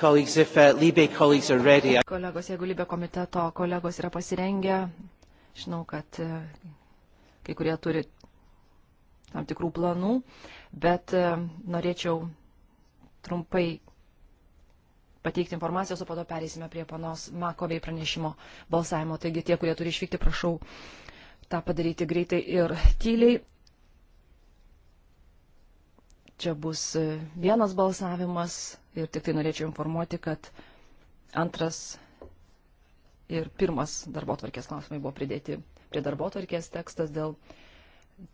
Colleagues, if, uh, Libe colleagues are ready. Kolegos, jeigu Libė komiteto kolegos yra pasirengę, žinau, kad uh, kai kurie turi tam tikrų planų, bet uh, norėčiau trumpai pateikti informacijos, o po to perėsime prie panos Makovei pranešimo balsavimo. Taigi tie, kurie turi išvykti, prašau tą padaryti greitai ir tyliai. Čia bus e, vienas balsavimas ir tik tai norėčiau informuoti, kad antras ir pirmas darbo tvarkės klausimai buvo pridėti prie darbo tvarkės tekstas dėl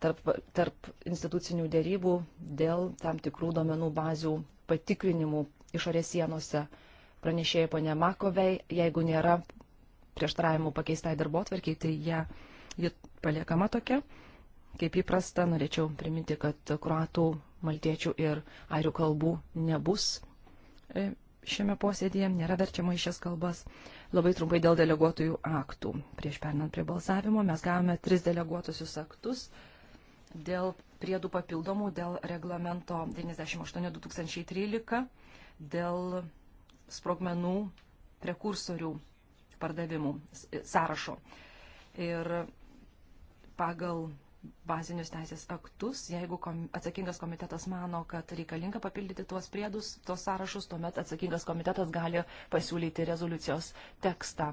tarp, tarp institucinių dėrybų, dėl tam tikrų domenų bazių patikrinimų išorės sienose. Pranešėja ponė Makovei, jeigu nėra prieštaravimų pakeistai darbo tvarkiai, tai ją, ji paliekama tokia. Kaip įprasta, norėčiau priminti, kad kruatų maltiečių ir airių kalbų nebus e, šiame posėdėje, nėra verčiama į šias kalbas. Labai trumpai dėl deleguotojų aktų. Prieš pernant prie balsavimo mes gavome tris deleguotusius aktus dėl priedų papildomų, dėl reglamento 98-2013, dėl sprogmenų prekursorių pardavimų sąrašo. Ir pagal bazinius teisės aktus. Jeigu kom, atsakingas komitetas mano, kad reikalinga papildyti tuos priedus, tuos sąrašus, tuomet atsakingas komitetas gali pasiūlyti rezoliucijos tekstą.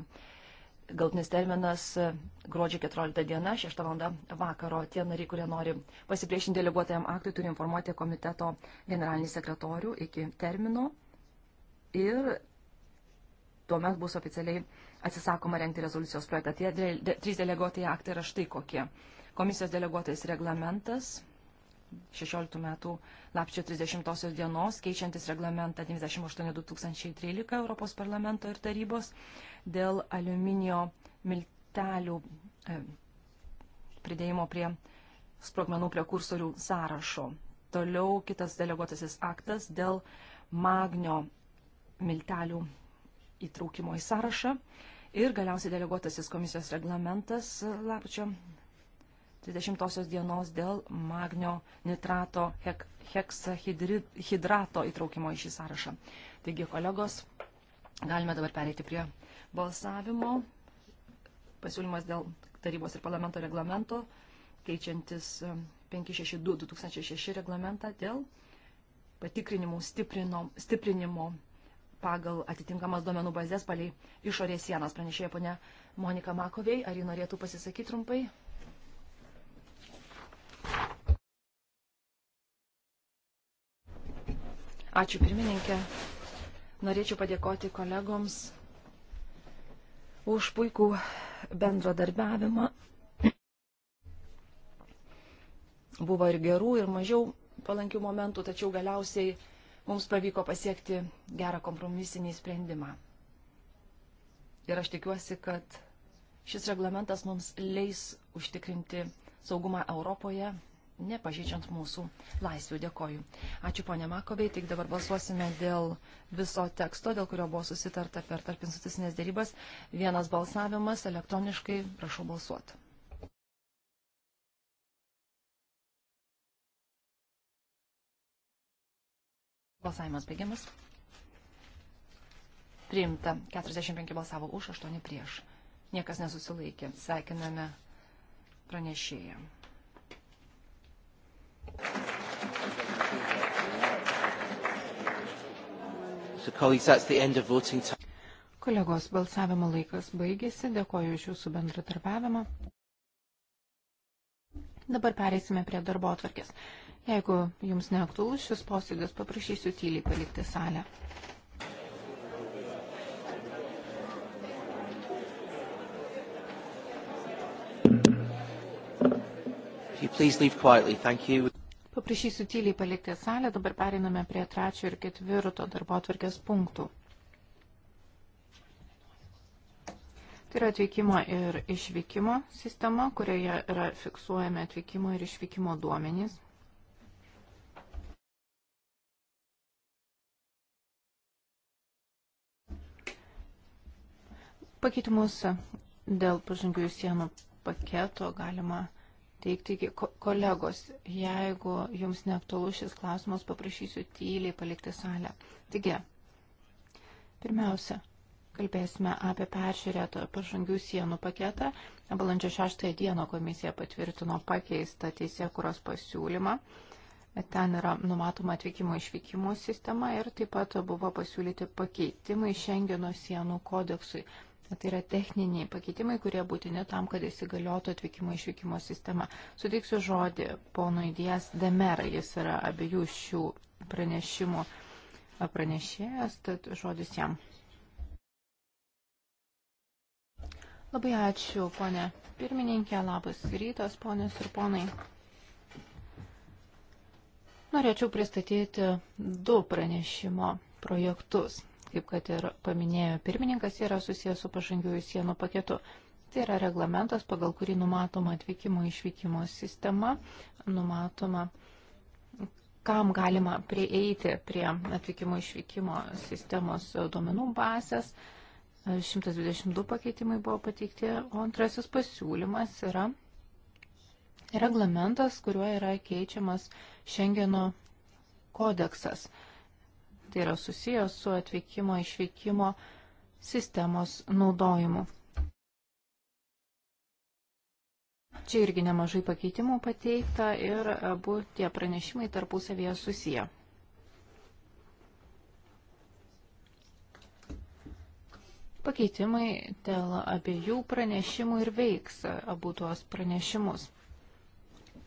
Galtinis terminas e, gruodžio 14 diena, 6 val. vakaro. Tie nariai, kurie nori pasipriešinti deleguotajam aktui, turi informuoti komiteto generalinį sekretorių iki termino. Ir tuomet bus oficialiai atsisakoma rengti rezoliucijos projektą. Tie trys deleguotai aktai yra štai kokie komisijos deleguotais reglamentas 16 metų lapčio 30 dienos, keičiantis reglamentą 98-2013 Europos parlamento ir tarybos dėl aliuminio miltelių e, pridėjimo prie sprogmenų prekursorių sąrašo. Toliau kitas deleguotasis aktas dėl magnio miltelių įtraukimo į sąrašą. Ir galiausiai deleguotasis komisijos reglamentas lapčio 30 dienos dėl magnio nitrato hek, heksahidrato įtraukimo į šį sąrašą. Taigi, kolegos, galime dabar pereiti prie balsavimo. Pasiūlymas dėl tarybos ir parlamento reglamento, keičiantis 562-2006 e, reglamentą dėl patikrinimų stiprino, stiprinimo pagal atitinkamas duomenų bazės paliai išorės sienas, pranešėjo ponia Monika Makovei. Ar ji norėtų pasisakyti trumpai? Ačiū pirmininkė. Norėčiau padėkoti kolegoms už puikų bendradarbiavimą. Buvo ir gerų, ir mažiau palankių momentų, tačiau galiausiai mums pavyko pasiekti gerą kompromisinį sprendimą. Ir aš tikiuosi, kad šis reglamentas mums leis užtikrinti saugumą Europoje nepažeidžiant mūsų laisvių. Dėkoju. Ačiū ponė Makovei. Tik dabar balsuosime dėl viso teksto, dėl kurio buvo susitarta per tarp institucinės dėrybas. Vienas balsavimas elektroniškai. Prašau balsuoti. Balsavimas baigiamas. Priimta. 45 balsavo už, 8 prieš. Niekas nesusilaikė. Sveikiname pranešėjams. Kolegos, balsavimo laikas baigėsi. Dėkoju iš jūsų bendratarpiavimą. Dabar pereisime prie darbo atvarkės. Jeigu jums neaktuolus šis posėdis, paprašysiu tyliai palikti salę. please leave quietly. Thank you. Paprašysiu tyliai palikti salę, dabar periname prie trečio ir ketvirto darbo atvarkės punktų. Tai yra atvykimo ir išvykimo sistema, kurioje yra fiksuojami atvykimo ir išvykimo duomenys. Pakeitimus dėl pažangių sienų paketo galima teikti. Taigi, kolegos, jeigu jums neaktualu šis klausimas, paprašysiu tyliai palikti salę. Taigi, pirmiausia, kalbėsime apie peržiūrėtą pažangių sienų paketą. Balandžio 6 dieną komisija patvirtino pakeistą teisė, kurios pasiūlymą. Ten yra numatoma atvykimo išvykimo sistema ir taip pat buvo pasiūlyti pakeitimai Šengeno sienų kodeksui. Tai yra techniniai pakeitimai, kurie būtini tam, kad įsigaliotų atvykimo išvykimo sistema. Suteiksiu žodį ponui Dijas Demera, jis yra abiejų šių pranešimų pranešėjas, tad žodis jam. Labai ačiū, ponė pirmininkė, labas rytas, ponės ir ponai. Norėčiau pristatyti du pranešimo projektus. Kaip kad ir paminėjo pirmininkas, yra susijęs su pažangiųjų sienų paketu. Tai yra reglamentas, pagal kurį numatoma atvykimo išvykimo sistema, numatoma, kam galima prieiti prie atvykimo išvykimo sistemos duomenų bazės. 122 pakeitimai buvo pateikti, o antrasis pasiūlymas yra reglamentas, kuriuo yra keičiamas Šengeno kodeksas. Tai yra susijęs su atvykimo išvykimo sistemos naudojimu. Čia irgi nemažai pakeitimų pateikta ir abu tie pranešimai tarpusavėje susiję. Pakeitimai dėl abiejų pranešimų ir veiks abu tuos pranešimus.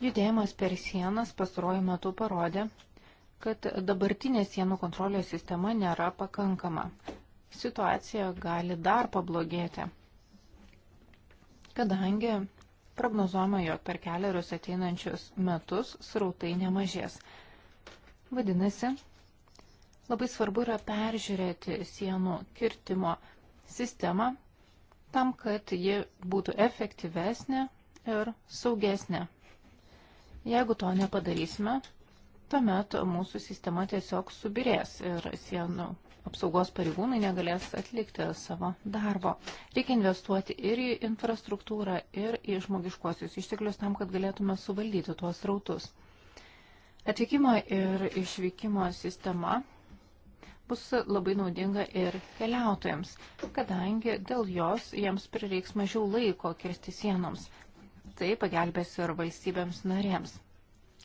Judėjimas per sienas pastaruoju metu parodė, kad dabartinė sienų kontrolės sistema nėra pakankama. Situacija gali dar pablogėti, kadangi prognozuojama, jog per keliarius ateinančius metus srautai nemažės. Vadinasi, labai svarbu yra peržiūrėti sienų kirtimo sistemą tam, kad ji būtų efektyvesnė ir saugesnė. Jeigu to nepadarysime, tuomet mūsų sistema tiesiog subirės ir sienų apsaugos pareigūnai negalės atlikti savo darbo. Reikia investuoti ir į infrastruktūrą, ir į žmogiškuosius išteklius tam, kad galėtume suvaldyti tuos rautus. Atvykimo ir išvykimo sistema bus labai naudinga ir keliautojams, kadangi dėl jos jiems prireiks mažiau laiko kirsti sienoms tai pagelbės ir valstybėms narėms.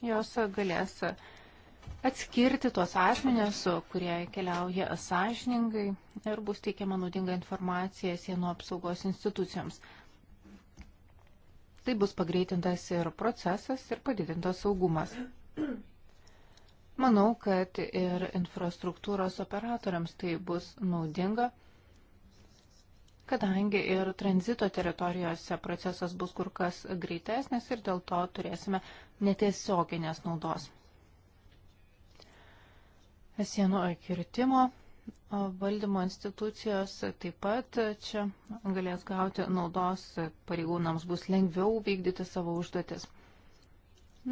Jos galės atskirti tuos asmenės, kurie keliauja sąžiningai ir bus teikiama naudinga informacija sienų apsaugos institucijoms. Tai bus pagreitintas ir procesas, ir padidintas saugumas. Manau, kad ir infrastruktūros operatoriams tai bus naudinga kadangi ir tranzito teritorijose procesas bus kur kas greitesnis ir dėl to turėsime netiesioginės naudos. Sienų kirtimo valdymo institucijos taip pat čia galės gauti naudos, pareigūnams bus lengviau vykdyti savo užduotis.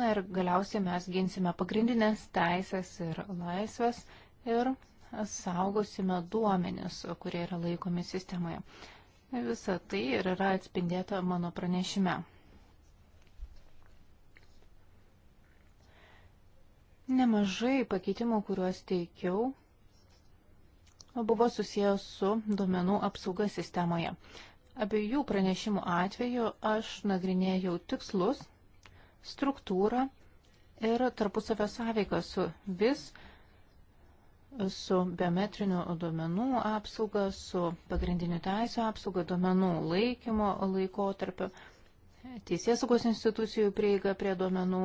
Na ir galiausiai mes ginsime pagrindinės teisės ir laisvės ir saugosime duomenis, kurie yra laikomi sistemoje. Visa tai ir yra atspindėta mano pranešime. Nemažai pakeitimų, kuriuos teikiau, buvo susijęs su duomenų apsauga sistemoje. Abiejų pranešimų atveju aš nagrinėjau tikslus, struktūrą ir tarpusavio sąveiką su vis, vis, su biometrinių duomenų apsauga, su pagrindinių teisų apsauga, duomenų laikymo laikotarpiu, teisėsaugos institucijų prieiga prie duomenų,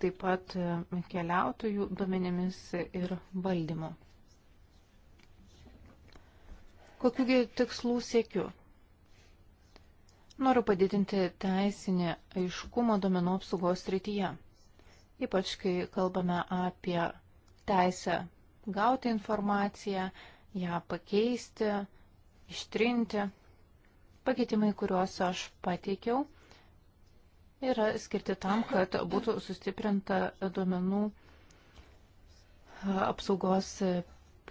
taip pat e, keliautojų duomenimis ir valdymo. Kokiugi tikslų siekiu? Noriu padidinti teisinį aiškumą duomenų apsaugos srityje ypač kai kalbame apie teisę gauti informaciją, ją pakeisti, ištrinti. Pakeitimai, kuriuos aš pateikiau, yra skirti tam, kad būtų sustiprinta duomenų apsaugos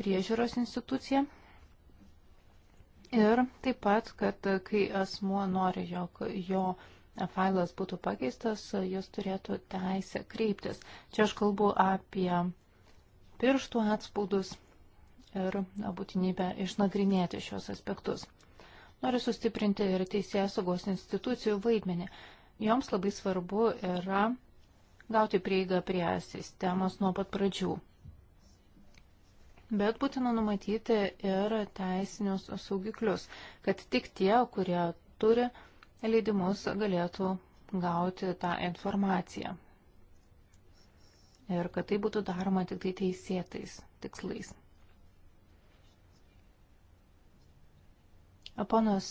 priežiūros institucija. Ir taip pat, kad kai asmuo nori, jog jo, jo failas būtų pakeistas, jis turėtų teisę kreiptis. Čia aš kalbu apie pirštų atspaudus ir būtinybę išnagrinėti šios aspektus. Noriu sustiprinti ir teisėjų saugos institucijų vaidmenį. Joms labai svarbu yra gauti prieigą prie sistemos nuo pat pradžių. Bet būtina numatyti ir teisinius saugiklius, kad tik tie, kurie turi leidimus galėtų gauti tą informaciją. Ir kad tai būtų daroma tik tai teisėtais tikslais. Ponas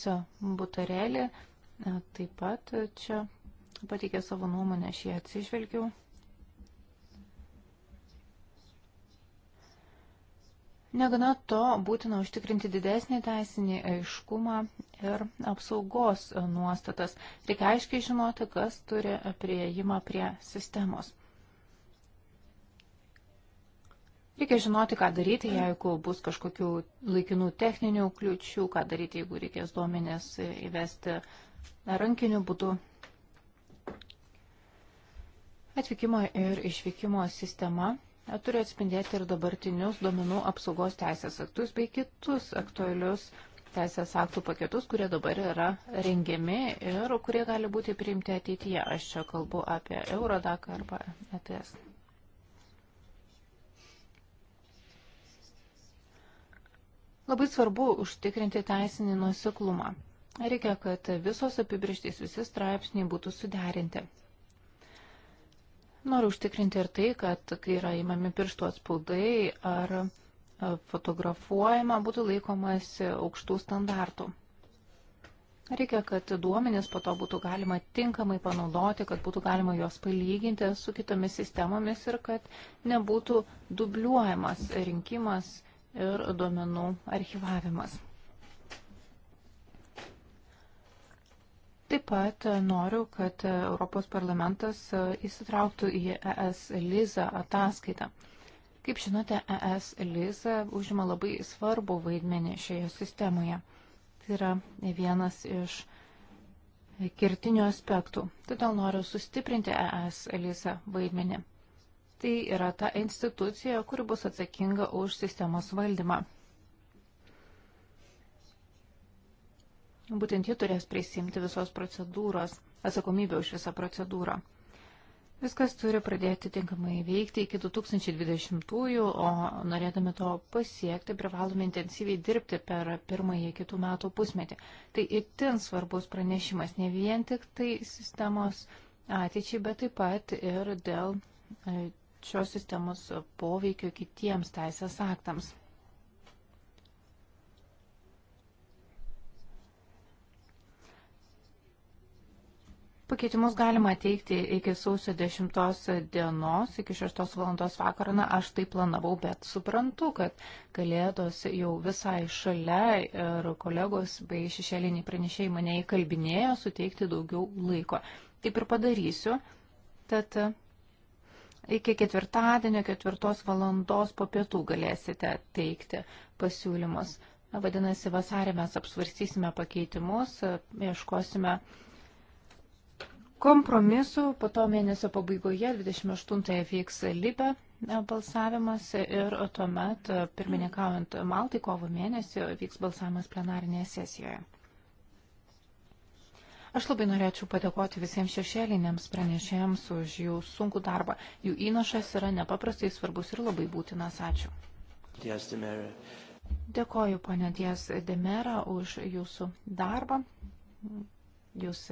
Butarelė e, taip pat čia pateikė savo nuomonę, aš ją atsižvelgiau. Negana to, būtina užtikrinti didesnį teisinį aiškumą ir apsaugos nuostatas. Reikia aiškiai žinoti, kas turi prieimą prie sistemos. Reikia žinoti, ką daryti, jeigu bus kažkokių laikinų techninių kliučių, ką daryti, jeigu reikės duomenės įvesti rankiniu būdu. Atvykimo ir išvykimo sistema turi atspindėti ir dabartinius duomenų apsaugos teisės aktus bei kitus aktualius teisės aktų paketus, kurie dabar yra rengiami ir kurie gali būti priimti ateityje. Aš čia kalbu apie Eurodaką arba ETS. Labai svarbu užtikrinti teisinį nuoseklumą. Reikia, kad visos apibrieštys, visi straipsniai būtų suderinti. Noriu užtikrinti ir tai, kad kai yra įmami pirštų atspaudai ar e, fotografuojama, būtų laikomasi aukštų standartų. Reikia, kad duomenis po to būtų galima tinkamai panaudoti, kad būtų galima juos palyginti su kitomis sistemomis ir kad nebūtų dubliuojamas rinkimas ir duomenų archivavimas. Taip pat e, noriu, kad e, Europos parlamentas e, įsitrauktų į ES Liza ataskaitą. Kaip žinote, ES Liza užima labai svarbu vaidmenį šioje sistemoje. Tai yra vienas iš kertinių aspektų. Todėl noriu sustiprinti ES Liza vaidmenį. Tai yra ta institucija, kuri bus atsakinga už sistemos valdymą. Būtent ji turės prisimti visos procedūros, atsakomybę už visą procedūrą. Viskas turi pradėti tinkamai veikti iki 2020-ųjų, o norėdami to pasiekti, privalome intensyviai dirbti per pirmąjį kitų metų pusmetį. Tai itin svarbus pranešimas ne vien tik tai sistemos ateičiai, bet taip pat ir dėl e, šios sistemos poveikio kitiems teisės aktams. Pakeitimus galima teikti iki sausio 10 dienos, iki 6 valandos vakarą. Na, aš tai planavau, bet suprantu, kad kalėdos jau visai šalia ir kolegos bei šešėliniai pranešėjai mane įkalbinėjo suteikti daugiau laiko. Taip ir padarysiu. Tad iki ketvirtadienio ketvirtos valandos po pietų galėsite teikti pasiūlymus. Vadinasi, vasarį mes apsvarstysime pakeitimus, ieškosime kompromisų, po to mėnesio pabaigoje 28-ąją vyks Libė balsavimas ir tuomet, pirmininkaujant Maltai, kovo mėnesį vyks balsavimas plenarinėje sesijoje. Aš labai norėčiau padėkoti visiems šešėliniams pranešėjams už jų sunkų darbą. Jų įnašas yra nepaprastai svarbus ir labai būtinas. Ačiū. Dėkoju, ponė Dies Demera, už jūsų darbą. Jūs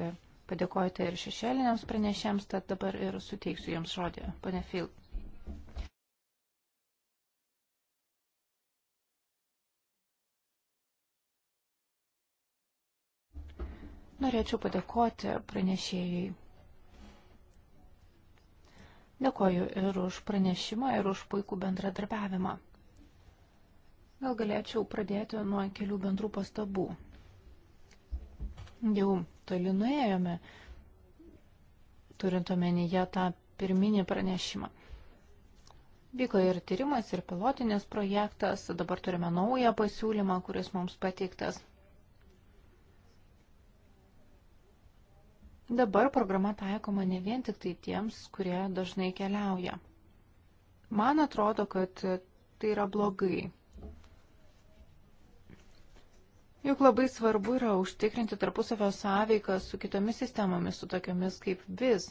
padėkojate ir šešėliniams pranešėms, tad dabar ir suteiksiu jums žodį, pane Fil. Norėčiau padėkoti pranešėjai. Dėkoju ir už pranešimą, ir už puikų bendradarbiavimą. Gal galėčiau pradėti nuo kelių bendrų pastabų. Jau toli nuėjome, turint omenyje tą pirminį pranešimą. Vyko ir tyrimas, ir pilotinis projektas, dabar turime naują pasiūlymą, kuris mums pateiktas. Dabar programa taikoma ne vien tik tai tiems, kurie dažnai keliauja. Man atrodo, kad tai yra blogai. Juk labai svarbu yra užtikrinti tarpusavio sąveiką su kitomis sistemomis, su tokiamis kaip vis.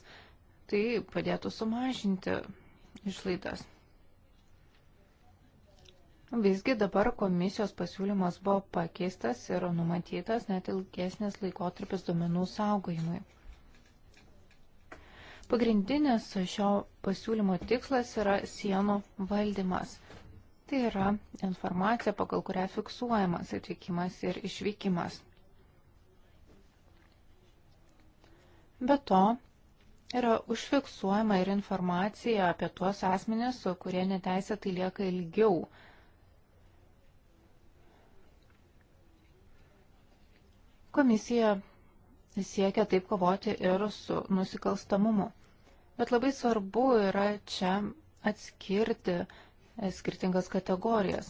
Tai padėtų sumažinti išlaidas. Visgi dabar komisijos pasiūlymas buvo pakeistas ir numatytas net ilgesnis laikotarpis duomenų saugojimui. Pagrindinis šio pasiūlymo tikslas yra sienų valdymas. Tai yra informacija, pagal kurią fiksuojamas atvykimas ir išvykimas. Be to, yra užfiksuojama ir informacija apie tuos asmenis, kurie neteisėtai lieka ilgiau. Komisija siekia taip kovoti ir su nusikalstamumu. Bet labai svarbu yra čia atskirti skirtingas kategorijas.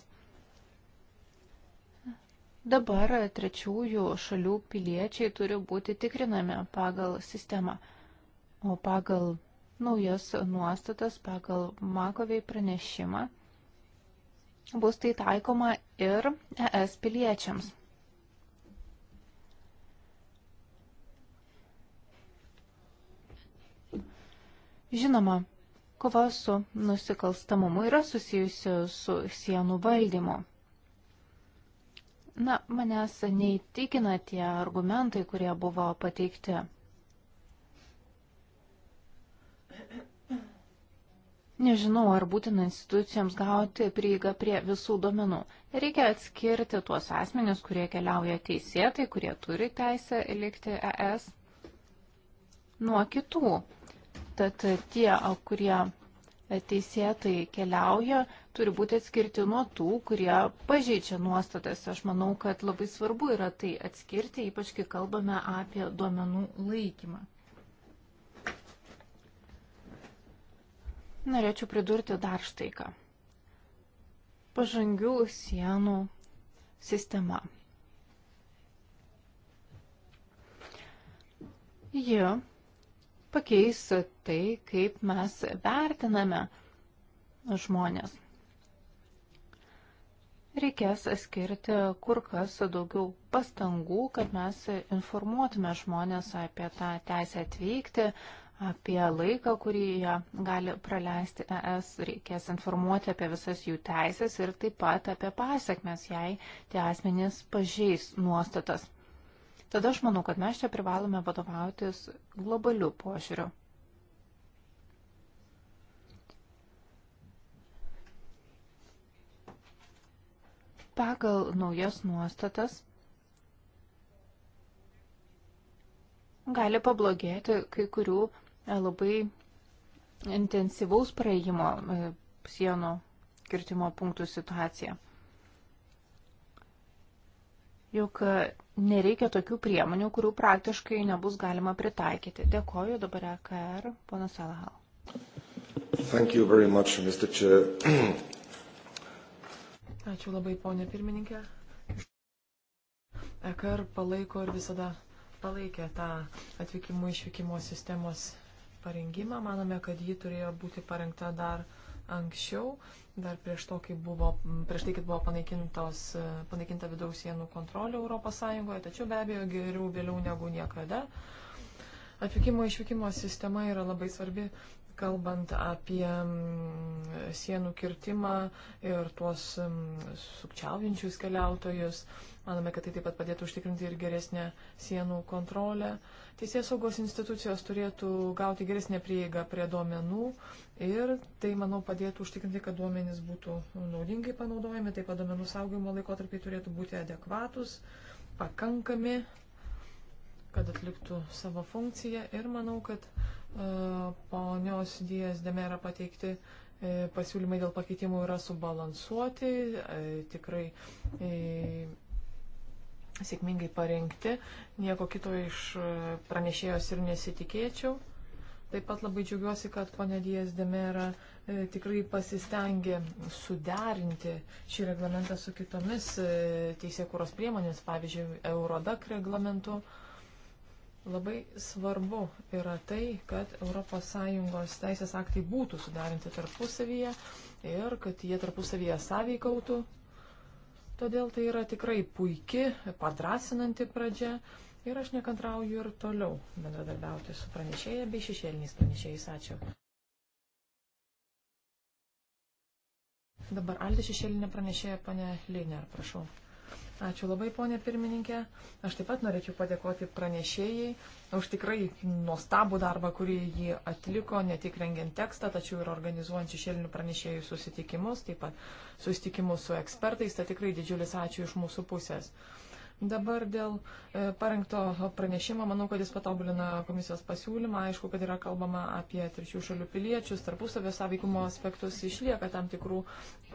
Dabar trečiųjų šalių piliečiai turi būti tikrinami pagal sistemą, o pagal naujas nuostatas, pagal Makoviai pranešimą bus tai taikoma ir ES piliečiams. Žinoma, kova su nusikalstamumu yra susijusi su sienų valdymu. Na, manęs neįtikina tie argumentai, kurie buvo pateikti. Nežinau, ar būtina institucijoms gauti prieigą prie visų domenų. Reikia atskirti tuos asmenis, kurie keliauja teisėtai, kurie turi teisę likti ES, nuo kitų. Tad tie, kurie e, teisėtai keliauja, turi būti atskirti nuo tų, kurie pažeidžia nuostatas. Aš manau, kad labai svarbu yra tai atskirti, ypač kai kalbame apie duomenų laikymą. Norėčiau pridurti dar štai ką. Pažangių sienų sistema. Ji pakeis tai, kaip mes vertiname žmonės. Reikės skirti kur kas daugiau pastangų, kad mes informuotume žmonės apie tą teisę atvykti, apie laiką, kurį jie gali praleisti ES, reikės informuoti apie visas jų teisės ir taip pat apie pasiekmes, jei tie asmenys pažeis nuostatas tada aš manau, kad mes čia privalome vadovautis globaliu požiūriu. Pagal naujas nuostatas gali pablogėti kai kurių e, labai intensyvaus praėjimo e, sienų kirtimo punktų situacija juk e, nereikia tokių priemonių, kurių praktiškai nebus galima pritaikyti. Dėkoju dabar EKR, ponas Alahal. Ačiū labai, ponė pirmininkė. EKR palaiko ir visada palaikė tą atvykimų išvykimo sistemos parengimą. Manome, kad ji turėjo būti parengta dar uh, anksčiau, dar prieš, to, kai buvo, prieš tai, kai buvo e, panaikinta vidaus sienų kontrolė ES, tačiau be abejo geriau vėliau negu niekada. Atvykimo išvykimo sistema yra labai svarbi kalbant apie mm, sienų kirtimą ir tuos mm, sukčiaujančius keliautojus. Manome, kad tai taip pat padėtų užtikrinti ir geresnę sienų kontrolę. Teisės saugos institucijos turėtų gauti geresnę prieigą prie duomenų ir tai, manau, padėtų užtikrinti, kad duomenys būtų naudingai panaudojami, taip pat duomenų saugojimo laikotarpiai turėtų būti adekvatus, pakankami, kad atliktų savo funkciją ir manau, kad E, ponios Dijas Demera pateikti e, pasiūlymai dėl pakeitimų yra subalansuoti, e, tikrai sėkmingai parengti. Nieko kito iš pranešėjos ir nesitikėčiau. Taip pat labai džiaugiuosi, kad ponė Dijas Demera tikrai pasistengė suderinti šį reglamentą su kitomis teisėkūros priemonėmis, pavyzdžiui, Eurodak reglamentu. E, Labai svarbu yra tai, kad ES teisės aktai būtų suderinti tarpusavyje ir kad jie tarpusavyje sąveikautų. Todėl tai yra tikrai puiki, padrasinanti pradžia ir aš nekantrauju ir toliau bendradarbiauti su pranešėja bei šešėliniais pranešėjais. Ačiū. Dabar Aldė šešėlinė pranešėja, pane Liner, prašau. Ačiū labai, ponė pirmininkė. Aš taip pat norėčiau padėkoti pranešėjai už tikrai nuostabų darbą, kurį jį atliko, ne tik rengiant tekstą, tačiau ir organizuojant šešėlinių pranešėjų susitikimus, taip pat susitikimus su ekspertais. Tai tikrai didžiulis ačiū iš mūsų pusės. Uh, Dabar dėl e, parengto pranešimo, manau, kad jis patobulina komisijos pasiūlymą. Aišku, kad yra kalbama apie trečių šalių piliečius, tarpusavio sąveikumo aspektus išlieka tam tikrų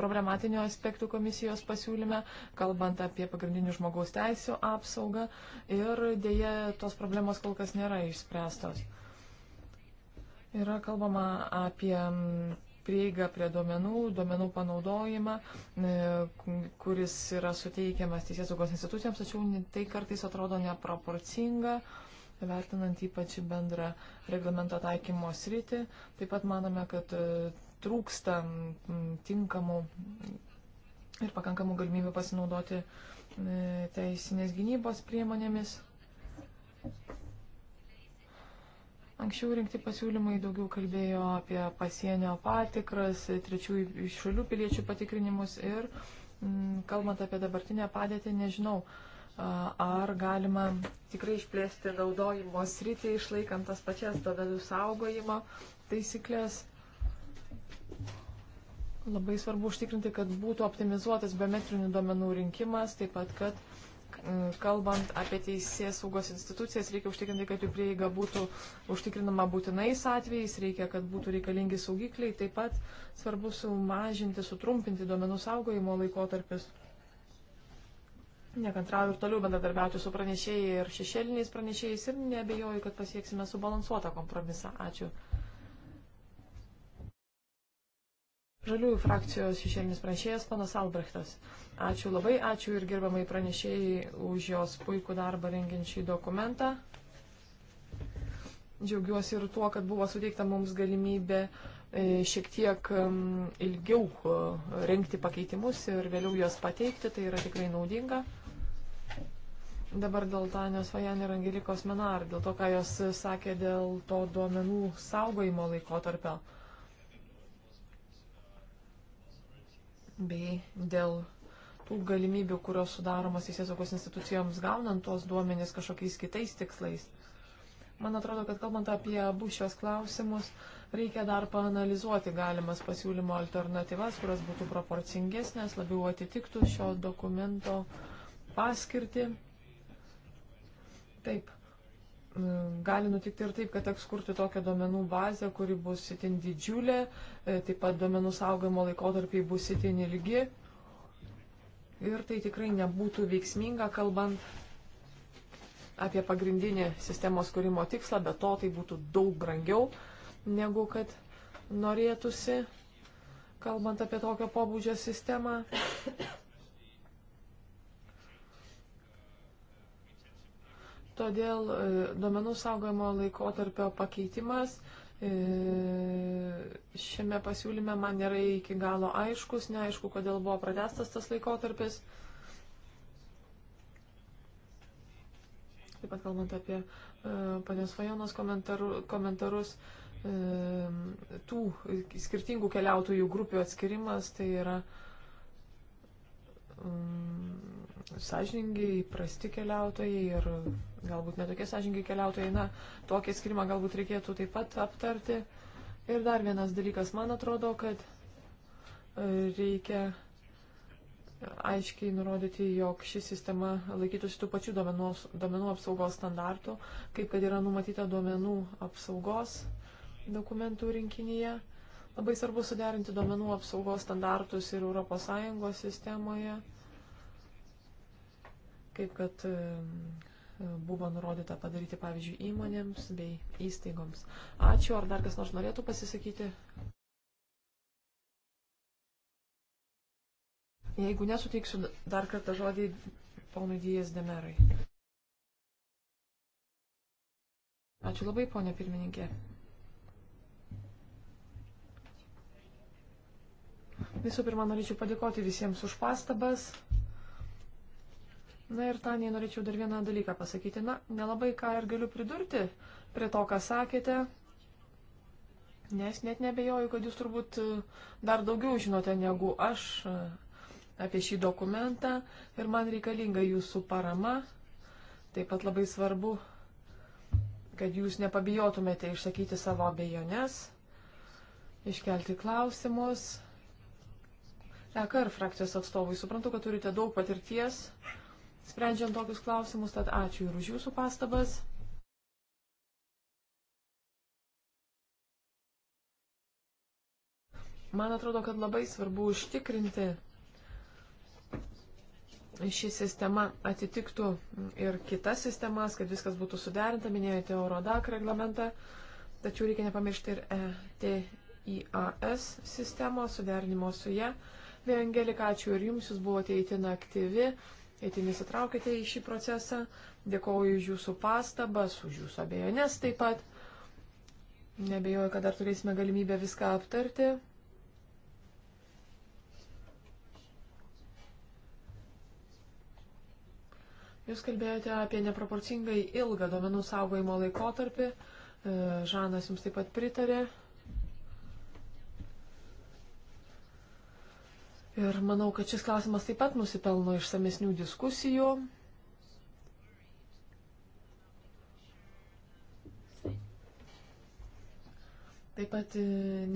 problematinių aspektų komisijos pasiūlyme, kalbant apie pagrindinių žmogaus teisų apsaugą ir dėje tos problemos kol kas nėra išspręstos. Yra kalbama apie prieigą prie duomenų, duomenų panaudojimą, e, kuris yra suteikiamas teisės saugos institucijams, tačiau tai kartais atrodo neproporcinga, vertinant ypač bendrą reglamento taikymo sritį. Taip pat manome, kad e, trūksta tinkamų ir pakankamų galimybių pasinaudoti e, teisinės gynybos priemonėmis. Anksčiau rinkti pasiūlymai daugiau kalbėjo apie pasienio patikras, trečiųjų šalių piliečių patikrinimus ir, m, mm, kalbant apie dabartinę padėtį, nežinau, ar galima tikrai išplėsti naudojimo sritį, išlaikant tas pačias dovedų saugojimo taisyklės. Labai svarbu užtikrinti, kad būtų optimizuotas biometrinių duomenų rinkimas, taip pat, kad kalbant apie teisės saugos institucijas, reikia užtikrinti, kad jų prieiga būtų užtikrinama būtinais atvejais, reikia, kad būtų reikalingi saugikliai, taip pat svarbu sumažinti, sutrumpinti duomenų saugojimo laikotarpius. Nekantrauju ir toliau bendradarbiauti su pranešėjai ir šešėliniais pranešėjais ir nebejoju, kad pasieksime subalansuotą kompromisą. Ačiū. Žaliųjų frakcijos šešėlinis pranešėjas panas Albrechtas. Ačiū labai, ačiū ir gerbamai pranešėjai už jos puikų darbą rengiant šį dokumentą. Džiaugiuosi ir tuo, kad buvo suteikta mums galimybė e, šiek tiek ilgiau e, renkti pakeitimus ir vėliau juos pateikti, tai yra tikrai naudinga. Dabar dėl Tanijos Vajan ir Angelikos Menar, dėl to, ką jos sakė dėl to duomenų saugojimo laikotarpio. tarpio bei dėl tų galimybių, kurios sudaromas teisėsaugos institucijoms gaunant tuos duomenis kažkokiais kitais tikslais. Man atrodo, kad kalbant apie abu šios klausimus, reikia dar paanalizuoti galimas pasiūlymo alternatyvas, kurios būtų proporcingesnės, labiau atitiktų šio dokumento paskirtį. Taip, gali nutikti ir taip, kad teks kurti tokią duomenų bazę, kuri bus itin didžiulė, e, taip pat duomenų saugojimo laikotarpiai bus itin ilgi. Ir tai tikrai nebūtų veiksminga, kalbant apie pagrindinį sistemos kūrimo tikslą, bet to tai būtų daug brangiau negu kad norėtųsi, kalbant apie tokio pobūdžio sistemą. Todėl e, duomenų saugojimo laikotarpio pakeitimas e, šiame pasiūlyme man nėra iki galo aiškus, neaišku, kodėl buvo pradestas tas laikotarpis. Taip pat kalbant apie e, panios Fajonos komentaru, komentarus, tų skirtingų keliautojų grupių atskirimas, tai yra mm, sąžiningi, įprasti keliautojai ir galbūt netokie sąžiningi keliautojai. Na, tokį skirimą galbūt reikėtų taip pat aptarti. Ir dar vienas dalykas, man atrodo, kad e, reikia aiškiai nurodyti, jog ši sistema laikytųsi tų pačių duomenų, duomenų apsaugos standartų, kaip kad yra numatyta duomenų apsaugos dokumentų rinkinyje. Labai svarbu suderinti duomenų apsaugos standartus ir ES sistemoje kaip kad buvo nurodyta padaryti, pavyzdžiui, įmonėms bei įstaigoms. Ačiū, ar dar kas nors norėtų pasisakyti? Jeigu nesuteiksiu dar kartą žodį ponui Dijas Demerai. Ačiū labai, ponė pirmininkė. Visų pirma, norėčiau padėkoti visiems už pastabas. Na ir Tanė, norėčiau dar vieną dalyką pasakyti. Na, nelabai ką ir galiu pridurti prie to, ką sakėte, nes net nebejoju, kad jūs turbūt e, dar daugiau žinote negu aš e, apie šį dokumentą ir man reikalinga jūsų parama. Taip pat labai svarbu, kad jūs nepabijotumėte išsakyti savo abejonės, iškelti klausimus. EKR frakcijos atstovai, suprantu, kad turite daug patirties sprendžiant tokius klausimus, tad ačiū ir už jūsų pastabas. Man atrodo, kad labai svarbu užtikrinti ši sistema atitiktų ir kitas sistemas, kad viskas būtų suderinta, minėjote Eurodak reglamentą, tačiau reikia nepamiršti ir ETIAS sistemos, suderinimo su ją. Vėjangelika, ačiū ir jums, jūs buvote įtin aktyvi, itin įsitraukėte į šį procesą. Dėkoju už jūsų pastabas, už jūsų abejonės taip pat. Nebejoju, kad dar turėsime galimybę viską aptarti. Jūs kalbėjote apie neproporcingai ilgą duomenų saugojimo laikotarpį. E, Žanas jums taip pat pritarė. Ir manau, kad šis klausimas taip pat nusipelno išsamesnių diskusijų. Taip pat e,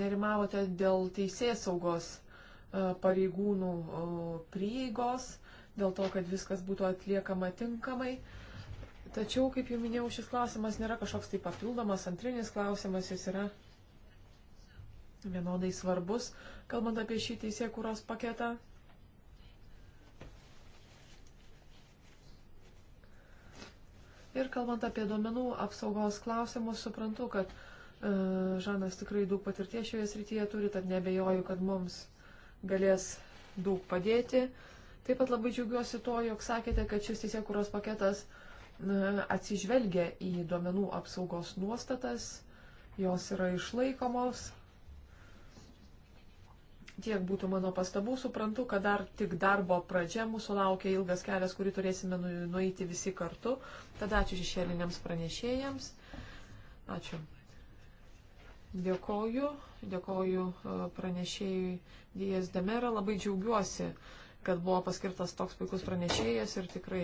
nerimavote dėl teisės saugos e, pareigūnų prieigos, dėl to, kad viskas būtų atliekama tinkamai. Tačiau, kaip jau minėjau, šis klausimas nėra kažkoks tai papildomas, antrinis klausimas, jis yra vienodai svarbus, kalbant apie šį teisėkūros paketą. Ir kalbant apie duomenų apsaugos klausimus, suprantu, kad e, Žanas tikrai daug patirties šioje srityje turi, tad nebejoju, kad mums galės daug padėti. Taip pat labai džiaugiuosi tuo, jog sakėte, kad šis teisėkūros paketas e, atsižvelgia į duomenų apsaugos nuostatas, jos yra išlaikomos. Tiek būtų mano pastabų. Suprantu, kad dar tik darbo pradžia mūsų laukia ilgas kelias, kurį turėsime nu, nueiti visi kartu. Tada ačiū šešėliniams pranešėjams. Ačiū. Dėkoju, dėkoju e, pranešėjui Dijas Demera. Labai džiaugiuosi, kad buvo paskirtas toks puikus pranešėjas ir tikrai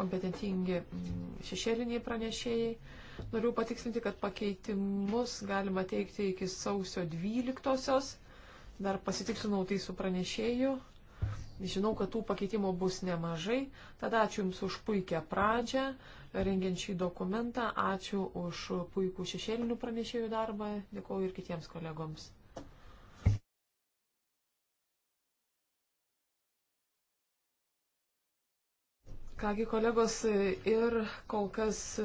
kompetentingi mm, šešėliniai pranešėjai. Noriu patikslinti, kad pakeitimus galima teikti iki sausio 12. -osios dar pasitiksinau tai su pranešėju. Žinau, kad tų pakeitimų bus nemažai. Tada ačiū Jums už puikią pradžią, rengiant šį dokumentą. Ačiū už puikų šešėlinių pranešėjų darbą. Dėkuoju ir kitiems kolegoms. Kągi kolegos, ir kol kas e,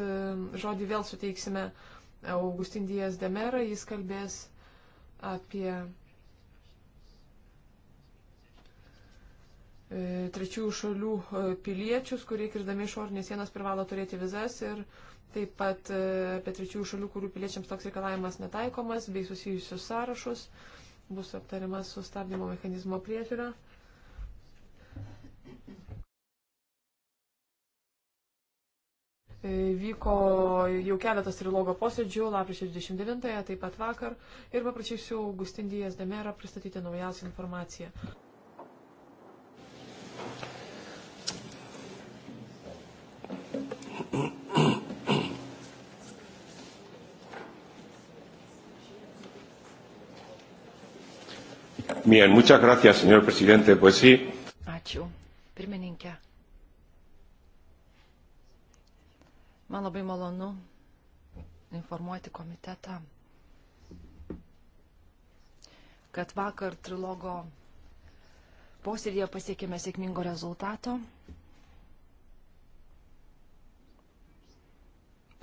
žodį vėl suteiksime Augustindijas Demerą. Jis kalbės apie E, trečiųjų šalių e, piliečius, kurie kirdami išorinės sienos privalo turėti vizas ir taip pat e, apie trečiųjų šalių, kurių piliečiams toks reikalavimas netaikomas, bei susijusius sąrašus bus aptariamas sustabdymo mechanizmo priežiūra. Vyko jau keletas trilogo posėdžių, lapkričio 29-ąją, taip pat vakar, ir paprašysiu Augustin Dijas Demera pristatyti naujausią informaciją. Bien, muchas gracias, señor presidente. Pues sí. Ačiū. Pirmininkė. Man labai malonu informuoti komitetą, kad vakar trilogo posėdėje pasiekėme sėkmingo rezultato.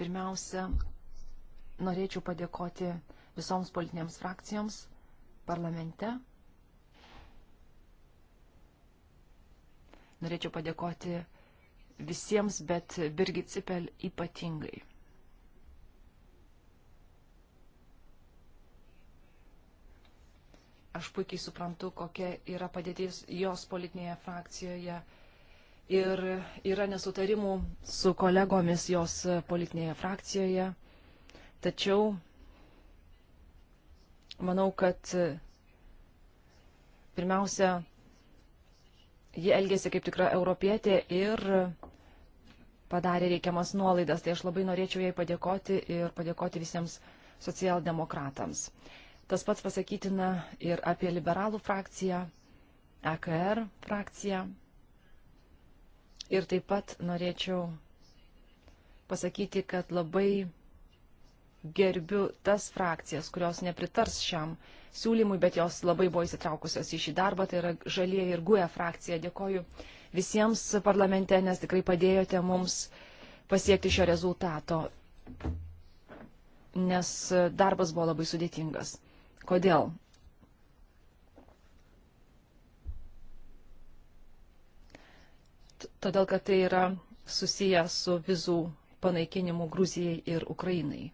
Pirmiausia, norėčiau padėkoti visoms politinėms frakcijoms parlamente. Norėčiau padėkoti visiems, bet Birgit Cipel ypatingai. Aš puikiai suprantu, kokia yra padėtis jos politinėje frakcijoje. Ir yra nesutarimų su kolegomis jos politinėje frakcijoje. Tačiau manau, kad pirmiausia, ji elgėsi kaip tikra europietė ir padarė reikiamas nuolaidas. Tai aš labai norėčiau jai padėkoti ir padėkoti visiems socialdemokratams. Tas pats pasakytina ir apie liberalų frakciją, EKR frakciją. Ir taip pat norėčiau pasakyti, kad labai gerbiu tas frakcijas, kurios nepritars šiam siūlymui, bet jos labai buvo įsitraukusios į šį darbą, tai yra žalieji ir guė e frakcija. Dėkoju visiems parlamente, nes tikrai padėjote mums pasiekti šio rezultato, nes darbas buvo labai sudėtingas. Kodėl? Todėl, kad tai yra susiję su vizų panaikinimu Gruzijai ir Ukrainai.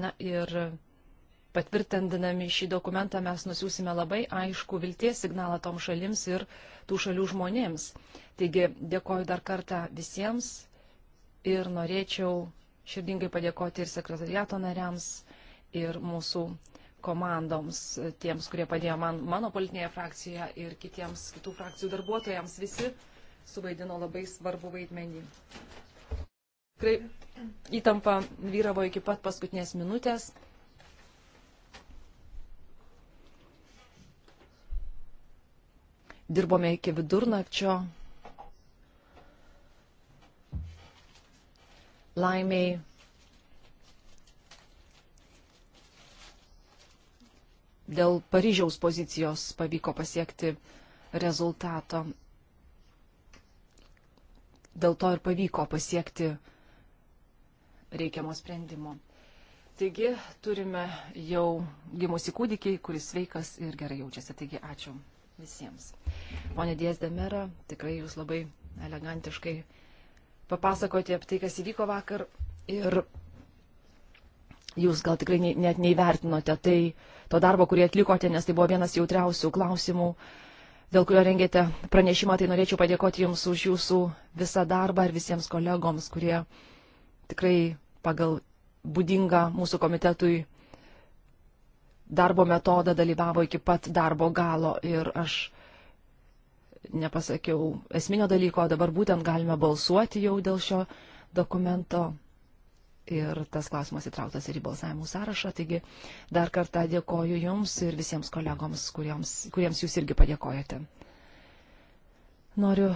Na ir patvirtindami šį dokumentą mes nusiųsime labai aišku vilties signalą tom šalims ir tų šalių žmonėms. Taigi dėkoju dar kartą visiems ir norėčiau širdingai padėkoti ir sekretariato nariams, ir mūsų komandoms, tiems, kurie padėjo man, mano politinėje frakcijoje ir kitiems kitų frakcijų darbuotojams. Visi suvaidino labai svarbu vaidmenį. Tikrai įtampa vyravo iki pat paskutinės minutės. Dirbome iki vidurnakčio. laimiai dėl Paryžiaus pozicijos pavyko pasiekti rezultato. Dėl to ir pavyko pasiekti reikiamo sprendimo. Taigi turime jau gimusi kūdikį, kuris sveikas ir gerai jaučiasi. Taigi ačiū visiems. Pone Diezdemera, tikrai jūs labai elegantiškai papasakoti apie tai, kas įvyko vakar ir jūs gal tikrai ne, net neįvertinote tai to darbo, kurį atlikote, nes tai buvo vienas jautriausių klausimų, dėl kurio rengėte pranešimą, tai norėčiau padėkoti Jums už Jūsų visą darbą ir visiems kolegoms, kurie tikrai pagal būdingą mūsų komitetui darbo metodą dalyvavo iki pat darbo galo ir aš nepasakiau esminio dalyko, dabar būtent galime balsuoti jau dėl šio dokumento. Ir tas klausimas įtrauktas ir į balsavimų sąrašą. Taigi dar kartą dėkoju Jums ir visiems kolegoms, kuriems, kuriems Jūs irgi padėkojate. Noriu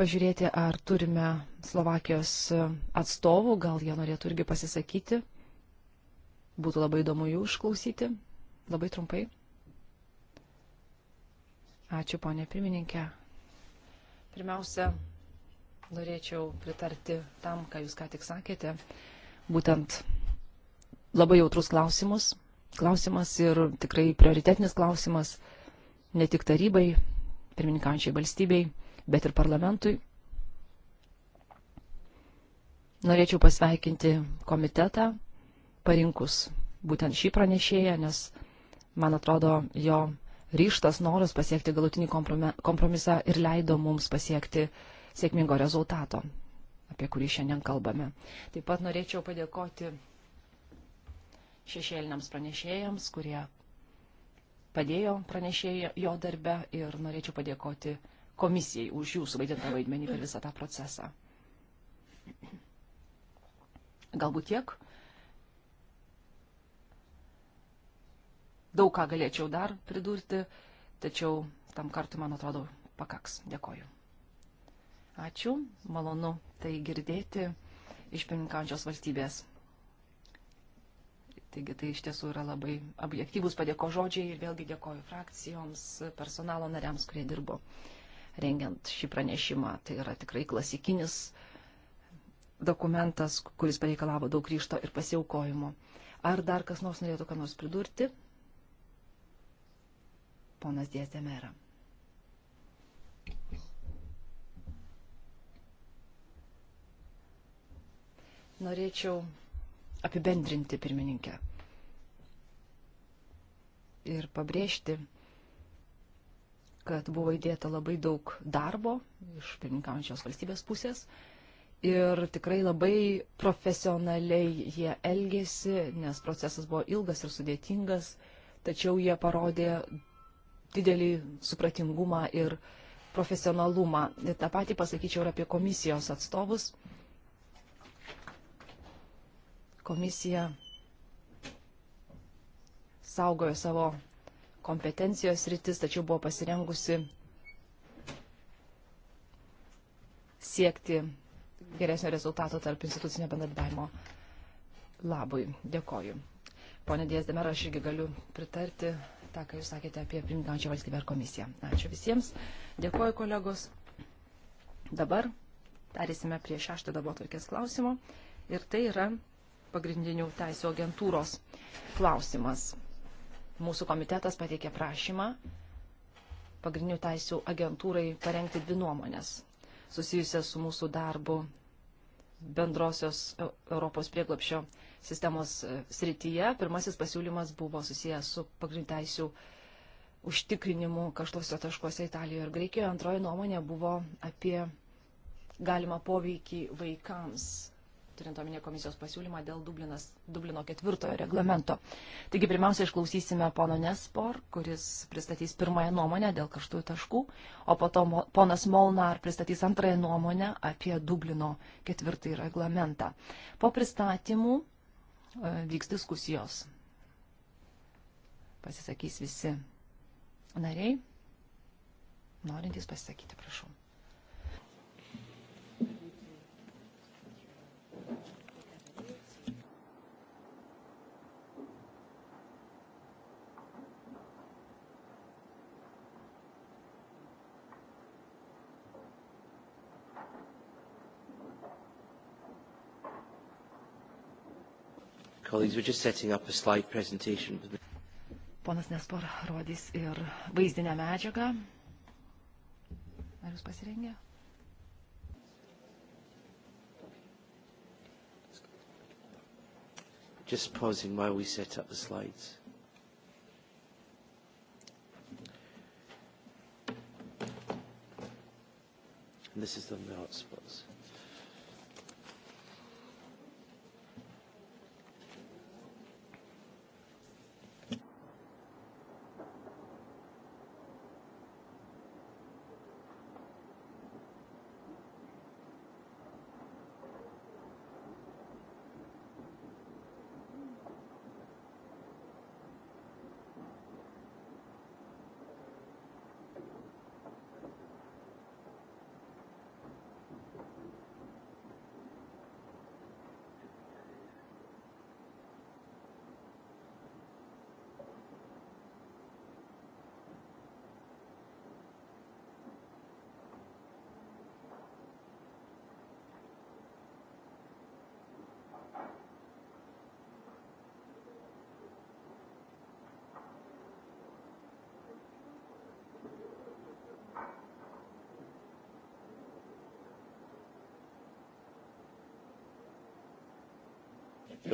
pažiūrėti, ar turime Slovakijos atstovų, gal jie norėtų irgi pasisakyti. Būtų labai įdomu jų išklausyti. Labai trumpai. Ačiū, ponė pirmininkė. Pirmiausia, norėčiau pritarti tam, ką jūs ką tik sakėte. Būtent labai jautrus klausimus, klausimas ir tikrai prioritetinis klausimas ne tik tarybai, pirmininkančiai valstybei, bet ir parlamentui. Norėčiau pasveikinti komitetą, parinkus būtent šį pranešėją, nes, man atrodo, jo ryštas, noras pasiekti galutinį kompromisą ir leido mums pasiekti sėkmingo rezultato, apie kurį šiandien kalbame. Taip pat norėčiau padėkoti šešėliniams pranešėjams, kurie padėjo pranešėjo jo darbe ir norėčiau padėkoti komisijai už jūsų vaidintą vaidmenį per visą tą procesą. Galbūt tiek Daug ką galėčiau dar pridurti, tačiau tam kartu, man atrodo, pakaks. Dėkoju. Ačiū, malonu tai girdėti iš pirmininkančios valstybės. Taigi tai iš tiesų yra labai objektyvus padėko žodžiai ir vėlgi dėkoju frakcijoms, personalo nariams, kurie dirbo rengiant šį pranešimą. Tai yra tikrai klasikinis dokumentas, kuris pareikalavo daug ryšto ir pasiaukojimo. Ar dar kas nors norėtų ką nors pridurti? ponas Diezdemera. Norėčiau apibendrinti pirmininkę ir pabrėžti, kad buvo įdėta labai daug darbo iš pirmininkaujančios valstybės pusės ir tikrai labai profesionaliai jie elgėsi, nes procesas buvo ilgas ir sudėtingas, tačiau jie parodė didelį supratingumą ir profesionalumą. Ir tą patį pasakyčiau ir apie komisijos atstovus. Komisija saugojo savo kompetencijos rytis, tačiau buvo pasirengusi siekti geresnio rezultato tarp institucinio bendradarbiavimo labui. Dėkoju. Pone Dėsdemera, aš irgi galiu pritarti tą, ką jūs sakėte apie pirmininkančią valstybę ir komisiją. Ačiū visiems. Dėkuoju, kolegos. Dabar tarysime prie šešto darbo tvarkės klausimo. Ir tai yra pagrindinių teisų agentūros klausimas. Mūsų komitetas pateikė prašymą pagrindinių teisų agentūrai parengti dvi nuomonės susijusias su mūsų darbu bendrosios Europos prieglapšio sistemos e, srityje. Pirmasis pasiūlymas buvo susijęs su pagrindtaisių užtikrinimu kažtuose taškuose Italijoje ir Graikijoje. Antroji nuomonė buvo apie galimą poveikį vaikams, turint omenyje komisijos pasiūlymą dėl Dublinas, Dublino ketvirtojo reglamento. Taigi pirmiausia išklausysime pono Nespor, kuris pristatys pirmąją nuomonę dėl karštųjų taškų, o po to ponas Molnar pristatys antrąją nuomonę apie Dublino ketvirtąjį reglamentą. Po pristatymų E, vyks diskusijos. Pasisakys visi nariai. Norintys pasisakyti, prašau. colleagues, we're just setting up a slide presentation. Ponas Nespor rodys ir vaizdinę medžiagą. Ar jūs pasirengę? Just pausing while we set up the slides. And this is on the hotspots.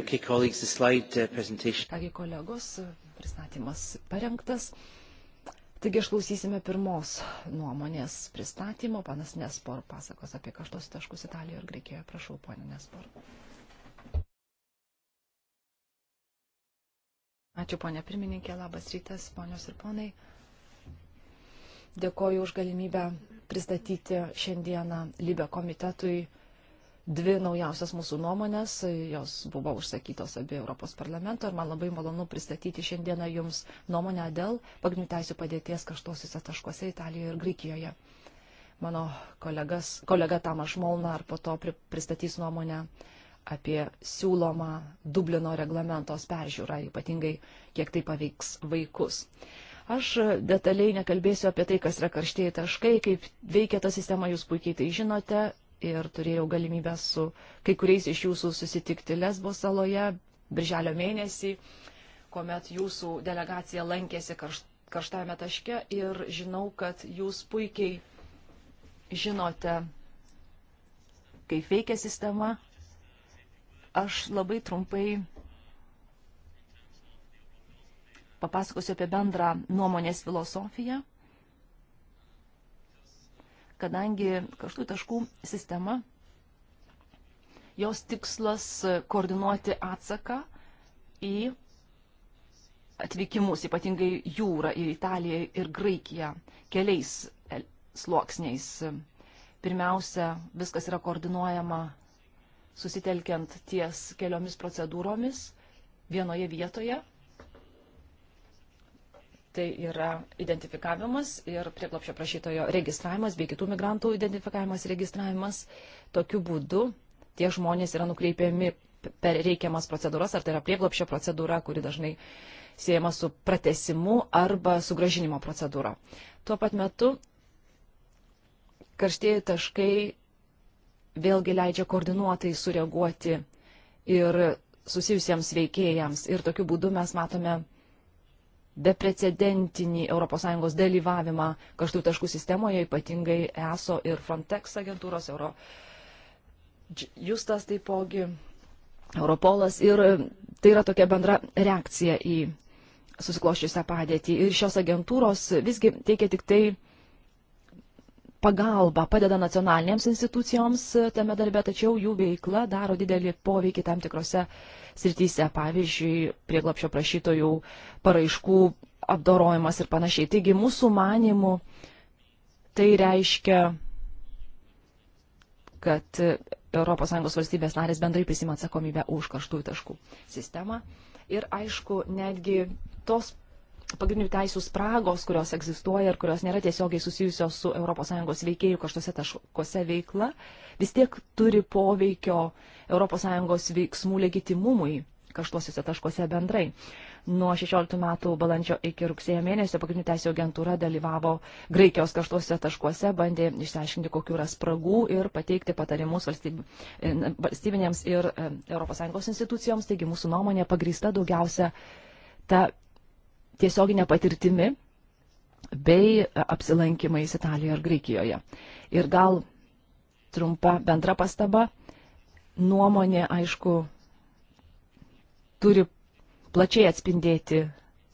Okay, colleagues, the slide uh, presentation. Kągi kolegos, pristatymas parengtas. Taigi išklausysime pirmos nuomonės pristatymo. Panas Nespor pasakos apie kaštos taškus Italijoje ir Greikijoje. Prašau, ponė Nespor. Ačiū, ponė pirmininkė, labas rytas, ponios ir ponai. Dėkoju už galimybę pristatyti šiandieną Libę komitetui dvi naujausias mūsų nuomonės, jos buvo užsakytos abi Europos parlamento ir man labai malonu pristatyti šiandieną jums nuomonę dėl pagrindinių teisų padėties karštosiuose taškuose Italijoje ir Graikijoje. Mano kolegas, kolega Tamas Molnar po to pri, pristatys nuomonę apie siūlomą Dublino reglamentos peržiūrą, ypatingai kiek tai paveiks vaikus. Aš detaliai nekalbėsiu apie tai, kas yra karštieji taškai, kaip veikia ta sistema, jūs puikiai tai žinote, ir turėjau galimybę su kai kuriais iš jūsų susitikti Lesbo saloje birželio mėnesį, kuomet jūsų delegacija lankėsi karštame taške ir žinau, kad jūs puikiai žinote, kaip veikia sistema. Aš labai trumpai papasakosiu apie bendrą nuomonės filosofiją kadangi karštų taškų sistema, jos tikslas koordinuoti atsaką į atvykimus, ypatingai jūrą į Italiją ir Graikiją, keliais e, sluoksniais. Pirmiausia, viskas yra koordinuojama susitelkiant ties keliomis procedūromis vienoje vietoje tai yra identifikavimas ir prieglopšio prašytojo registravimas bei kitų migrantų identifikavimas ir registravimas. Tokiu būdu tie žmonės yra nukreipiami per reikiamas procedūras, ar tai yra prieglopšio procedūra, kuri dažnai siejama su pratesimu arba sugražinimo procedūra. Tuo pat metu karštieji taškai vėlgi leidžia koordinuotai sureaguoti ir susijusiems veikėjams. Ir tokiu būdu mes matome beprecedentinį ES dalyvavimą karštų taškų sistemoje, ypatingai ESO ir Frontex agentūros, Euro... Justas taipogi, Europolas ir e, tai yra tokia bendra reakcija į susikloščiusią padėtį. Ir šios agentūros visgi teikia tik tai pagalbą padeda nacionalinėms institucijoms e, tame darbe, tačiau jų veikla daro didelį poveikį tam tikrose srityse, pavyzdžiui, prieglapšio prašytojų paraiškų apdorojimas ir panašiai. Taigi mūsų manimų tai reiškia, kad ES valstybės narės bendrai prisima atsakomybę už karštųjų taškų sistemą. Ir aišku, netgi tos pagrindinių teisų spragos, kurios egzistuoja ir kurios nėra tiesiogiai susijusios su ES veikėjų kažkose taškose veikla, vis tiek turi poveikio ES veiksmų legitimumui kažkosiuose taškuose bendrai. Nuo 16 metų balandžio iki rugsėjo mėnesio pagrindinių teisų agentūra dalyvavo Graikijos kažkosiuose taškuose, bandė išsiaiškinti, kokiu yra spragų ir pateikti patarimus valstyb... E, valstybinėms ir e, ES institucijoms. Taigi mūsų nuomonė pagrįsta daugiausia ta tiesioginė patirtimi bei apsilankimais Italijoje ar Graikijoje. Ir gal trumpa bendra pastaba, nuomonė, aišku, turi plačiai atspindėti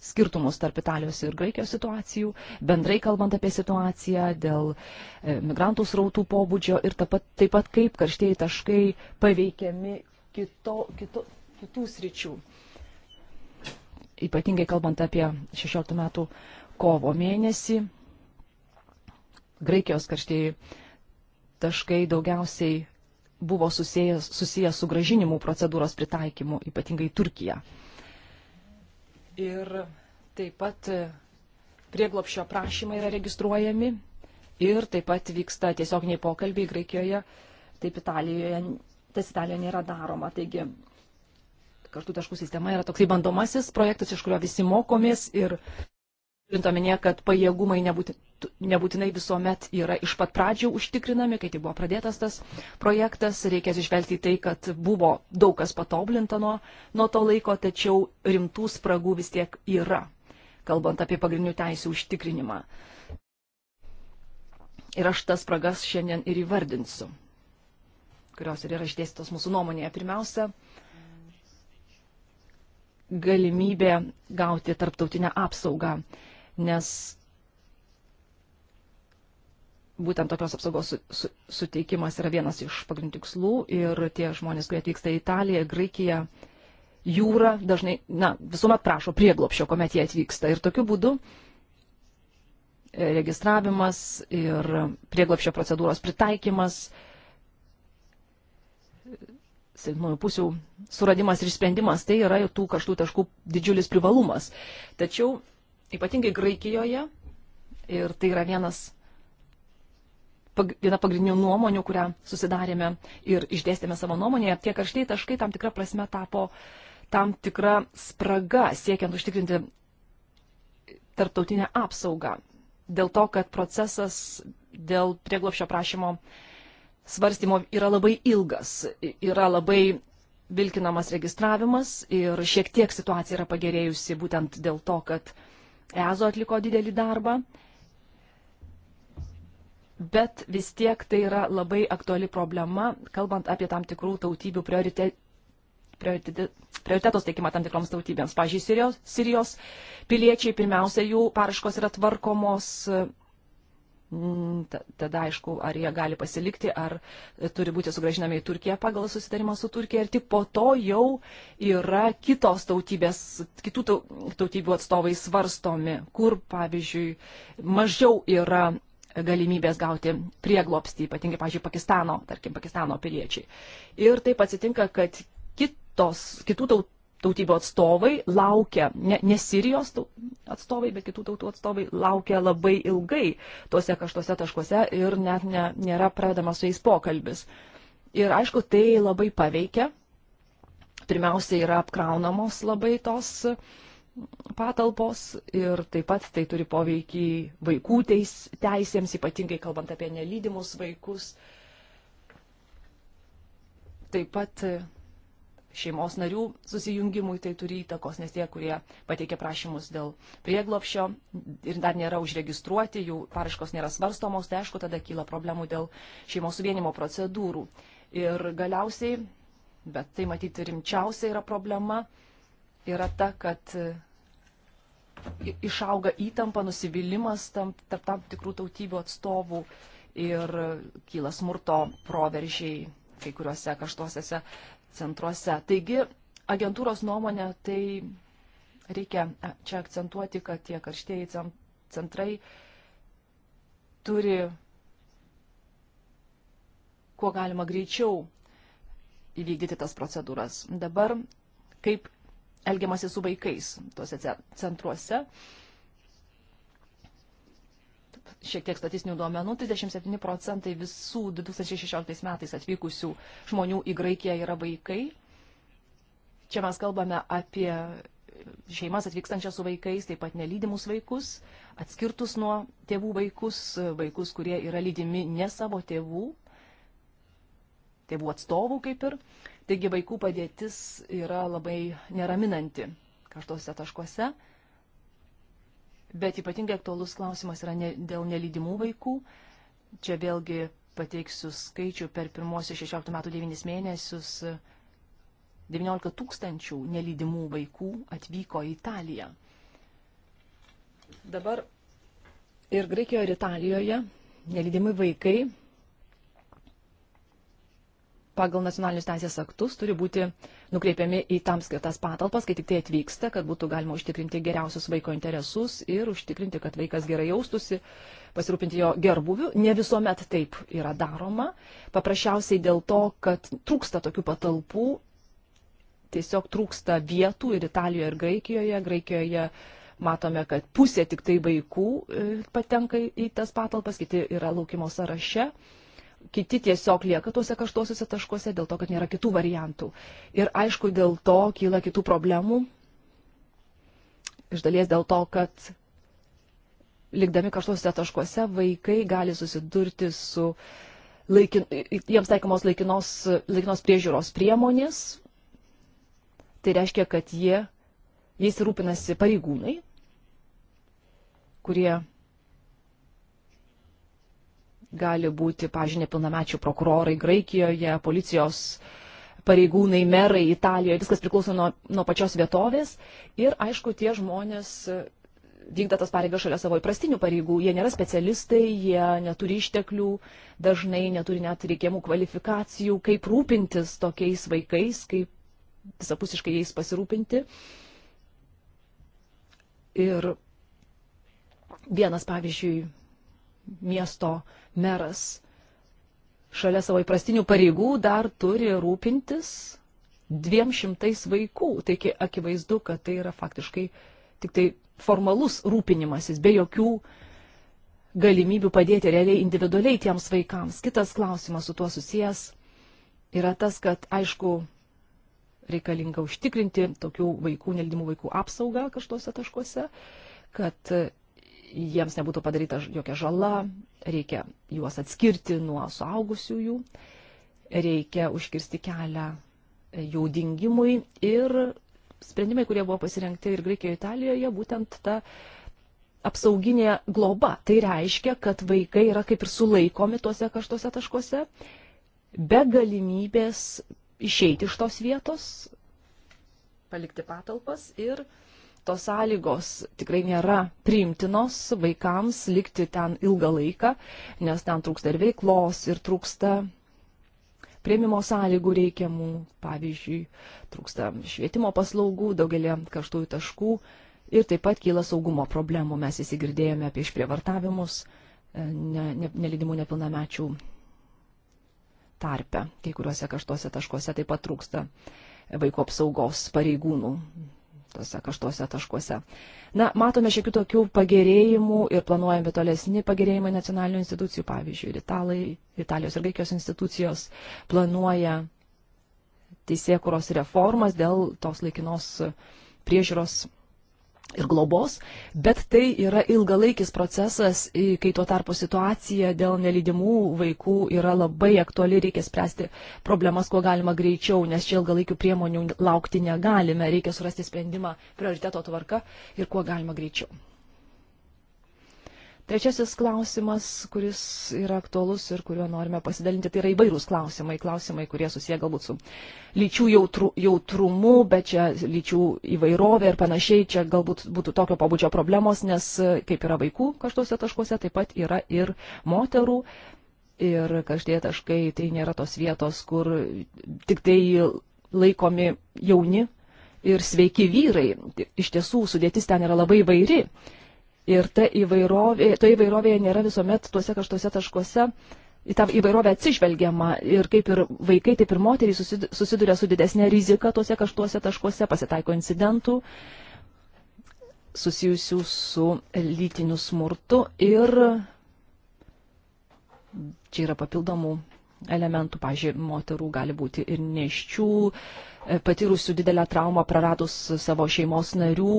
skirtumus tarp Italijos ir Graikijos situacijų, bendrai kalbant apie situaciją dėl e, migrantų srautų pobūdžio ir taip pat, taip pat kaip karštieji taškai paveikiami kito, kito, kitų sričių ypatingai kalbant apie 16 metų kovo mėnesį. Graikijos karštieji taškai daugiausiai buvo susijęs, susijęs su gražinimų procedūros pritaikymu, ypatingai Turkija. Ir taip pat prieglopšio prašymai yra registruojami ir taip pat vyksta tiesioginiai pokalbiai Graikijoje, taip Italijoje, tas Italijoje nėra daroma. Taigi kartų taškų sistema yra toksai bandomasis projektas, iš kurio visi mokomės ir turint omenyje, kad pajėgumai nebūti, nebūtinai visuomet yra iš pat pradžių užtikrinami, kai tai buvo pradėtas tas projektas, reikės išvelgti tai, kad buvo daug kas patoblinta nuo, nuo to laiko, tačiau rimtų spragų vis tiek yra, kalbant apie pagrindinių teisų užtikrinimą. Ir aš tas spragas šiandien ir įvardinsiu, kurios ir yra išdėstytos mūsų nuomonėje. Pirmiausia, galimybė gauti tarptautinę apsaugą, nes būtent tokios apsaugos su, su, suteikimas yra vienas iš pagrindinių tikslų ir tie žmonės, kurie atvyksta į Italiją, Graikiją, jūrą, dažnai, na, visuomet prašo prieglopšio, kuomet jie atvyksta. Ir tokiu būdu e, registravimas ir prieglopšio procedūros pritaikymas silpnųjų pusių suradimas ir sprendimas, tai yra tų karštų taškų didžiulis privalumas. Tačiau ypatingai Graikijoje, ir tai yra vienas, pag, viena pagrindinių nuomonių, kurią susidarėme ir išdėstėme savo nuomonėje, tie karštai taškai tam tikrą prasme tapo tam tikra spraga siekiant užtikrinti tarptautinę apsaugą. Dėl to, kad procesas dėl prieglopšio prašymo uh, svarstymo yra labai ilgas, yra labai vilkinamas registravimas ir šiek tiek situacija yra pagerėjusi būtent dėl to, kad EZO atliko didelį darbą. Bet vis tiek tai yra labai aktuali problema, kalbant apie tam tikrų tautybių priorite, priorite, prioritetos teikimą tam tikroms tautybėms. Pavyzdžiui, Sirijos, Sirijos piliečiai pirmiausia jų paraškos yra tvarkomos Mm, tada aišku, ar jie gali pasilikti, ar turi būti sugražinami į Turkiją pagal susitarimą su Turkija, ir tik po to jau yra kitos tautybės, kitų tautybių atstovai svarstomi, kur, pavyzdžiui, mažiau yra galimybės gauti prieglopstį, ypatingai, pavyzdžiui, Pakistano, tarkim, Pakistano piliečiai. Ir taip atsitinka, kad kitos, kitų tautų tautybių atstovai laukia, ne, ne Sirijos atstovai, bet kitų tautų atstovai laukia labai ilgai tuose kažtuose taškuose ir net ne, nėra pradedamas su jais pokalbis. Ir aišku, tai labai paveikia. Pirmiausia, yra apkraunamos labai tos patalpos ir taip pat tai turi poveikį vaikų teis, teisėms, ypatingai kalbant apie nelydimus vaikus. Taip pat šeimos narių susijungimui tai turi įtakos, nes tie, kurie pateikė prašymus dėl prieglopšio ir dar nėra užregistruoti, jų paraškos nėra svarstomos, tai aišku, tada kyla problemų dėl šeimos suvienimo procedūrų. Ir galiausiai, bet tai matyti rimčiausia yra problema, yra ta, kad e, išauga įtampa, nusivylimas tarp tam, tam tikrų tautybių atstovų ir e, kyla smurto proveržiai kai kuriuose kaštuosiuose centruose. Taigi, agentūros nuomonė, tai reikia čia akcentuoti, kad tie karštieji centrai turi kuo galima greičiau įvykdyti tas procedūras. Dabar kaip elgiamasi su vaikais tuose centruose. Uh, šiek tiek statistinių duomenų, 37 procentai visų 2016 metais atvykusių žmonių į Graikiją yra vaikai. Čia mes kalbame apie šeimas atvykstančias su vaikais, taip pat nelydimus vaikus, atskirtus nuo tėvų vaikus, vaikus, kurie yra lydimi ne savo tėvų, tėvų atstovų kaip ir. Taigi vaikų padėtis yra labai neraminanti kažtose taškuose. taškuose Bet ypatingai aktualus klausimas yra ne, dėl nelydimų vaikų. Čia vėlgi pateiksiu skaičių per pirmosius 16 metų 9 mėnesius. 19 tūkstančių nelydimų vaikų atvyko į Italiją. Dabar ir Graikijoje, ir Italijoje nelydimi vaikai pagal nacionalinius teisės aktus turi būti uh, nukreipiami į tam skirtas patalpas, kai tik tai atvyksta, kad būtų galima užtikrinti geriausius vaiko interesus ir užtikrinti, kad vaikas gerai jaustusi, pasirūpinti jo gerbuviu. Ne visuomet taip yra daroma, paprasčiausiai dėl to, kad trūksta tokių patalpų, tiesiog trūksta vietų ir Italijoje, ir Graikijoje. Graikijoje matome, kad pusė tik tai vaikų e, patenka į tas patalpas, kiti yra laukimo sąraše kiti tiesiog lieka tuose karštuosiuose taškuose dėl to, kad nėra kitų variantų. Ir aišku, dėl to kyla kitų problemų. Iš dalies dėl to, kad likdami karštuosiuose taškuose vaikai gali susidurti su laikin, jiems taikomos laikinos, laikinos priežiūros priemonės. Tai reiškia, kad jie, jais rūpinasi pareigūnai, kurie gali būti, pažiūrėjau, nepilnamečių prokurorai Graikijoje, policijos pareigūnai, merai Italijoje, viskas priklauso nuo, nuo pačios vietovės. Ir aišku, tie žmonės vykdo tas pareigas šalia savo įprastinių pareigų, jie nėra specialistai, jie neturi išteklių, dažnai neturi net reikiamų kvalifikacijų, kaip rūpintis tokiais vaikais, kaip visapusiškai jais pasirūpinti. Ir vienas, pavyzdžiui, miesto uh, meras šalia savo įprastinių pareigų dar turi rūpintis dviem šimtais vaikų. Taigi akivaizdu, kad tai yra faktiškai tik tai formalus rūpinimasis, be jokių galimybių padėti realiai individualiai tiems vaikams. Kitas klausimas su tuo susijęs yra tas, kad aišku, reikalinga užtikrinti tokių vaikų, neldimų vaikų apsaugą kažtuose taškuose, kad jiems nebūtų padaryta jokia žala, reikia juos atskirti nuo suaugusiųjų, reikia užkirsti kelią jų dingimui ir sprendimai, kurie buvo pasirinkti ir Graikijoje, Italijoje, būtent ta apsauginė globa. Tai reiškia, kad vaikai yra kaip ir sulaikomi tuose kažtuose taškuose, be galimybės išeiti iš tos vietos, palikti patalpas ir uh, tos sąlygos tikrai nėra priimtinos vaikams likti ten ilgą laiką, nes ten trūksta ir veiklos, ir trūksta prieimimo sąlygų reikiamų, pavyzdžiui, trūksta švietimo paslaugų daugelį karštųjų taškų ir taip pat kyla saugumo problemų. Mes įsigirdėjome apie išprievartavimus e, ne, ne, nelidimų nepilnamečių tarpe. Kai kuriuose karštuose taškuose taip pat trūksta vaikų apsaugos pareigūnų tose kažtuose taškuose. Na, matome šiek tiek tokių pagerėjimų ir planuojami tolesni pagerėjimai nacionalinių institucijų, pavyzdžiui, ir Italai, Italijos ir Graikijos institucijos planuoja teisėkuros reformas dėl tos laikinos priežiūros ir globos, bet tai yra ilgalaikis procesas, kai tuo tarpu situacija dėl nelydimų vaikų yra labai aktuali, reikia spręsti problemas kuo galima greičiau, nes čia ilgalaikių priemonių laukti negalime, reikia surasti sprendimą prioriteto tvarka ir kuo galima greičiau. Trečiasis klausimas, kuris yra aktuolus ir kuriuo norime pasidalinti, tai yra įvairūs klausimai, klausimai, kurie susiję galbūt su lyčių jautru, jautrumu, bet čia lyčių įvairovė ir panašiai, čia galbūt būtų tokio pabudžio problemos, nes kaip yra vaikų kažtuose taškuose, taip pat yra ir moterų. Ir kažtie taškai tai nėra tos vietos, kur tik tai laikomi jauni ir sveiki vyrai. Iš tiesų sudėtis ten yra labai vairi. Ir ta įvairovė, toje įvairovėje nėra visuomet tuose kažtuose taškuose. Į tą įvairovę atsižvelgiama ir kaip ir vaikai, taip ir moterys susiduria su didesnė rizika tuose kažtuose taškuose, pasitaiko incidentų susijusių su lytiniu smurtu ir čia yra papildomų elementų, pažiūrėjau, moterų gali būti ir neščių, patyrusių didelę traumą, praradus savo šeimos narių,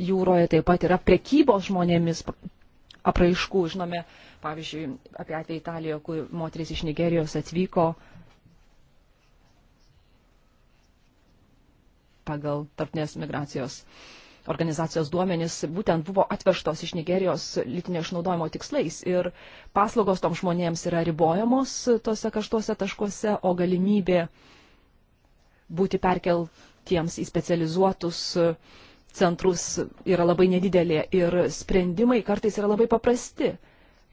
jūroje taip pat yra prekybos žmonėmis apraiškų. Žinome, pavyzdžiui, apie atvejį Italijoje, kur moteris iš Nigerijos atvyko pagal tarptinės migracijos organizacijos duomenys būtent buvo atvežtos iš Nigerijos lytinio išnaudojimo tikslais ir paslaugos tom žmonėms yra ribojamos tose kažtuose taškuose, o galimybė būti perkeltiems į specializuotus uh, centrus yra labai nedidelė ir sprendimai kartais yra labai paprasti.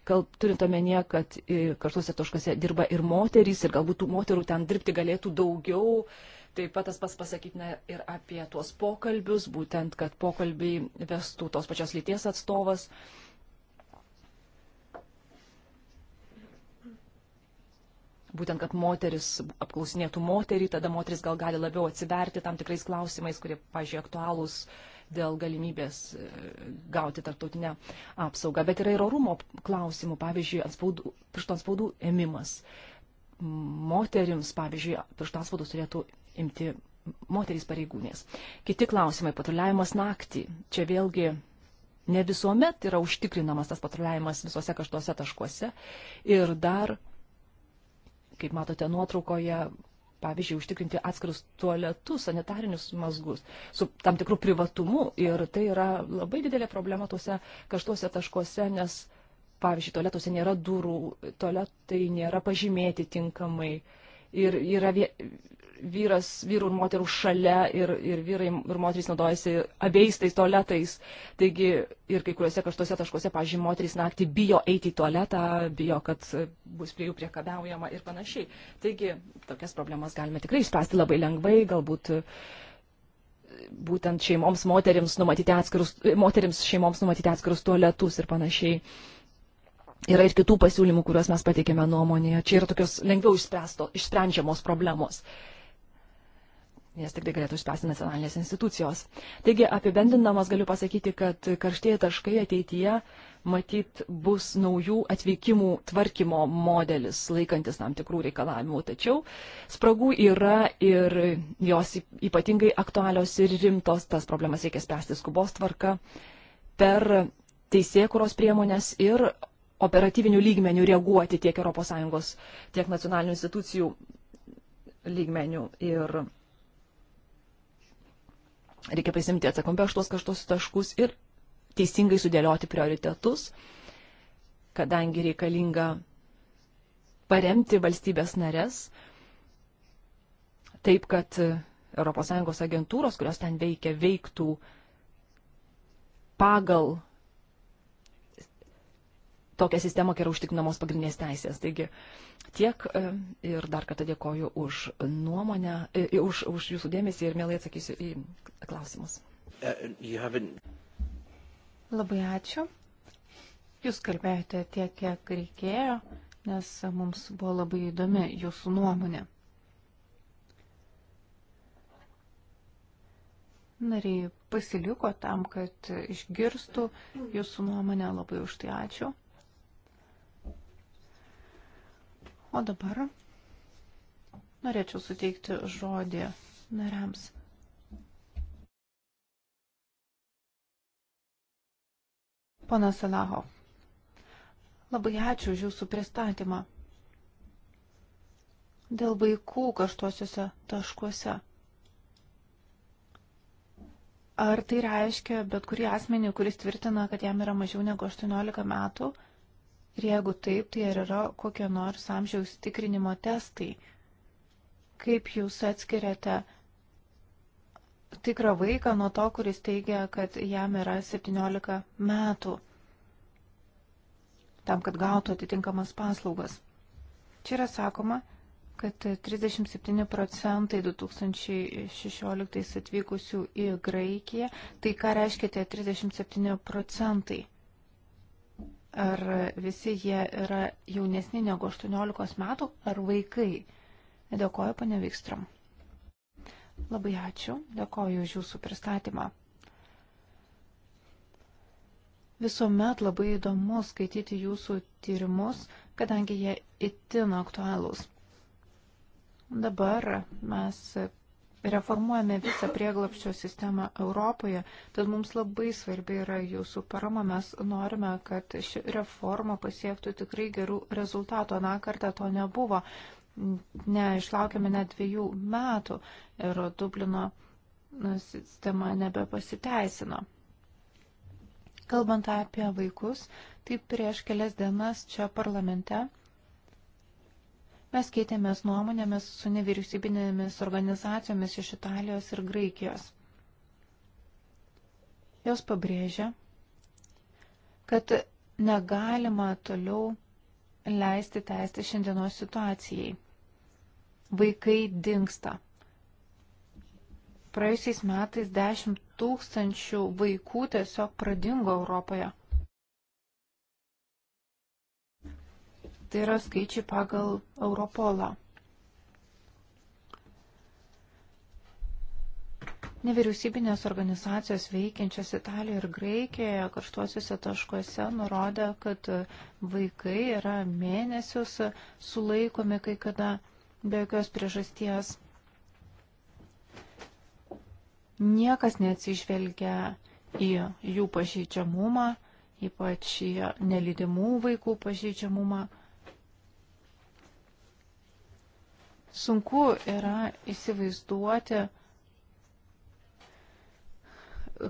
Kal, turint omenyje, kad e, karštuose taškuose dirba ir moterys, ir galbūt tų moterų ten dirbti galėtų daugiau. Taip pat tas pas pasakytina ir apie tuos pokalbius, būtent, kad pokalbiai vestų tos pačios lyties atstovas. būtent, kad moteris apklausinėtų moterį, tada moteris gal gali labiau atsiverti tam tikrais klausimais, kurie, pažiūrėjau, aktualūs dėl galimybės e, gauti tarptautinę apsaugą, bet yra ir orumo klausimų, pavyzdžiui, anspaudų, pirštų anspaudų ėmimas. Moterims, pavyzdžiui, pirštų anspaudus turėtų imti moterys pareigūnės. Kiti klausimai, patruliavimas naktį. Čia vėlgi ne visuomet yra užtikrinamas tas patruliavimas visuose kažtuose taškuose. Ir dar, kaip matote nuotraukoje, pavyzdžiui, užtikrinti atskirus tualetus, sanitarinius mazgus su tam tikrų privatumu. Ir tai yra labai didelė problema tuose kažtuose taškuose, nes, pavyzdžiui, tualetuose nėra durų, tualetai nėra pažymėti tinkamai. Uh, ir yra vyras, vyrų ir moterų šalia ir, ir vyrai ir moterys naudojasi abiejais tais tualetais. Taigi ir kai kuriuose karštuose taškuose, pažiūrėjau, moterys naktį bijo eiti į tualetą, bijo, kad bus prie jų priekabiaujama ir panašiai. Taigi tokias problemas galime tikrai išspręsti labai lengvai, galbūt e, būtent šeimoms moterims numatyti atskirus, moterims šeimoms numatyti atskirus tualetus ir panašiai. Yra ir kitų pasiūlymų, kuriuos mes pateikėme nuomonėje. Čia yra tokios lengviau išsprendžiamos problemos. Nes tikrai galėtų išspręsti nacionalinės institucijos. Taigi, apibendindamas galiu pasakyti, kad karštieji taškai ateityje matyt bus naujų atvykimų tvarkymo modelis, laikantis tam tikrų reikalavimų. Tačiau spragų yra ir jos ypatingai aktualios ir rimtos. Tas problemas reikia spręsti skubos tvarka per teisėkuros priemonės ir operatyvinių lygmenių reaguoti tiek ES, tiek nacionalinių institucijų lygmenių. Ir reikia prisimti atsakomybę už tuos kaštus taškus ir teisingai sudėlioti prioritetus, kadangi reikalinga paremti valstybės nares taip, kad ES agentūros, kurios ten veikia, veiktų pagal tokią sistemą, kai yra užtikrinamos pagrindinės teisės. Taigi tiek e, ir dar kartą dėkoju už nuomonę, e, e, už, už jūsų dėmesį ir mielai atsakysiu į klausimus. Uh, Labai ačiū. Jūs kalbėjote tiek, kiek reikėjo, nes mums buvo labai įdomi jūsų nuomonė. Nariai pasiliko tam, kad išgirstų jūsų nuomonę, labai už tai ačiū. O dabar norėčiau suteikti žodį nariams. Pana Salaho, labai ačiū už Jūsų pristatymą. Dėl vaikų kažtuosiuose taškuose. Ar tai reiškia bet kurį asmenį, kuris tvirtina, kad jam yra mažiau negu 18 metų, Ir jeigu taip, tai ar yra kokie nors amžiaus tikrinimo testai? Kaip jūs atskiriate tikrą vaiką nuo to, kuris teigia, kad jam yra 17 metų, tam, kad gautų atitinkamas paslaugas? Čia yra sakoma, kad 37 procentai 2016 atvykusių į Graikiją, tai ką reiškia tie 37 procentai? Ar visi jie yra jaunesni negu 18 metų, ar vaikai? Dėkoju, pane Vikstrom. Labai ačiū, dėkoju už jūsų pristatymą. Visuomet labai įdomu skaityti jūsų tyrimus, kadangi jie itin aktualūs. Dabar mes reformuojame visą prieglapščio sistemą Europoje, tad mums labai svarbi yra jūsų parama. Mes norime, kad ši reforma pasiektų tikrai gerų rezultatų. Na kartą to nebuvo. Neišlaukėme net dviejų metų ir Dublino sistema nebepasiteisino. Kalbant apie vaikus, taip prieš kelias dienas čia parlamente Mes keitėmės nuomonėmis su nevyriausybinėmis organizacijomis iš Italijos ir Graikijos. Jos pabrėžia, kad negalima toliau leisti tęsti šiandienos situacijai. Vaikai dinksta. Praėjusiais metais 10 tūkstančių vaikų tiesiog pradingo Europoje. Tai yra skaičiai pagal Europolą. Nevyriausybinės organizacijos veikiančios Italijoje ir Graikijoje karštuosiuose taškuose nurodė, kad vaikai yra mėnesius sulaikomi kai kada be jokios priežasties. Niekas neatsižvelgia į jų pažeidžiamumą, ypač į nelydimų vaikų pažeidžiamumą. sunku yra įsivaizduoti,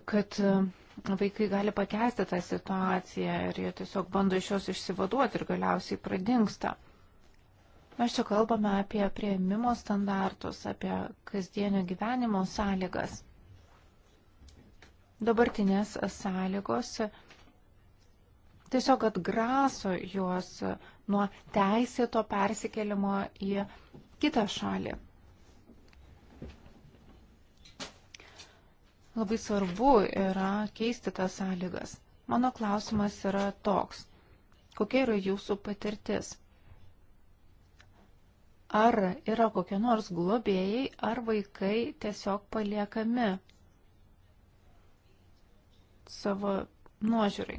kad e, vaikai gali pakęsti tą situaciją ir jie tiesiog bando iš jos išsivaduoti ir galiausiai pradingsta. Mes čia kalbame apie prieimimo standartus, apie kasdienio gyvenimo sąlygas. Dabartinės sąlygos tiesiog atgraso juos nuo teisėto persikelimo į kitą šalį. Labai svarbu yra keisti tas sąlygas. Mano klausimas yra toks. Kokia yra jūsų patirtis? Ar yra kokie nors globėjai, ar vaikai tiesiog paliekami savo nuožiūrai?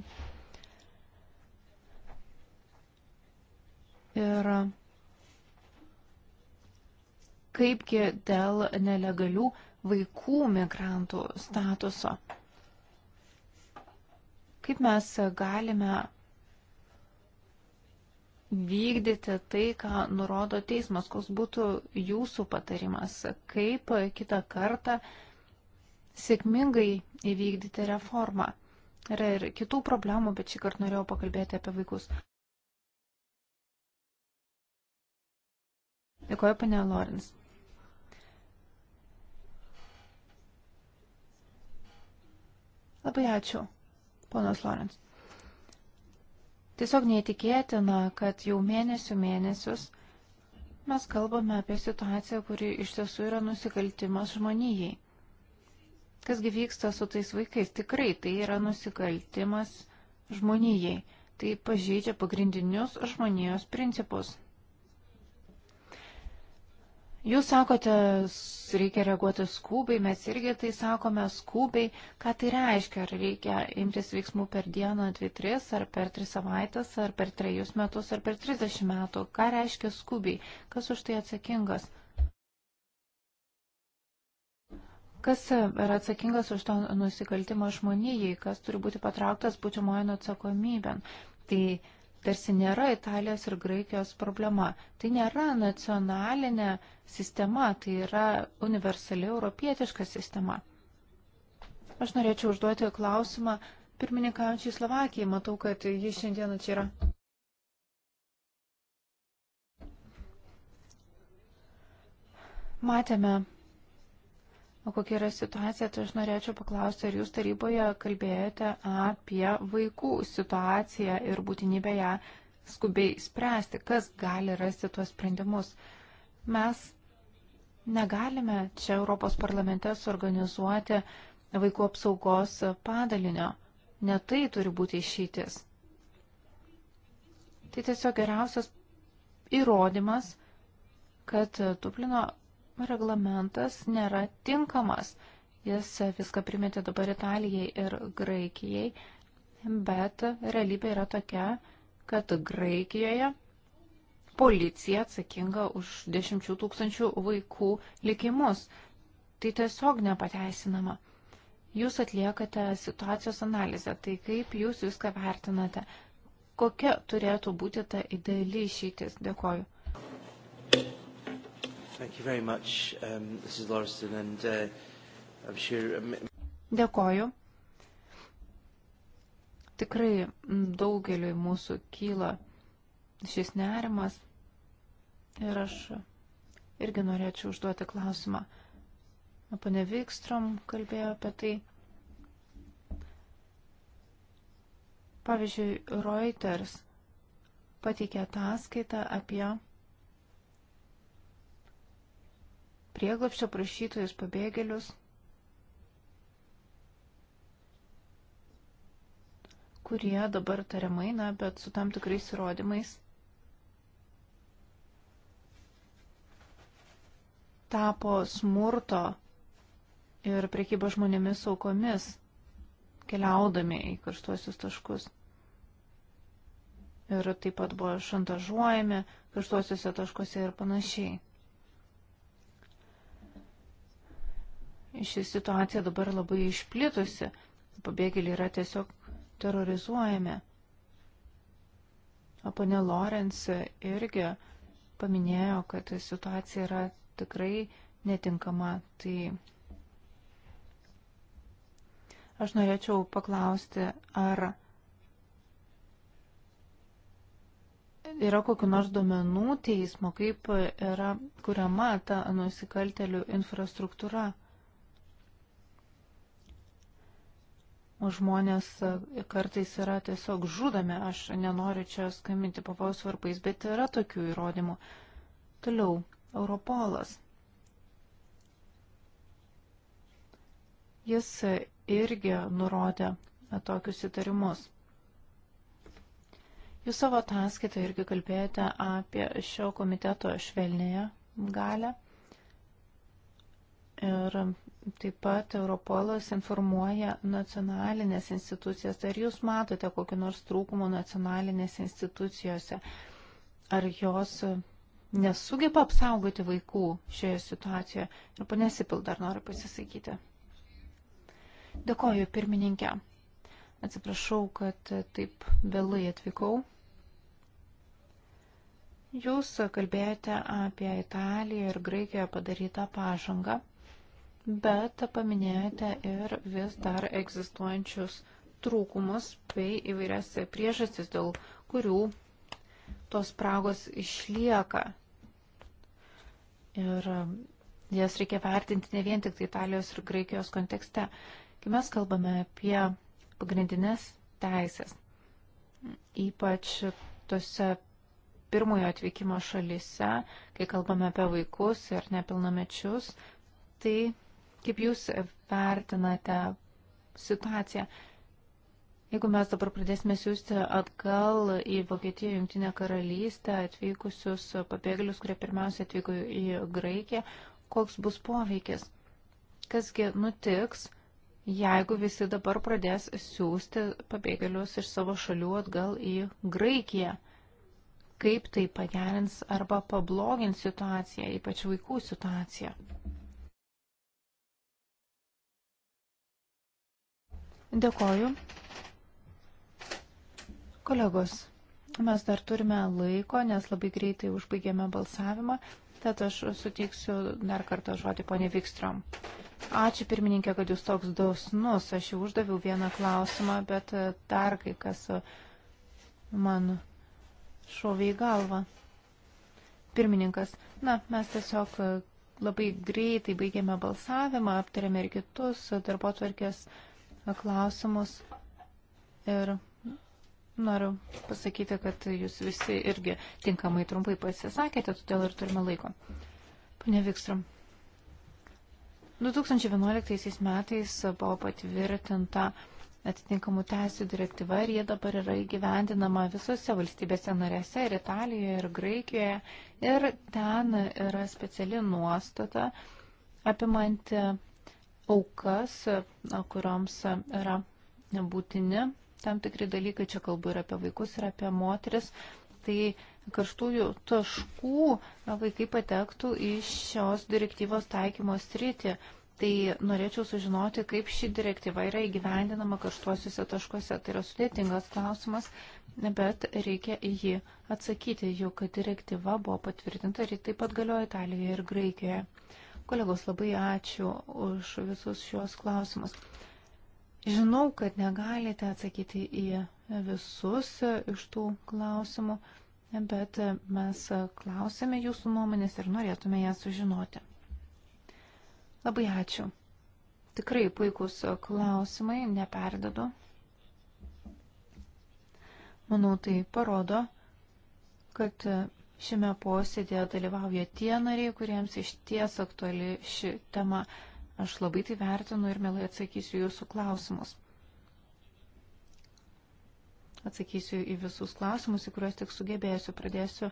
Ir kaipgi dėl nelegalių vaikų migrantų statuso. Kaip mes galime vykdyti tai, ką nurodo teismas, koks būtų jūsų patarimas, kaip kitą kartą sėkmingai įvykdyti reformą. Yra ir kitų problemų, bet šį kartą norėjau pakalbėti apie vaikus. Dėkuoju, panė Lorins. Labai ačiū, ponas Lorenz. Tiesiog neįtikėtina, kad jau mėnesių mėnesius mes kalbame apie situaciją, kuri iš tiesų yra nusikaltimas žmonijai. Kasgi vyksta su tais vaikais? Tikrai tai yra nusikaltimas žmonijai. Tai pažeidžia pagrindinius žmonijos principus. Jūs sakote, reikia reaguoti skubiai, mes irgi tai sakome skubiai. Ką tai reiškia? Ar reikia imtis veiksmų per dieną, dvi, tris, ar per tris savaitės, ar per trejus metus, ar per trisdešimt metų? Ką reiškia skubiai? Kas už tai atsakingas? Kas yra atsakingas už tą nusikaltimą žmonijai? Kas turi būti patrauktas būtimojo atsakomybėn? Tai tarsi nėra Italijos ir Graikijos problema. Tai nėra nacionalinė sistema, tai yra universali europietiška sistema. Aš norėčiau užduoti klausimą pirmininkaujančiai Slovakijai. Matau, kad ji šiandieną čia yra. Matėme O kokia yra situacija, tai aš norėčiau paklausti, ar jūs taryboje kalbėjote apie vaikų situaciją ir būtinybę ją skubiai spręsti, kas gali rasti tuos sprendimus. Mes negalime čia Europos parlamente suorganizuoti vaikų apsaugos padalinio. Ne tai turi būti išeitis. Tai tiesiog geriausias įrodymas, kad Dublino reglamentas nėra tinkamas. Jis viską primetė dabar Italijai ir Graikijai, bet realybė yra tokia, kad Graikijoje policija atsakinga už dešimčių tūkstančių vaikų likimus. Tai tiesiog nepateisinama. Jūs atliekate situacijos analizę, tai kaip jūs viską vertinate? Kokia turėtų būti ta ideali išeitis? Dėkoju. Thank you very much, um, Mrs. Lauriston, and uh, I'm sure... Um, Dėkoju. Tikrai mm, daugeliui mūsų kyla šis nerimas ir aš irgi norėčiau užduoti klausimą. Pane Vikstrom kalbėjo apie tai. Pavyzdžiui, Reuters pateikė ataskaitą apie prieglapščio prašytojus, pabėgėlius, kurie dabar tariamai, na, bet su tam tikrais įrodymais tapo smurto ir priekybo žmonėmis aukomis, keliaudami į karštuosius taškus ir taip pat buvo šantažuojami karštuosiuose taškuose ir panašiai. Ši situacija dabar labai išplitusi. Pabėgėliai yra tiesiog terrorizuojami. O pane Lorenz irgi paminėjo, kad situacija yra tikrai netinkama. Tai aš norėčiau paklausti, ar yra kokiu nors duomenų teismo, kaip yra kuriama ta nusikaltelių infrastruktūra. žmonės e, kartais yra tiesiog žudomi, aš nenoriu čia skambinti pavojaus varpais, bet yra tokių įrodymų. Toliau, Europolas. Jis irgi nurodė e, tokius įtarimus. Jūs savo ataskaitą irgi kalbėjote apie šio komiteto švelnėje galę. Ir taip pat Europolas informuoja nacionalinės institucijas. Tai ar jūs matote kokiu nors trūkumu nacionalinėse institucijose? Ar jos nesugeba apsaugoti vaikų šioje situacijoje? Ir panesipil dar noriu pasisakyti. Dėkoju, pirmininkė. Atsiprašau, kad taip vėlai atvykau. Jūs kalbėjote apie Italiją ir Graikiją padarytą pažangą bet paminėjote ir vis dar egzistuojančius trūkumus bei įvairias priežastis, dėl kurių tos spragos išlieka. Ir um, jas reikia vertinti ne vien tik tai Italijos ir Graikijos kontekste. Kai mes kalbame apie pagrindinės teisės, ypač tose pirmojo atvykimo šalyse, kai kalbame apie vaikus ir nepilnamečius, tai Kaip Jūs vertinate situaciją? Jeigu mes dabar pradėsime siūsti atgal į Vokietiją, Junktinę karalystę atvykusius pabėgėlius, kurie pirmiausia atvyko į Graikiją, koks bus poveikis? Kasgi nutiks, jeigu visi dabar pradės siūsti pabėgėlius iš savo šalių atgal į Graikiją? Kaip tai pagerins arba pablogins situaciją, ypač vaikų situaciją? Dėkoju. Kolegos, mes dar turime laiko, nes labai greitai užbaigėme balsavimą, tad aš suteiksiu dar kartą žodį ponė Vikstrom. Ačiū pirmininkė, kad jūs toks dosnus. Aš jau uždaviau vieną klausimą, bet e, dar kai kas e, man šovė į galvą. Pirmininkas, na, mes tiesiog e, labai greitai baigėme balsavimą, aptarėme ir kitus darbo tvarkės klausimus ir noriu pasakyti, kad jūs visi irgi tinkamai trumpai pasisakėte, todėl ir turime laiko. Pane Vikstrom. 2011 metais buvo patvirtinta atitinkamų teisų direktyva ir jie dabar yra įgyvendinama visose valstybėse narėse ir Italijoje, ir Graikijoje. Ir ten yra speciali nuostata apimanti aukas, kurioms yra nebūtini tam tikri dalykai, čia kalbu ir apie vaikus, ir apie moteris, tai karštųjų taškų vaikai patektų į šios direktyvos taikymo sritį. Tai norėčiau sužinoti, kaip ši direktyva yra įgyvendinama karštuosiuose taškuose. Tai yra sudėtingas klausimas, bet reikia į jį atsakyti, juk direktyva buvo patvirtinta ir taip pat galioja Italijoje ir Graikijoje. Kolegos, labai ačiū už visus šios klausimus. Žinau, kad negalite atsakyti į visus iš tų klausimų, bet mes klausėme jūsų nuomonės ir norėtume ją sužinoti. Labai ačiū. Tikrai puikūs klausimai, neperdadu. Manau, tai parodo, kad Šiame posėdėje dalyvauja tie nariai, kuriems iš ties aktuali ši tema. Aš labai tai vertinu ir mielai atsakysiu jūsų klausimus. Atsakysiu į visus klausimus, į kuriuos tik sugebėsiu. Pradėsiu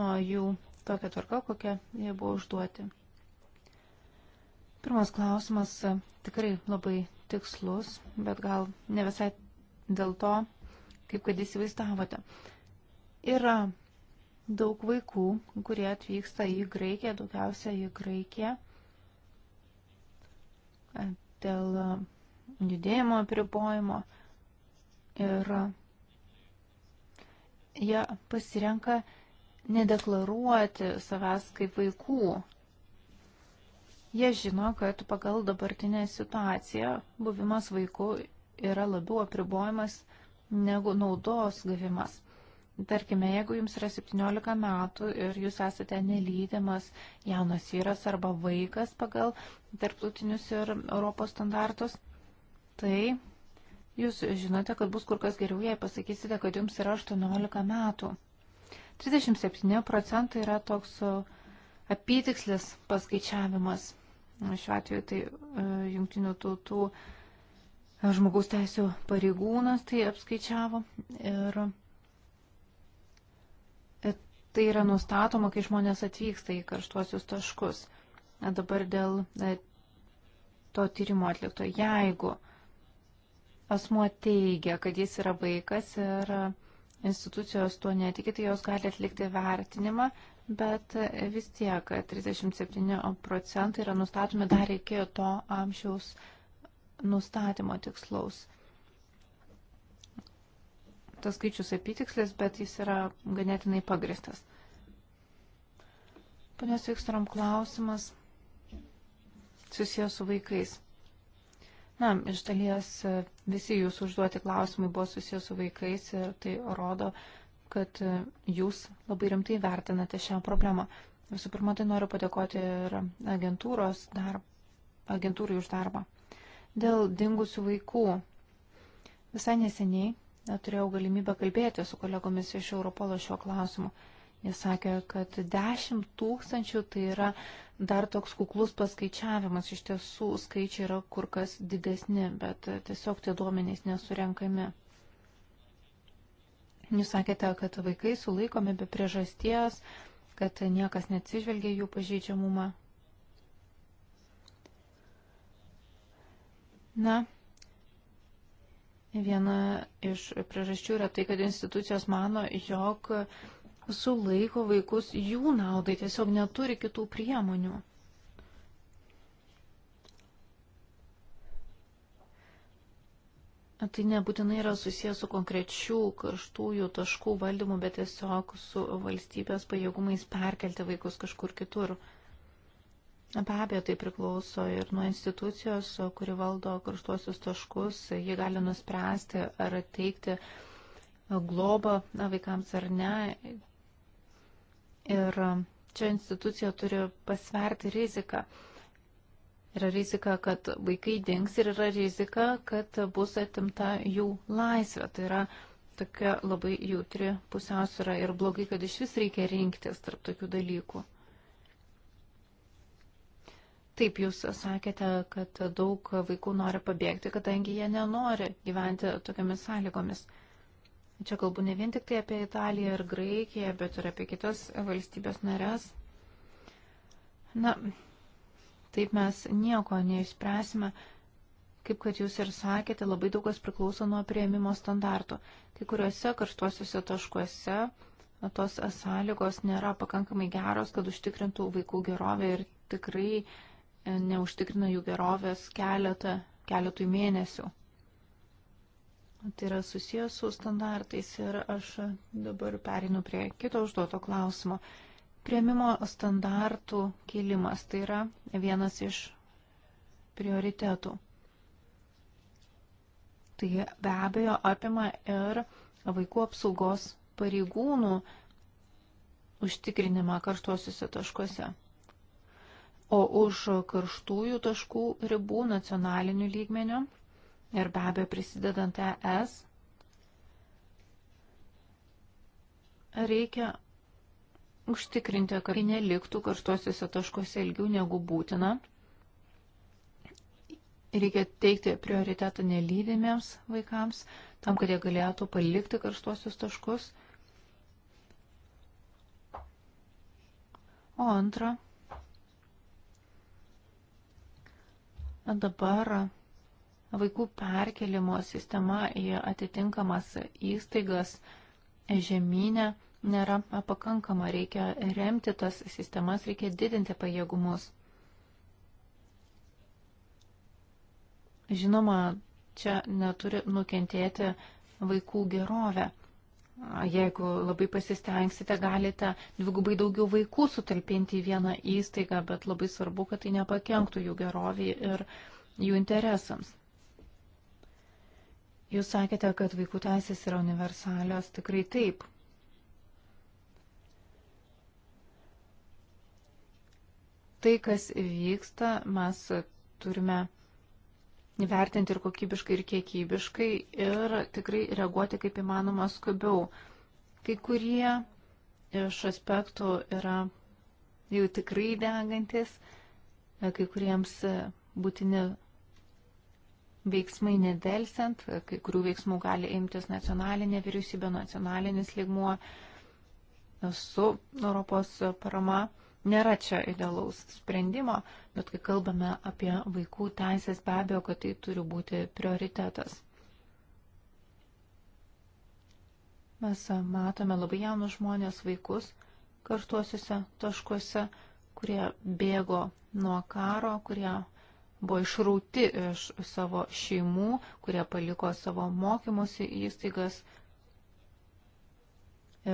nuo jų tokią tvarką, kokią jie buvo užduoti. Pirmas klausimas e, tikrai labai tikslus, bet gal ne visai dėl to, kaip kad įsivaizdavote. Yra daug vaikų, kurie atvyksta į Graikiją, daugiausia į Graikiją e, dėl e, judėjimo apribojimo ir e, jie pasirenka nedeklaruoti savęs kaip vaikų. Jie žino, kad pagal dabartinę situaciją buvimas vaiku yra labiau apribojimas negu naudos gavimas. Tarkime, jeigu jums yra 17 metų ir jūs esate nelydimas jaunas vyras arba vaikas pagal tarptautinius ir Europos standartus, tai jūs žinote, kad bus kur kas geriau, jei pasakysite, kad jums yra 18 metų. 37 procentai yra toks e, apytikslis paskaičiavimas. Šiuo atveju tai e, jungtinių tautų e, žmogaus teisų pareigūnas tai apskaičiavo ir tai yra nustatoma, kai žmonės atvyksta į karštuosius taškus. Na, dabar dėl e, to tyrimo atlikto, jeigu asmuo teigia, kad jis yra vaikas ir institucijos tuo netiki, tai jos gali atlikti vertinimą, bet vis tiek 37 procentai yra nustatomi dar iki to amžiaus nustatymo tikslaus tas skaičius apytikslis, bet jis yra ganėtinai pagristas. Panios Vikstrom klausimas susijęs su vaikais. Na, iš dalies e, visi jūsų užduoti klausimai buvo susijęs su vaikais ir tai rodo, kad e, jūs labai rimtai vertinate šią problemą. Visų pirma, tai noriu padėkoti ir agentūros darb, agentūrai už darbą. Dėl dingusių vaikų. Visai neseniai turėjau galimybę kalbėti su kolegomis iš Europolo šiuo klausimu. Jis sakė, kad 10 tūkstančių tai yra dar toks kuklus paskaičiavimas. Iš tiesų skaičiai yra kur kas didesni, bet tiesiog tie duomenys nesurenkami. Jūs sakėte, kad vaikai sulaikomi be priežasties, kad niekas neatsižvelgia jų pažeidžiamumą. Na, Viena iš priežasčių yra tai, kad institucijos mano, jog sulaiko vaikus jų naudai, tiesiog neturi kitų priemonių. Tai nebūtinai yra susijęs su konkrečių karštųjų taškų valdymu, bet tiesiog su valstybės pajėgumais perkelti vaikus kažkur kitur. Mhm. Be abejo, tai priklauso ir nuo institucijos, kuri valdo karštuosius taškus. Ji gali nuspręsti, ar teikti globą vaikams ar ne. Ir čia institucija turi pasverti riziką. Yra rizika, kad vaikai dings ir yra rizika, kad bus atimta jų laisvė. Tai yra tokia labai jautri pusiausvėra ir blogai, kad iš vis reikia rinktis tarp tokių dalykų. Taip, jūs sakėte, kad daug vaikų nori pabėgti, kadangi jie nenori gyventi tokiamis sąlygomis. Čia kalbu ne vien tik tai apie Italiją ir Graikiją, bet ir apie kitas valstybės narės. Na, taip mes nieko neišspręsime. Kaip kad jūs ir sakėte, labai daug kas priklauso nuo prieimimo standartų. Kai kuriuose karštuosiuose taškuose tos sąlygos nėra pakankamai geros, kad užtikrintų vaikų gerovę ir tikrai uh, E, neužtikrina jų gerovės keletą, keletui mėnesių. Tai yra susijęs su standartais ir aš dabar perinu prie kito užduoto klausimo. Prieimimo standartų kilimas tai yra vienas iš prioritetų. Tai be abejo apima ir vaikų apsaugos pareigūnų užtikrinimą karštuosiuose taškuose o už karštųjų taškų ribų nacionalinių lygmenių ir be abejo prisidedant ES reikia užtikrinti, kad tai neliktų karštuosiuose taškuose ilgiau negu būtina. Reikia teikti prioritetą nelydimiems vaikams, tam, kad jie galėtų palikti karštuosius taškus. O antra, Dabar vaikų perkelimo sistema į atitinkamas įstaigas žemynę nėra pakankama. Reikia remti tas sistemas, reikia didinti pajėgumus. Žinoma, čia neturi nukentėti vaikų gerovė. Jeigu labai pasistengsite, galite dvigubai daugiau vaikų sutalpinti į vieną įstaigą, bet labai svarbu, kad tai nepakenktų jų geroviai ir jų interesams. Jūs sakėte, kad vaikų teisės yra universalios, tikrai taip. Tai, kas vyksta, mes turime vertinti ir kokybiškai, ir kiekybiškai ir tikrai reaguoti kaip įmanoma skubiau. Kai kurie iš aspektų yra jau tikrai degantis, kai kuriems būtini veiksmai nedelsiant, kai kurių veiksmų gali imtis nacionalinė vyriausybė, nacionalinis ligmuo su Europos parama. Nėra čia idealaus sprendimo, bet kai kalbame apie vaikų teisės, be abejo, kad tai turi būti prioritetas. Mes matome labai jaunus žmonės, vaikus kartuosiuose taškuose, kurie bėgo nuo karo, kurie buvo išrauti iš savo šeimų, kurie paliko savo mokymosi įstaigas,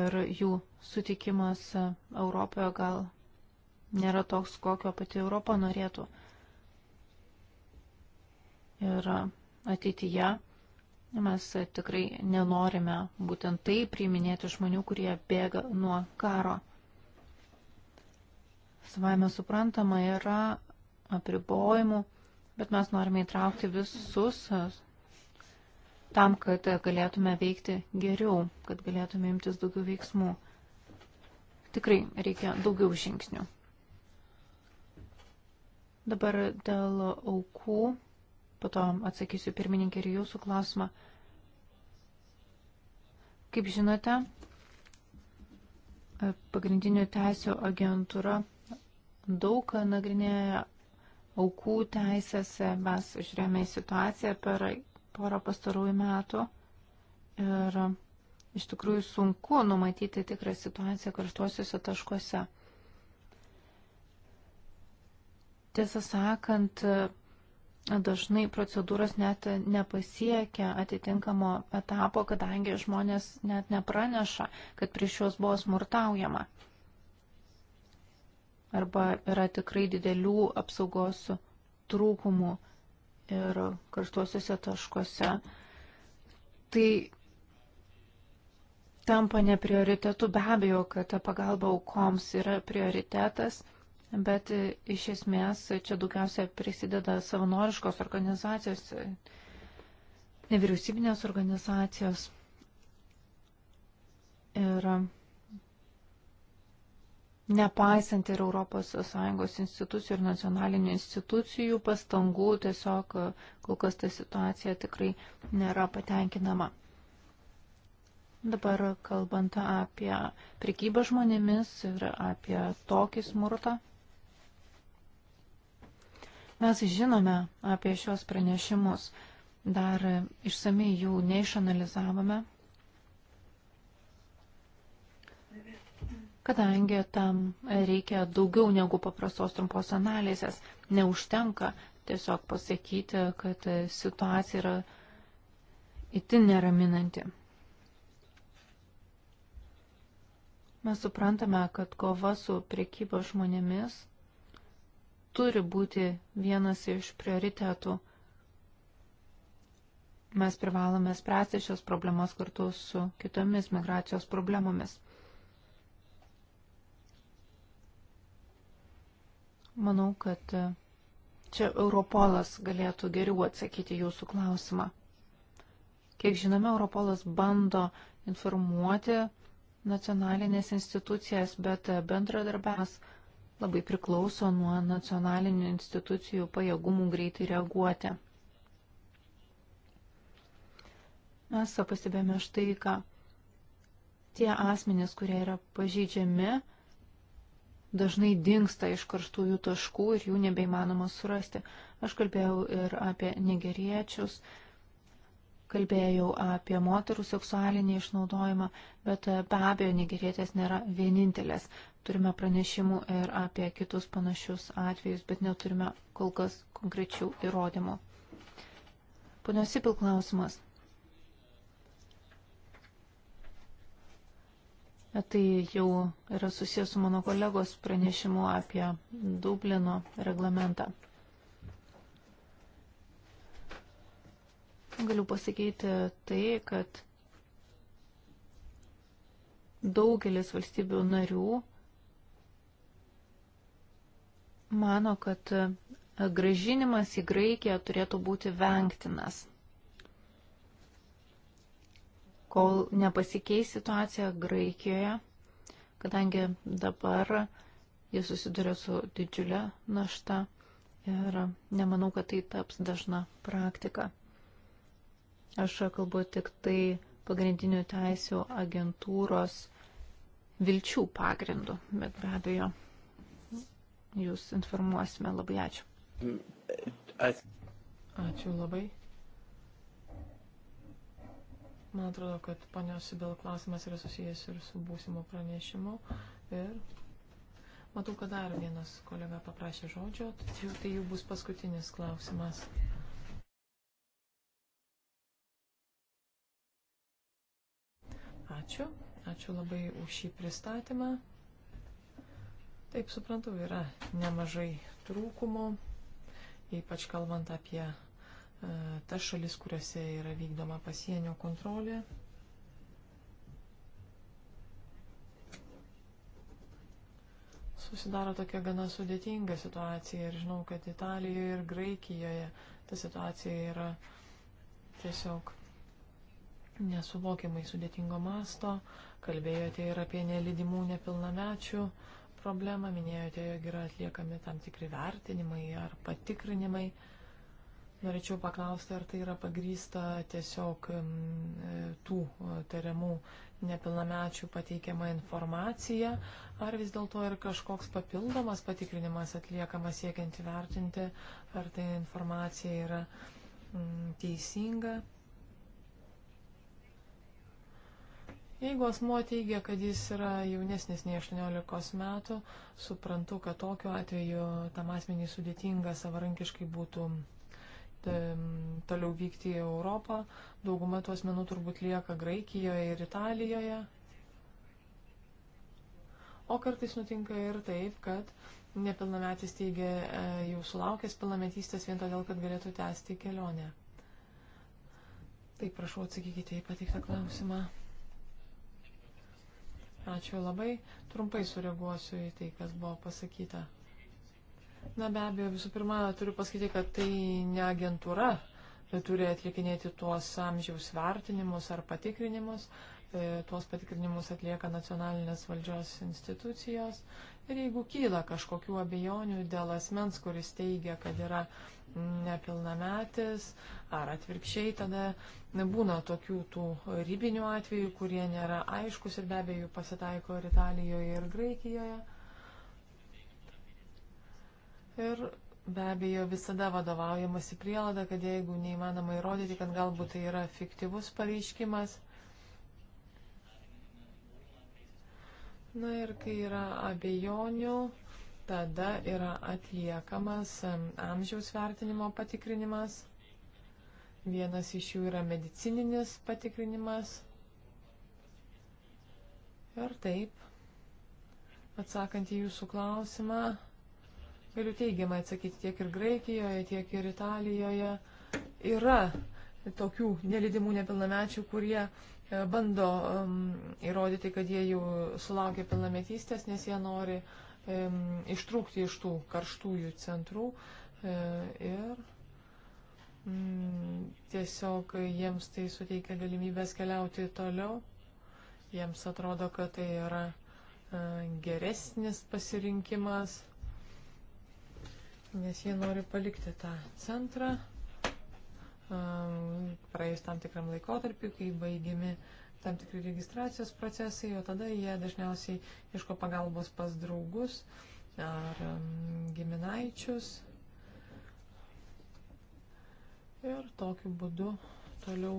ir jų sutikimas Europoje gal nėra toks, kokio pati Europa norėtų. Ir ateityje mes tikrai nenorime būtent tai priiminėti žmonių, kurie bėga nuo karo. Savaime suprantama yra apribojimų, bet mes norime įtraukti visus tam, kad galėtume veikti geriau, kad galėtume imtis daugiau veiksmų. Tikrai reikia daugiau žingsnių. Dabar dėl aukų, po to atsakysiu pirmininkė ir jūsų klausimą. Kaip žinote, pagrindinių teisų agentūra daug nagrinėja aukų teisėse. Mes žiūrėjome į situaciją per porą pastarųjų metų ir iš tikrųjų sunku numatyti tikrą situaciją karštuosiuose taškuose. Tiesą sakant, dažnai procedūros net nepasiekia atitinkamo etapo, kadangi žmonės net nepraneša, kad prieš juos buvo smurtaujama. Arba yra tikrai didelių apsaugos trūkumų ir karštuosiuose taškuose. Tai tampa neprioritetu be abejo, kad ta pagalba aukoms yra prioritetas bet e, iš esmės čia daugiausia prisideda savanoriškos organizacijos, e, nevyriausybinės organizacijos. Ir e, nepaisant ir ES institucijų ir nacionalinių institucijų pastangų, tiesiog kol kas ta situacija tikrai nėra patenkinama. Dabar kalbant apie prekybą žmonėmis ir apie tokį smurtą. Mes žinome apie šios pranešimus, dar išsamei jų neišanalizavome, kadangi tam reikia daugiau negu paprastos trumpos analizės. Neužtenka tiesiog pasakyti, kad situacija yra itin neraminanti. Mes suprantame, kad kova su priekyba žmonėmis turi būti vienas iš prioritetų. Mes privalome spręsti šios problemas kartu su kitomis migracijos problemomis. Manau, kad čia Europolas galėtų geriau atsakyti jūsų klausimą. Kiek žinome, Europolas bando informuoti nacionalinės institucijas, bet bendradarbiavimas labai priklauso nuo nacionalinių institucijų pajėgumų greitai reaguoti. Mes pastebėjome štai ką. Tie asmenys, kurie yra pažeidžiami, dažnai dinksta iš karštųjų taškų ir jų nebeįmanoma surasti. Aš kalbėjau ir apie nigeriečius, kalbėjau apie moterų seksualinį išnaudojimą, bet be abejo, nigerietės nėra vienintelės turime pranešimų ir apie kitus panašius atvejus, bet neturime kol kas konkrečių įrodymų. Pone Sipil klausimas. Tai jau yra susijęs su mano kolegos pranešimu apie Dublino reglamentą. Galiu pasakyti tai, kad daugelis valstybių narių mano, kad e, gražinimas į Graikiją turėtų būti vengtinas. Kol nepasikeis situacija Graikijoje, kadangi dabar jis susiduria su didžiulė našta ir nemanau, kad tai taps dažna praktika. Aš kalbu tik tai pagrindinių teisų agentūros vilčių pagrindų, bet be abejo jūs informuosime. Labai ačiū. Ačiū labai. Man atrodo, kad ponios Sibel klausimas yra susijęs ir su būsimo pranešimu. Ir matau, kad dar vienas kolega paprašė žodžio, tačiau tai jau bus paskutinis klausimas. Ačiū. Ačiū labai už šį pristatymą. Taip suprantu, yra nemažai trūkumų, ypač kalbant apie e, tas šalis, kuriuose yra vykdoma pasienio kontrolė. Susidaro tokia gana sudėtinga situacija ir žinau, kad Italijoje ir Graikijoje ta situacija yra tiesiog nesuvokiamai sudėtingo masto. Kalbėjote ir apie nelidimų nepilnamečių problemą, minėjote, jog yra atliekami tam tikri vertinimai ar patikrinimai. Norėčiau paklausti, ar tai yra pagrysta tiesiog mm, e, tų e, tariamų nepilnamečių pateikiama informacija, ar vis dėlto ir kažkoks papildomas patikrinimas atliekamas siekiant įvertinti, ar tai informacija yra mm, teisinga. Jeigu asmuo teigia, kad jis yra jaunesnis nei 18 metų, suprantu, kad tokiu atveju tam asmeniai sudėtinga savarankiškai būtų toliau vykti į Europą. Dauguma tų asmenų turbūt lieka Graikijoje ir Italijoje. O kartais nutinka ir taip, kad nepilnametis teigia e, jau sulaukęs pilnametystės vien todėl, kad galėtų tęsti kelionę. Taip, prašau, atsakykite į pateiktą klausimą. Mhm. Ačiū labai. Trumpai sureaguosiu į tai, kas buvo pasakyta. Na be abejo, visų pirma, turiu pasakyti, kad tai ne agentūra turi atlikinėti tuos amžiaus vertinimus ar patikrinimus. E, tuos patikrinimus atlieka nacionalinės valdžios institucijos Ir jeigu kyla kažkokių abejonių dėl asmens, kuris teigia, kad yra nepilnametis, ar atvirkščiai, tada būna tokių tų ribinių atvejų, kurie nėra aiškus ir be abejo pasitaiko ir Italijoje, ir Graikijoje. Ir be abejo visada vadovaujamasi prielada, kad jeigu neįmanoma įrodyti, kad galbūt tai yra fiktyvus pareiškimas, Na ir kai yra abejonių, tada yra atliekamas amžiaus vertinimo patikrinimas. Vienas iš jų yra medicininis patikrinimas. Ir taip, atsakant į jūsų klausimą, galiu teigiamai atsakyti tiek ir Graikijoje, tiek ir Italijoje. Yra tokių nelidimų nepilnamečių, kurie E, bando įrodyti, kad jie jau sulaukė pilnametystės, nes jie nori ištrūkti iš tų karštųjų centrų e, ir mm, tiesiog jiems tai suteikia galimybės keliauti toliau. Jiems atrodo, kad tai yra e, geresnis pasirinkimas, nes jie nori palikti tą centrą praėjus tam tikram laikotarpiu, kai baigiami tam tikri registracijos procesai, o tada jie dažniausiai ieško pagalbos pas draugus ar giminaičius. Ir tokiu būdu toliau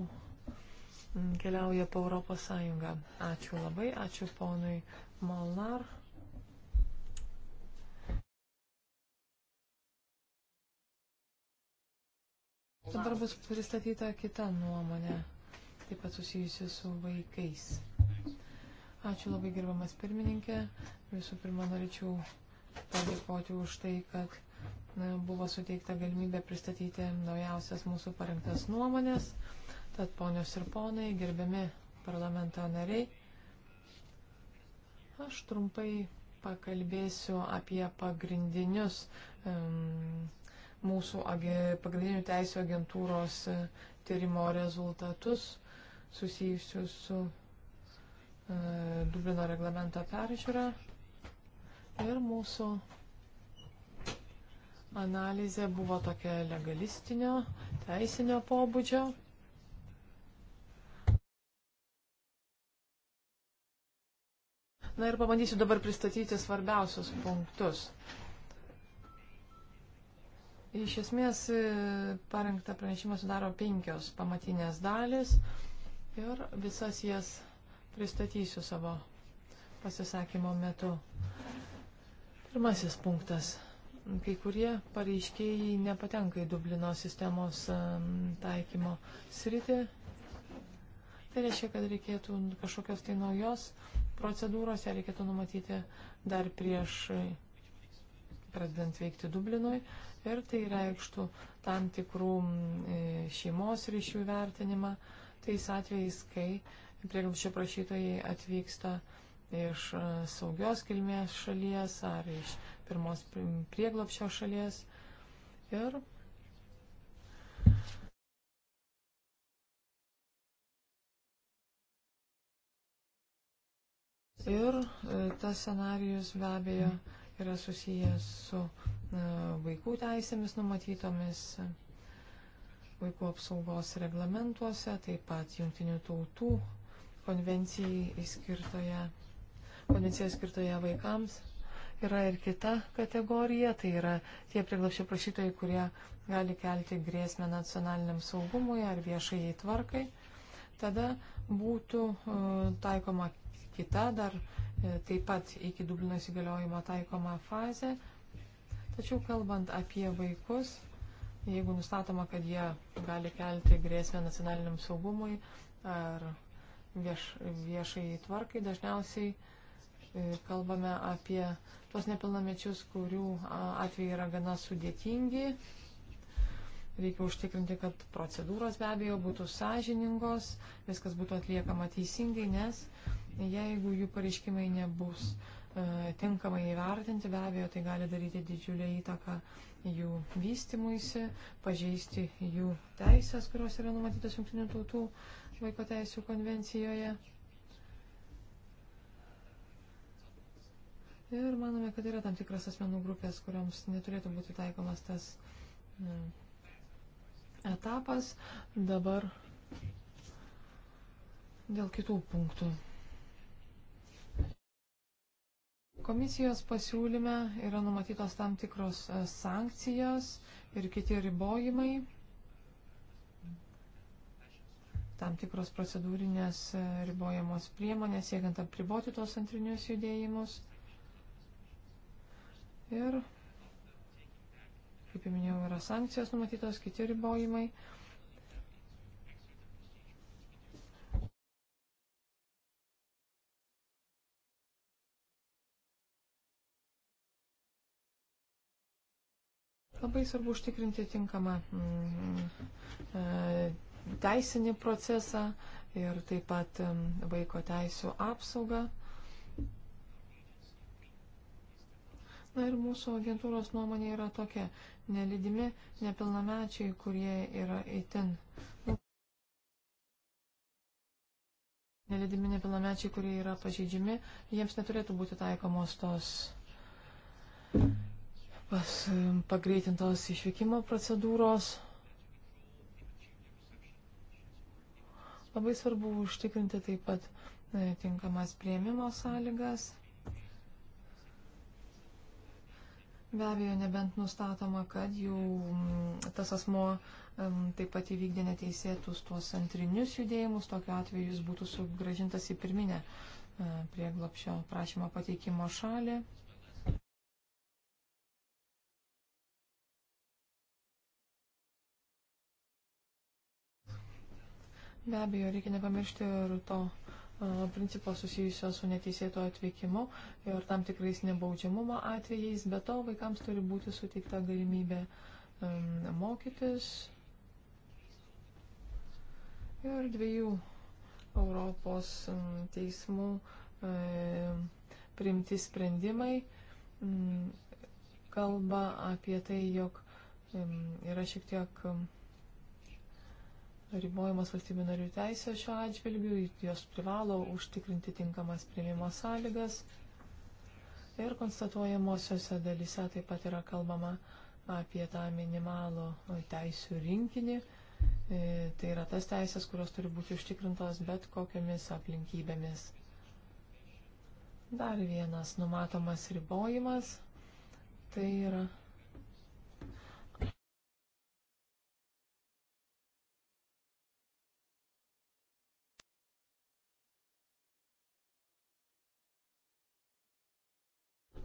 keliauja po Europos Sąjungą. Ačiū labai, ačiū ponui Molnar. Dabar bus pristatyta kita nuomonė, taip pat susijusi su vaikais. Ačiū labai gerbamas pirmininkė. Visų pirma, norėčiau padėkoti už tai, kad na, buvo suteikta galimybė pristatyti naujausias mūsų parengtas nuomonės. Tad ponios ir ponai, gerbiami parlamento nariai, aš trumpai pakalbėsiu apie pagrindinius um, mūsų pagrindinių teisų agentūros e, tyrimo rezultatus susijusius su e, Dublino reglamento peržiūra ir mūsų analizė buvo tokia legalistinio, teisinio pobūdžio. Na ir pabandysiu dabar pristatyti svarbiausius punktus. Iš esmės e, parengtą pranešimą sudaro penkios pamatinės dalis ir visas jas pristatysiu savo pasisakymo metu. Pirmasis punktas. Kai kurie pareiškėjai nepatenka į Dublino sistemos e, taikymo sritį. Tai reiškia, kad reikėtų kažkokios tai naujos procedūros, ją reikėtų numatyti dar prieš pradedant veikti Dublinui ir tai reikštų tam tikrų e, šeimos ryšių vertinimą tais atvejais, kai prieglobščio prašytojai atvyksta iš e, saugios kilmės šalies ar iš pirmos prieglobščio šalies. Ir Ir e, tas scenarijus be abejo. Mm yra susijęs su e, vaikų teisėmis numatytomis vaikų apsaugos reglamentuose, taip pat jungtinių tautų konvencijai skirtoje, konvencijai skirtoje vaikams. Yra ir kita kategorija, tai yra tie priglašio prašytojai, kurie gali kelti grėsmę nacionaliniam saugumui ar viešai tvarkai. Tada būtų e, taikoma kita dar e, taip pat iki Dublino įsigaliojimo taikoma fazė. Tačiau kalbant apie vaikus, jeigu nustatoma, kad jie gali kelti grėsmę nacionaliniam saugumui ar vieš, viešai tvarkai, dažniausiai e, kalbame apie tuos nepilnamečius, kurių atvejai yra gana sudėtingi. Reikia užtikrinti, kad procedūros be abejo būtų sąžiningos, viskas būtų atliekama teisingai, nes Jeigu jų pareiškimai nebus e, tinkamai įvertinti, be abejo, tai gali daryti didžiulę įtaką jų vystimuisi, pažeisti jų teisės, kurios yra numatytos Junktinių tautų vaiko teisų konvencijoje. Ir manome, kad yra tam tikras asmenų grupės, kuriams neturėtų būti taikomas tas etapas. Dabar dėl kitų punktų. Komisijos pasiūlyme yra numatytos tam tikros e, sankcijos ir kiti ribojimai, tam tikros procedūrinės e, ribojamos priemonės, siekiant apriboti tos antrinius judėjimus. Ir, kaip jau minėjau, yra sankcijos numatytos, kiti ribojimai. Labai svarbu užtikrinti tinkamą mm, e, teisinį procesą ir taip pat mm, vaiko teisų apsaugą. Na ir mūsų agentūros nuomonė yra tokia. Nelidimi nepilnamečiai, kurie yra įtin. Nelidimi nepilnamečiai, kurie yra pažeidžiami, jiems neturėtų būti taikomos tos pas pagreitintos išvykimo procedūros. Labai svarbu užtikrinti taip pat e, tinkamas prieimimo sąlygas. Be abejo, nebent nustatoma, kad jau tas asmo taip pat įvykdė neteisėtus tuos antrinius judėjimus, tokiu atveju jis būtų sugražintas į pirminę e, prieglopšio prašymo pateikimo šalį. Be abejo, reikia nepamiršti ir to principo susijusio su neteisėto atvykimu ir tam tikrais nebaudžiamumo atvejais, bet to vaikams turi būti suteikta galimybė mokytis. Ir dviejų Europos teismų e, priimti sprendimai kalba apie tai, jog yra šiek tiek ribojamos valstybių narių teisės šiuo atžvilgiu, jos privalo užtikrinti tinkamas prieimimo sąlygas. Ir konstatuojamosiose dalyse taip pat yra kalbama apie tą minimalų teisų rinkinį. E, tai yra tas teisės, kurios turi būti užtikrintos bet kokiamis aplinkybėmis. Dar vienas numatomas ribojimas. Tai yra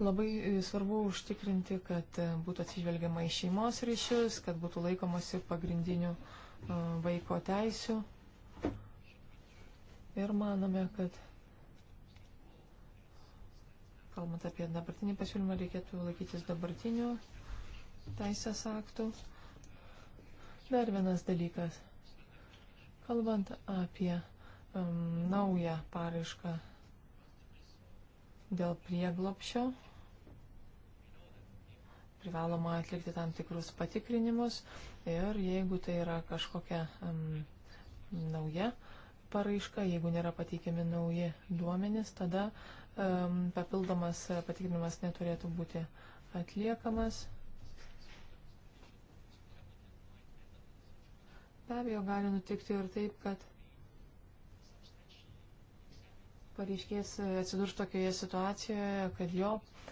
Labai svarbu užtikrinti, kad būtų atsižvelgiama į šeimos ryšius, kad būtų laikomasi pagrindinių vaiko teisių. Ir manome, kad kalbant apie dabartinį pasiūlymą, reikėtų laikytis dabartinių teisės aktų. Dar vienas dalykas. Kalbant apie um, naują paraišką dėl prieglopšio. Privaloma atlikti tam tikrus patikrinimus ir jeigu tai yra kažkokia um, nauja paraiška, jeigu nėra pateikiami nauji duomenys, tada um, papildomas patikrinimas neturėtų būti atliekamas. Be abejo, gali nutikti ir taip, kad pareiškės e, atsidurs tokioje situacijoje, kad jo e,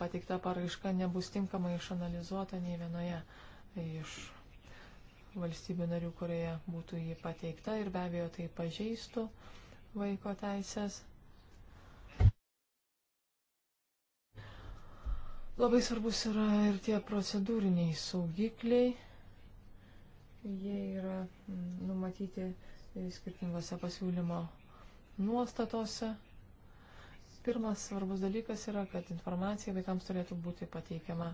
pateikta paraiška nebus tinkamai išanalizuota nei vienoje iš valstybių narių, kurioje būtų jį pateikta ir be abejo tai pažeistų vaiko teisės. Labai svarbus yra ir tie procedūriniai saugikliai. Jie yra mm, numatyti skirtingose pasiūlymo nuostatose. Pirmas svarbus dalykas yra, kad informacija vaikams turėtų būti pateikiama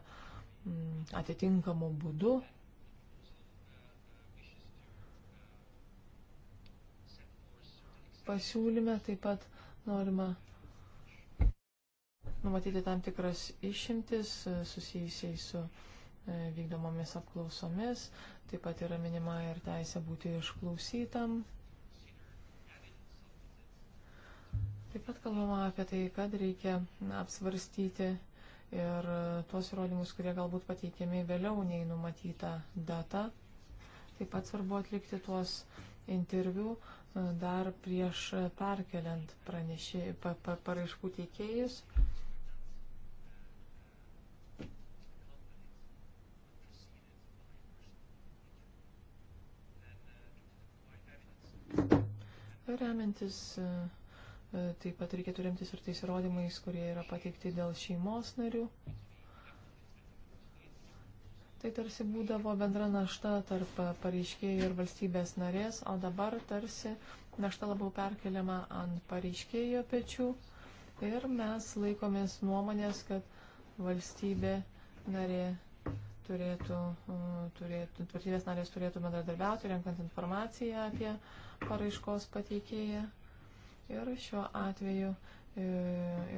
mm, atitinkamu būdu. Pasiūlyme taip pat norima numatyti tam tikras išimtis e, susijusiai su e, vykdomomis apklausomis, taip pat yra minima ir teisė būti išklausytam. Taip pat kalbama apie tai, kad reikia apsvarstyti ir tuos įrodymus, kurie galbūt pateikiami vėliau nei numatyta data. Taip pat svarbu atlikti tuos interviu e, dar prieš perkeliant pranešė, pa, pa, paraiškų teikėjus. Remiantis uh, E, taip pat reikėtų remtis ir tais įrodymais, kurie yra pateikti dėl šeimos narių. Tai tarsi būdavo bendra našta tarp pareiškėjų ir valstybės narės, o dabar tarsi našta labiau perkeliama ant pareiškėjo pečių ir mes laikomės nuomonės, kad valstybė narė turėtų, e, turėtų, valstybės narės turėtų bendradarbiauti, renkant informaciją apie paraiškos pateikėją. Ir šiuo atveju e,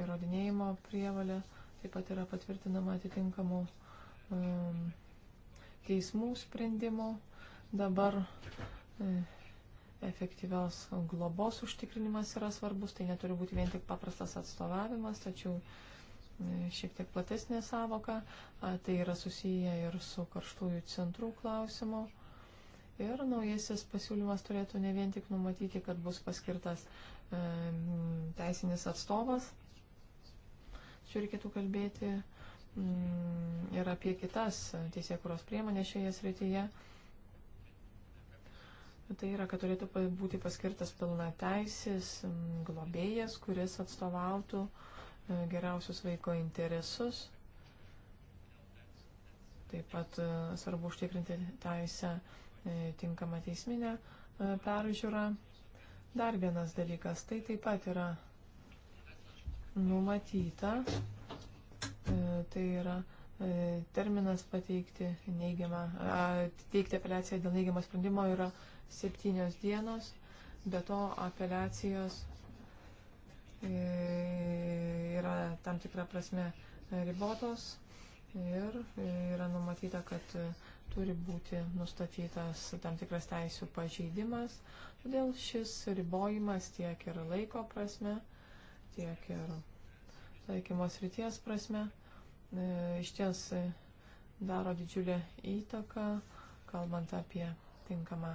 įrodinėjimo prievalė taip pat yra patvirtinama atitinkamų um, teismų sprendimų. Dabar e, efektyvios globos užtikrinimas yra svarbus, tai neturi būti vien tik paprastas atstovavimas, tačiau e, šiek tiek platesnė savoka, tai yra susiję ir su karštųjų centrų klausimu. Ir naujasis pasiūlymas turėtų ne vien tik numatyti, kad bus paskirtas E, teisinis atstovas. Čia reikėtų kalbėti mm, ir apie kitas teisėkuros priemonės šioje srityje. Tai yra, kad turėtų būti paskirtas pilna teisis mm, globėjas, kuris atstovautų e, geriausius vaiko interesus. Taip pat e, svarbu užtikrinti teisę tinkamą teisminę peržiūrą. Dar vienas dalykas, tai taip pat yra numatyta, e, tai yra e, terminas pateikti neigiamą, teikti apeliaciją dėl neigiamą sprendimo yra septynios dienos, be to apeliacijos e, yra tam tikra prasme ribotos ir yra numatyta, kad turi būti nustatytas tam tikras teisų pažeidimas, Todėl šis ribojimas tiek ir laiko prasme, tiek ir taikymos ryties prasme e, iš ties daro didžiulę įtaką, kalbant apie tinkamą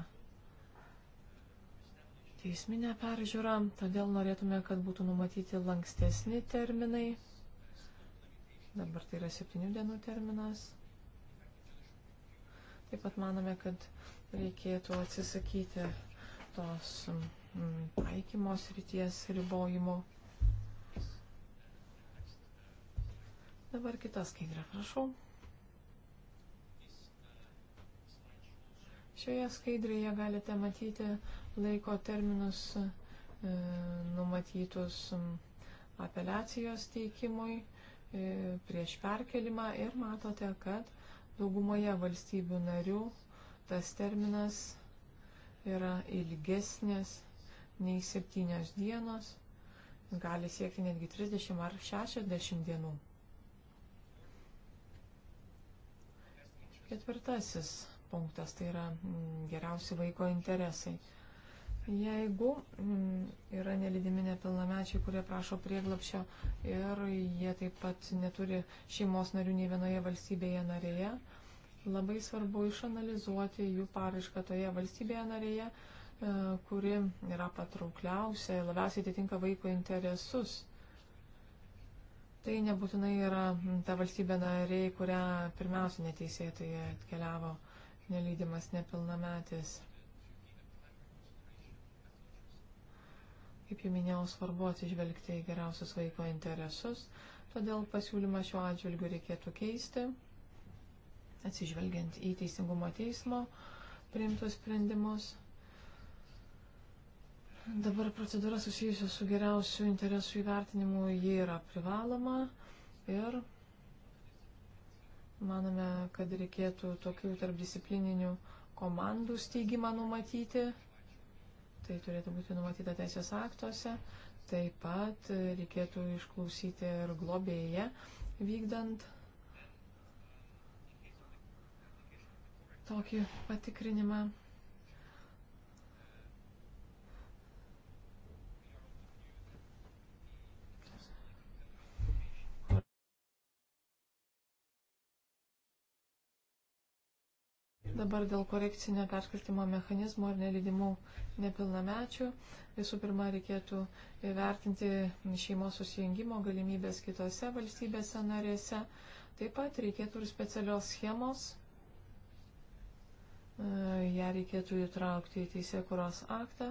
teisminę peržiūrą. Todėl norėtume, kad būtų numatyti lankstesni terminai. Dabar tai yra septynių dienų terminas. Taip pat manome, kad reikėtų atsisakyti tos mm, taikymos ryties ribojimo. Dabar kita skaidrė, prašau. Šioje skaidrėje galite matyti laiko terminus e, numatytus mm, apeliacijos teikimui e, prieš perkelimą ir matote, kad daugumoje valstybių narių tas terminas yra ilgesnis nei 7 dienos, gali siekti netgi 30 ar 60 dienų. Ketvirtasis punktas tai yra mm, geriausi vaiko interesai. Jeigu mm, yra nelydimi nepilnamečiai, kurie prašo prieglapšio ir jie taip pat neturi šeimos narių nei vienoje valstybėje narėje, Labai svarbu išanalizuoti jų paraišką toje valstybėje narėje, e, kuri yra patraukliausia ir labiausiai atitinka vaiko interesus. Tai nebūtinai yra ta valstybė narė, kurią pirmiausia neteisėtai atkeliavo nelydimas nepilnametis. Kaip jau minėjau, svarbu atsižvelgti į geriausius vaiko interesus, todėl pasiūlymą šiuo atžvilgiu reikėtų keisti atsižvelgiant į Teisingumo teismo priimtus sprendimus. Dabar procedūra susijusi su geriausių interesų įvertinimu, ji yra privaloma ir manome, kad reikėtų tokių tarpdisciplininių komandų steigimą numatyti. Tai turėtų būti numatyta teisės aktuose. Taip pat reikėtų išklausyti ir globėje vykdant tokį patikrinimą. Dabar dėl korekcinio perskirtimo mechanizmo ir nelydimų nepilnamečių. Visų pirma, reikėtų įvertinti šeimos susijungimo galimybės kitose valstybėse narėse. Taip pat reikėtų ir specialios schemos ją reikėtų įtraukti į teisėkuros aktą.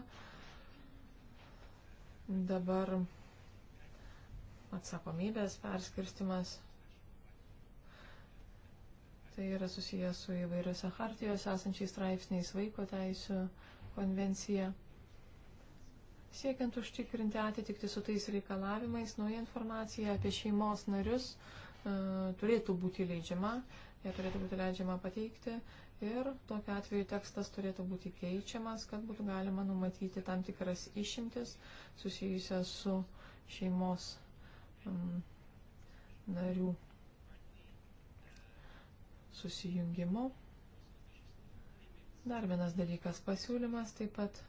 Dabar atsakomybės perskirstimas. Tai yra susijęs su įvairiose hartijos esančiais straipsniais vaiko teisų konvencija. Siekiant užtikrinti atitikti su tais reikalavimais, nauja informacija apie šeimos narius e, turėtų būti leidžiama, ją turėtų būti leidžiama pateikti ir tokiu atveju tekstas turėtų būti keičiamas, kad būtų galima numatyti tam tikras išimtis susijusias su šeimos um, narių susijungimu. Dar vienas dalykas pasiūlymas taip pat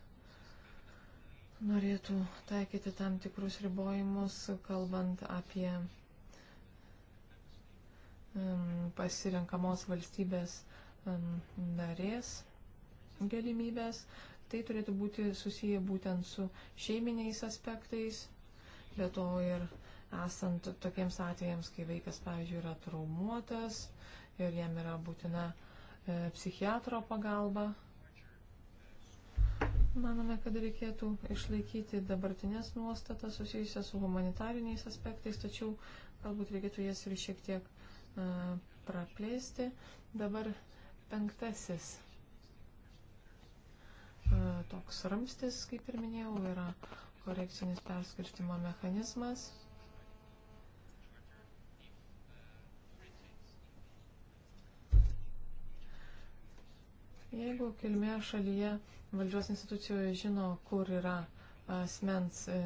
norėtų taikyti tam tikrus ribojimus, kalbant apie um, mm, pasirinkamos valstybės uh, narės galimybės. Tai turėtų būti susiję būtent su šeiminiais aspektais, bet to ir esant tokiems atvejams, kai vaikas, pavyzdžiui, yra traumuotas ir jam yra būtina e, psichiatro pagalba. Manome, kad reikėtų išlaikyti dabartinės nuostatas susijusias su humanitariniais aspektais, tačiau galbūt reikėtų jas ir šiek tiek e, praplėsti. Dabar Penktasis e, toks ramstis, kaip ir minėjau, yra korekcinis perskirstimo mechanizmas. Jeigu kilmė šalyje valdžios institucijoje žino, kur yra asmens e,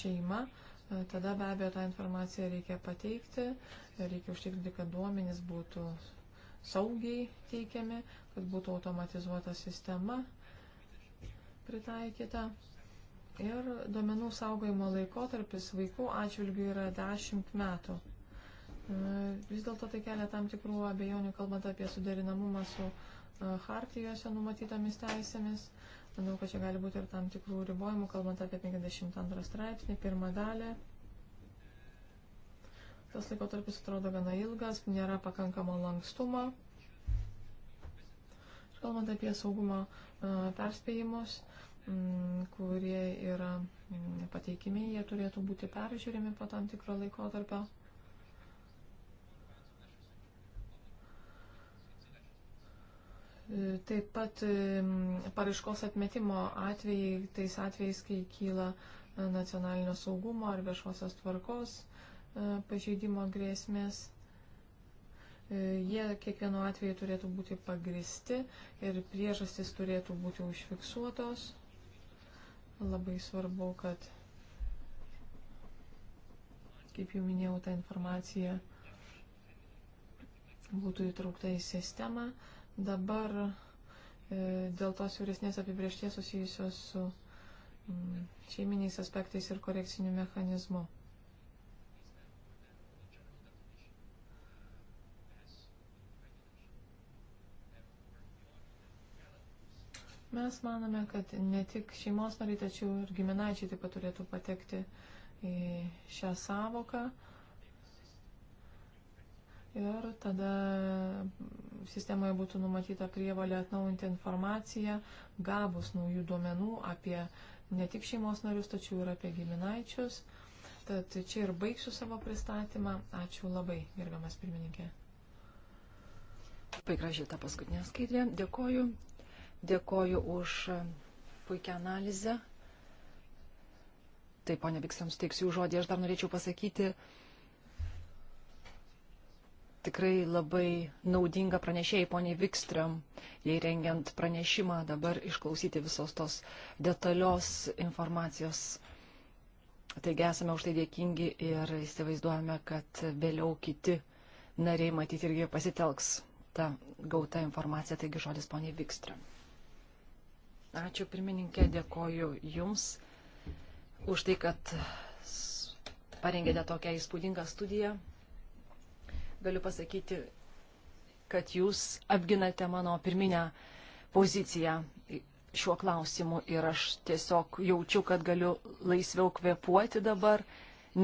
šeima, e, tada be abejo tą informaciją reikia pateikti, reikia užtikrinti, kad duomenys būtų saugiai teikiami, kad būtų automatizuota sistema pritaikyta. Ir duomenų saugojimo laikotarpis vaikų atžvilgių yra 10 metų. E, vis dėlto tai kelia tam tikrų abejonių, kalbant apie suderinamumą su e, hartijose numatytomis teisėmis. Manau, kad čia gali būti ir tam tikrų ribojimų, kalbant apie 52 straipsnį, pirmą dalį. Tas laikotarpis atrodo gana ilgas, nėra pakankamo lankstumo. Kalbant apie saugumo e, perspėjimus, kurie yra pateikimi, jie turėtų būti peržiūrimi po tam tikro laikotarpio. E, taip pat e, paraiškos atmetimo atvejai, tais atvejais, kai kyla nacionalinio saugumo ar viešosios tvarkos E, pažeidimo grėsmės. E, jie kiekvienu atveju turėtų būti pagristi ir priežastis turėtų būti užfiksuotos. Labai svarbu, kad, kaip jau minėjau, ta informacija būtų įtraukta į sistemą. Dabar e, dėl tos vyresnės apibriešties susijusios su mm, šeiminiais aspektais ir korekciniu mechanizmu. Mes manome, kad ne tik šeimos nariai, tačiau ir giminaičiai taip pat turėtų patekti į šią savoką. Ir tada sistemoje būtų numatyta prievalė atnaujinti informaciją, gavus naujų duomenų apie ne tik šeimos narius, tačiau ir apie giminaičius. Tad čia ir baigsiu savo pristatymą. Ačiū labai, gerbiamas pirmininkė. Labai gražiai tą paskutinę skaidrę. Dėkoju. Dėkoju už puikią analizę. Taip, ponia Viksams, teiksiu žodį. Aš dar norėčiau pasakyti, tikrai labai naudinga pranešėjai poniai Vikstram, jei rengiant pranešimą dabar išklausyti visos tos detalios informacijos. Taigi esame už tai dėkingi ir įsivaizduojame, kad vėliau kiti nariai matyti irgi pasitelks tą gautą informaciją. Taigi žodis poniai Vikstram. Ačiū pirmininkė, dėkoju Jums už tai, kad parengėte tokią įspūdingą studiją. Galiu pasakyti, kad Jūs apginate mano pirminę poziciją šiuo klausimu ir aš tiesiog jaučiu, kad galiu laisviau kvepuoti dabar,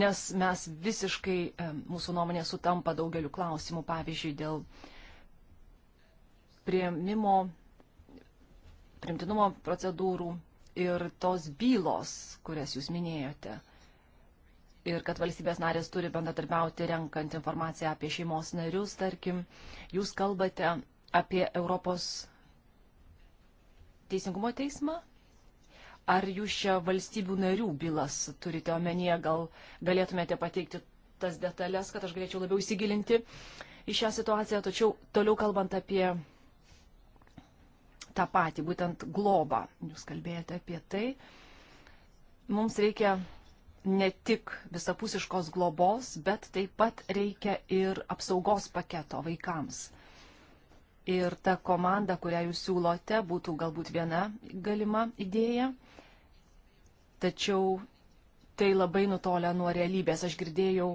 nes mes visiškai e, mūsų nuomonė sutampa daugeliu klausimų, pavyzdžiui, dėl prieimimo primtinumo procedūrų ir tos bylos, kurias jūs minėjote. Ir kad valstybės narės turi bendradarbiauti renkant informaciją apie šeimos narius, tarkim, jūs kalbate apie Europos teisingumo teismą? Ar jūs čia valstybių narių bylas turite omenyje, gal galėtumėte pateikti tas detalės, kad aš galėčiau labiau įsigilinti į šią situaciją, tačiau toliau kalbant apie tą patį, būtent globą. Jūs kalbėjote apie tai. Mums reikia ne tik visapusiškos globos, bet taip pat reikia ir apsaugos paketo vaikams. Ir ta komanda, kurią jūs siūlote, būtų galbūt viena galima idėja, tačiau tai labai nutolia nuo realybės. Aš girdėjau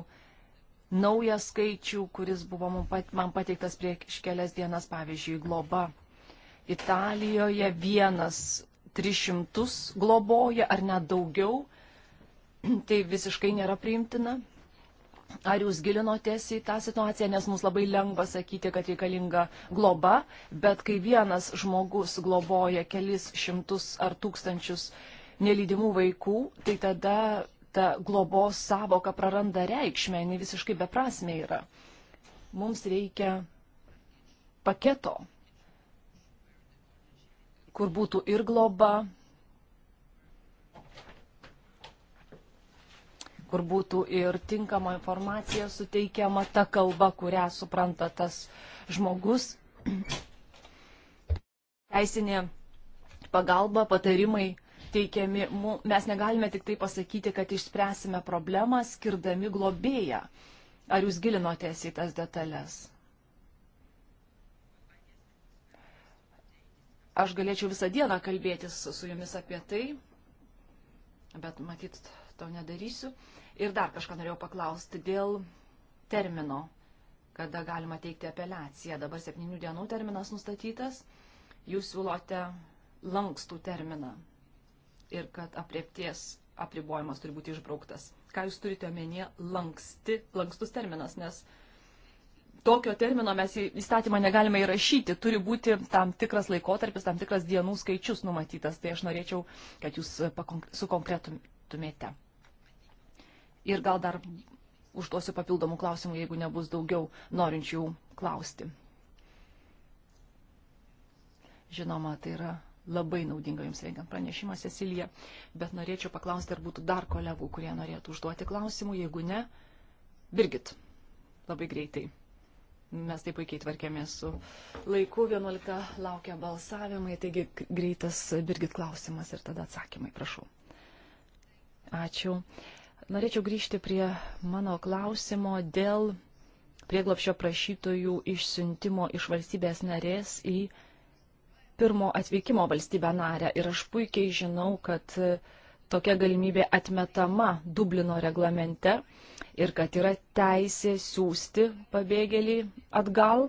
naują skaičių, kuris buvo man pateiktas prieš kelias dienas, pavyzdžiui, globa Italijoje vienas 300 globoja ar net daugiau, tai visiškai nėra priimtina. Ar jūs gilinotės į tą situaciją, nes mums labai lengva sakyti, kad reikalinga globa, bet kai vienas žmogus globoja kelis šimtus ar tūkstančius nelydimų vaikų, tai tada ta globos savoka praranda reikšmę, jinai visiškai beprasmė yra. Mums reikia paketo kur būtų ir globa, kur būtų ir tinkama informacija suteikiama ta kalba, kurią supranta tas žmogus. Teisinė pagalba, patarimai teikiami. Mes negalime tik tai pasakyti, kad išspręsime problemą skirdami globėją. Ar jūs gilinotės į tas detalės? Aš galėčiau visą dieną kalbėtis su jumis apie tai, bet matyt, to nedarysiu. Ir dar kažką norėjau paklausti dėl termino, kada galima teikti apeliaciją. Dabar septynių dienų terminas nustatytas. Jūs siūlote lankstų terminą ir kad apriepties apribojimas turi būti išbrauktas. Ką jūs turite omenyje lanksti, lankstus terminas, nes uh, tokio termino mes į įstatymą negalime įrašyti, turi būti tam tikras laikotarpis, tam tikras dienų skaičius numatytas. Tai aš norėčiau, kad jūs sukonkretumėte. Ir gal dar užduosiu papildomų klausimų, jeigu nebus daugiau norinčių klausti. Žinoma, tai yra labai naudinga jums rengiant pranešimą, Cecilija, bet norėčiau paklausti, ar būtų dar kolegų, kurie norėtų užduoti klausimų, jeigu ne, Birgit, labai greitai mes taip puikiai tvarkėmės su laiku. 11 laukia balsavimai, taigi greitas Birgit klausimas ir tada atsakymai, prašau. Ačiū. Norėčiau grįžti prie mano klausimo dėl prieglopšio prašytojų išsiuntimo iš valstybės narės į pirmo atvykimo valstybę narę. Ir aš puikiai žinau, kad uh, tokia galimybė atmetama Dublino reglamente ir kad yra teisė siūsti pabėgėlį atgal.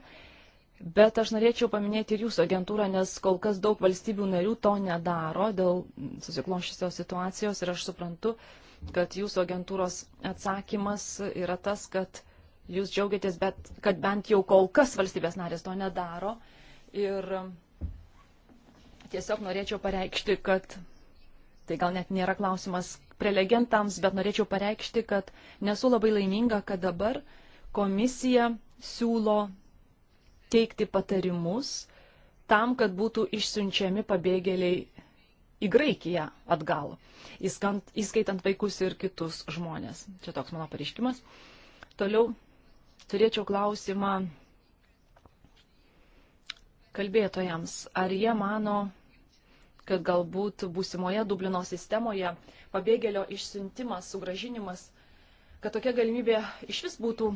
Bet aš norėčiau paminėti ir jūsų agentūrą, nes kol kas daug valstybių narių to nedaro dėl susiklošysios situacijos ir aš suprantu, kad jūsų agentūros atsakymas yra tas, kad jūs džiaugiatės, bet kad bent jau kol kas valstybės narės to nedaro. Ir tiesiog norėčiau pareikšti, kad Tai gal net nėra klausimas prelegentams, bet norėčiau pareikšti, kad nesu labai laiminga, kad dabar komisija siūlo teikti patarimus tam, kad būtų išsiunčiami pabėgėliai į Graikiją atgal, įskant, įskaitant vaikus ir kitus žmonės. Čia toks mano pareiškimas. Toliau turėčiau klausimą kalbėtojams. Ar jie mano, kad galbūt būsimoje Dublino sistemoje pabėgėlio išsiuntimas, sugražinimas, kad tokia galimybė iš vis būtų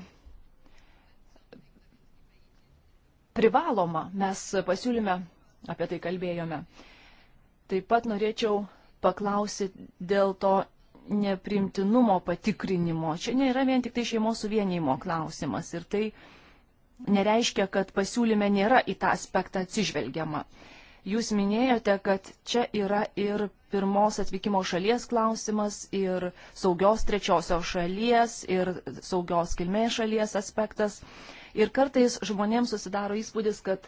privaloma. Mes pasiūlyme apie tai kalbėjome. Taip pat norėčiau paklausyti dėl to nepriimtinumo patikrinimo. Čia nėra vien tik tai šeimos suvienijimo klausimas ir tai nereiškia, kad pasiūlyme nėra į tą aspektą atsižvelgiama. Jūs minėjote, kad čia yra ir pirmos atvykimo šalies klausimas, ir saugios trečiosios šalies, ir saugios kilmės šalies aspektas. Ir kartais žmonėms susidaro įspūdis, kad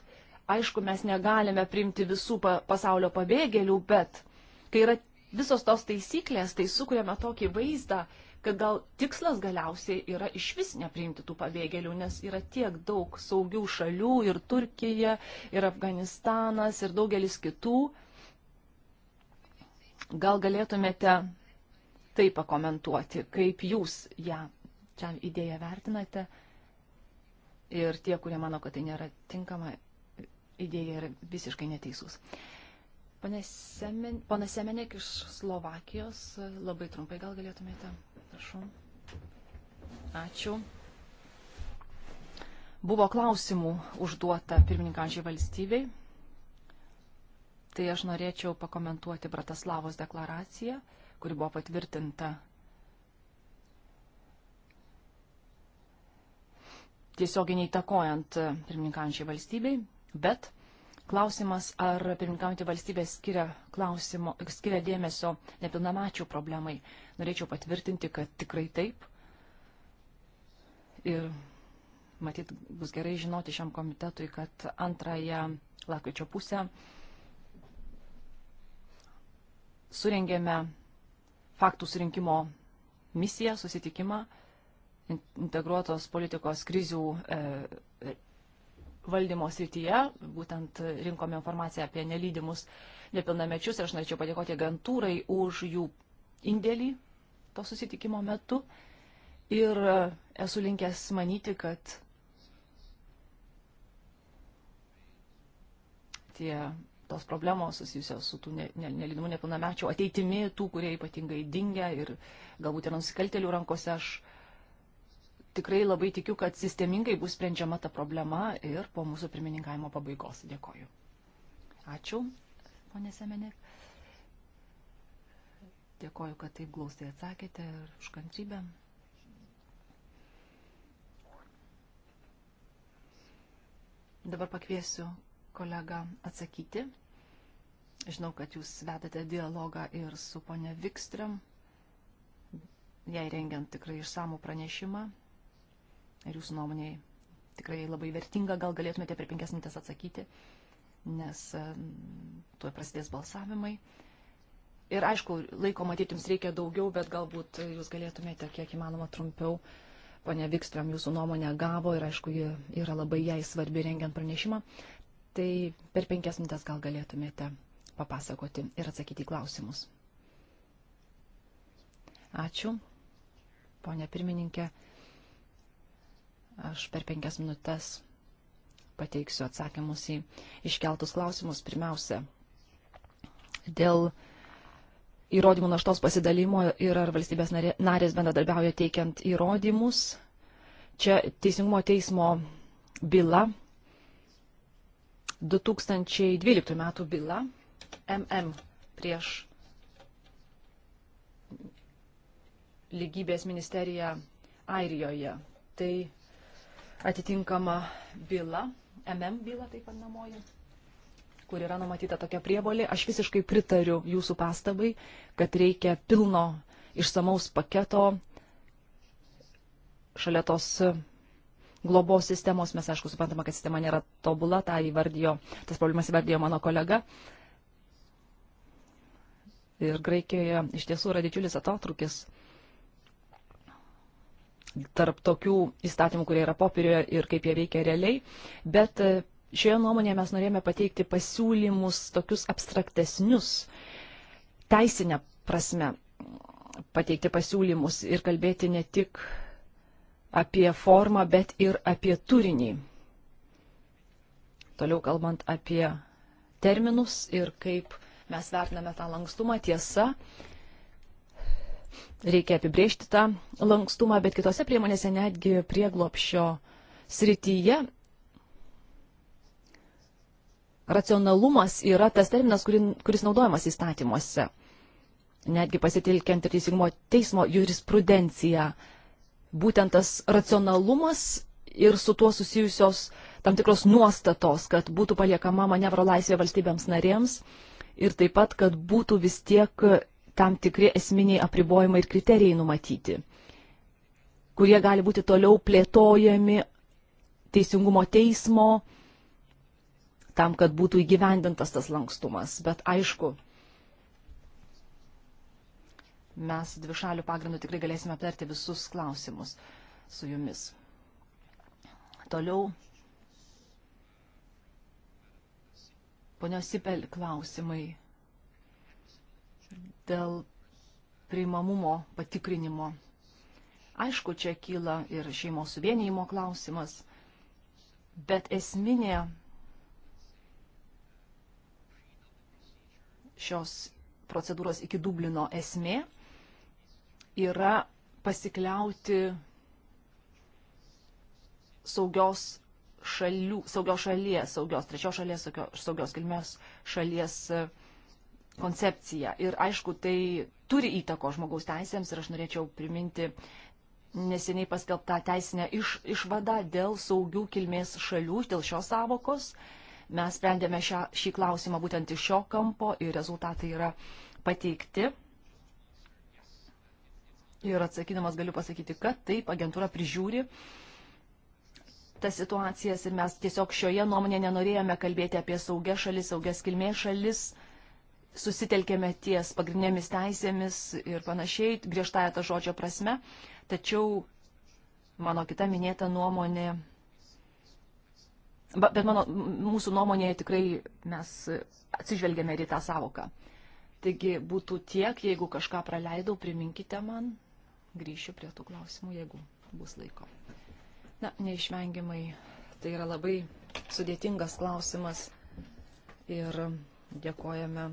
aišku, mes negalime priimti visų pa pasaulio pabėgėlių, bet kai yra visos tos taisyklės, tai sukūrėme tokį vaizdą, kad gal tikslas galiausiai yra iš vis nepriimti tų pabėgėlių, nes yra tiek daug saugių šalių ir Turkija, ir Afganistanas, ir daugelis kitų. Gal galėtumėte tai pakomentuoti, kaip jūs ją, čia idėją vertinate ir tie, kurie mano, kad tai nėra tinkama idėja, yra visiškai neteisūs. Pana Semenek iš Slovakijos, labai trumpai gal galėtumėte Prašau. Ačiū. Buvo klausimų užduota pirmininkančiai valstybei. Tai aš norėčiau pakomentuoti Bratislavos deklaraciją, kuri buvo patvirtinta tiesiogiai neįtakojant pirmininkančiai valstybei, bet Klausimas, ar pirmininkaujantį valstybę skiria, klausimo, skiria dėmesio nepilnamačių problemai. Norėčiau patvirtinti, kad tikrai taip. Ir matyt, bus gerai žinoti šiam komitetui, kad antrąją lakryčio pusę surengėme faktų surinkimo misiją, susitikimą integruotos politikos krizių e, valdymo srityje, būtent rinkome informaciją apie nelydimus nepilnamečius ir aš norėčiau padėkoti agentūrai už jų indėlį to susitikimo metu. Ir esu linkęs manyti, kad tie, tos problemos susijusios su tų ne, ne, nelydimų nepilnamečių ateitimi, tų, kurie ypatingai dingia ir galbūt yra nusikaltelių rankose, aš tikrai labai tikiu, kad sistemingai bus sprendžiama ta problema ir po mūsų pirmininkavimo pabaigos. Dėkoju. Ačiū, ponė Semenė. Dėkoju, kad taip glaustai atsakėte ir už kantrybę. Dabar pakviesiu kolegą atsakyti. Žinau, kad jūs vedate dialogą ir su ponia Vikström, jai rengiant tikrai išsamų pranešimą ir jūsų nuomonėje tikrai labai vertinga, gal galėtumėte per penkias minutės atsakyti, nes tuo prasidės balsavimai. Ir aišku, laiko matyti jums reikia daugiau, bet galbūt jūs galėtumėte kiek įmanoma trumpiau. Pone Vikstram jūsų nuomonę gavo ir aišku, ji yra labai jai svarbi rengiant pranešimą. Tai per penkias minutės gal galėtumėte papasakoti ir atsakyti į klausimus. Ačiū, ponė pirmininkė. Aš per penkias minutės pateiksiu atsakymus į iškeltus klausimus. Pirmiausia, dėl įrodymų naštos pasidalymo ir ar valstybės narės bendradarbiauja teikiant įrodymus. Čia Teisingumo teismo byla, 2012 m. byla MM prieš lygybės ministeriją Airijoje. Tai atitinkama byla, MM byla taip vadinamoji, kur yra numatyta tokia prievolė. Aš visiškai pritariu jūsų pastabai, kad reikia pilno išsamaus paketo. Šalia tos globos sistemos, mes aišku suprantame, kad sistema nėra tobula, tą įvardijo, tas problemas įvardijo mano kolega. Ir Graikijoje iš tiesų yra didžiulis atotrukis tarp tokių įstatymų, kurie yra popierioje ir kaip jie veikia realiai, bet e, šioje nuomonėje mes norėjome pateikti pasiūlymus tokius abstraktesnius teisinę prasme pateikti pasiūlymus ir kalbėti ne tik apie formą, bet ir apie turinį. Toliau kalbant apie terminus ir kaip mes vertiname tą lankstumą, tiesa, reikia apibriežti tą lankstumą, bet kitose priemonėse netgi prieglopšio srityje racionalumas yra tas terminas, kuris naudojamas įstatymuose. Netgi pasitelkiant ir teisingumo teismo jurisprudenciją, būtent tas racionalumas ir su tuo susijusios tam tikros nuostatos, kad būtų paliekama manevro laisvė valstybėms narėms ir taip pat, kad būtų vis tiek tam tikri esminiai apribojimai ir kriterijai numatyti, kurie gali būti toliau plėtojami teisingumo teismo, tam, kad būtų įgyvendintas tas lankstumas. Bet aišku, mes dvišalių pagrindų tikrai galėsime aptarti visus klausimus su jumis. Toliau. Ponios Sipel klausimai dėl priimamumo patikrinimo. Aišku, čia kyla ir šeimos suvienijimo klausimas, bet esminė šios procedūros iki Dublino esmė yra pasikliauti saugios šalių, saugios šalies, saugios trečios šalies, saugios, saugios kilmės šalies uh, koncepciją. Ir aišku, tai turi įtako žmogaus teisėms ir aš norėčiau priminti neseniai paskelbtą teisinę iš, išvadą dėl saugių kilmės šalių, dėl šios savokos. Mes sprendėme šią, šį klausimą būtent iš šio kampo ir rezultatai yra pateikti. Ir atsakydamas galiu pasakyti, kad taip, agentūra prižiūri tas situacijas ir mes tiesiog šioje nuomonėje nenorėjome kalbėti apie saugias šalis, saugias kilmės šalis susitelkėme ties pagrindinėmis teisėmis ir panašiai, griežtąją tą žodžio prasme, tačiau mano kita minėta nuomonė, bet mano, mūsų nuomonėje tikrai mes atsižvelgėme ir į tą savoką. Taigi būtų tiek, jeigu kažką praleidau, priminkite man, grįšiu prie tų klausimų, jeigu bus laiko. Na, neišvengiamai, tai yra labai sudėtingas klausimas ir dėkojame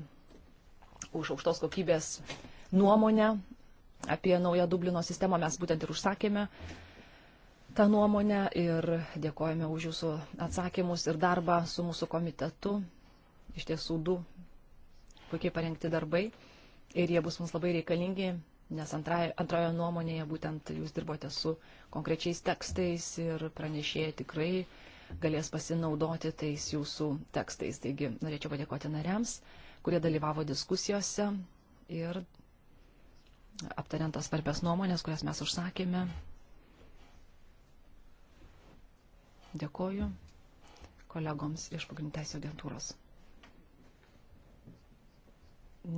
už aukštos kokybės nuomonę apie naują Dublino sistemą. Mes būtent ir užsakėme tą nuomonę ir dėkojame už jūsų atsakymus ir darbą su mūsų komitetu. Iš tiesų du puikiai parengti darbai ir jie bus mums labai reikalingi, nes antrai, antrojo nuomonėje būtent jūs dirbote su konkrečiais tekstais ir pranešėjai tikrai galės pasinaudoti tais jūsų tekstais. Taigi norėčiau padėkoti nariams kurie dalyvavo diskusijose ir aptariant tas svarbias nuomonės, kurias mes užsakėme. Dėkoju kolegoms iš pagrindinės agentūros.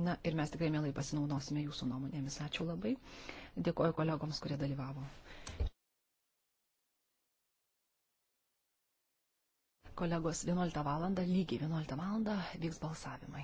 Na ir mes tikrai mielai pasinaudosime jūsų nuomonėmis. Ačiū labai. Dėkoju kolegoms, kurie dalyvavo. Kolegos, 11 val. lygiai 11 val. vyks balsavimai.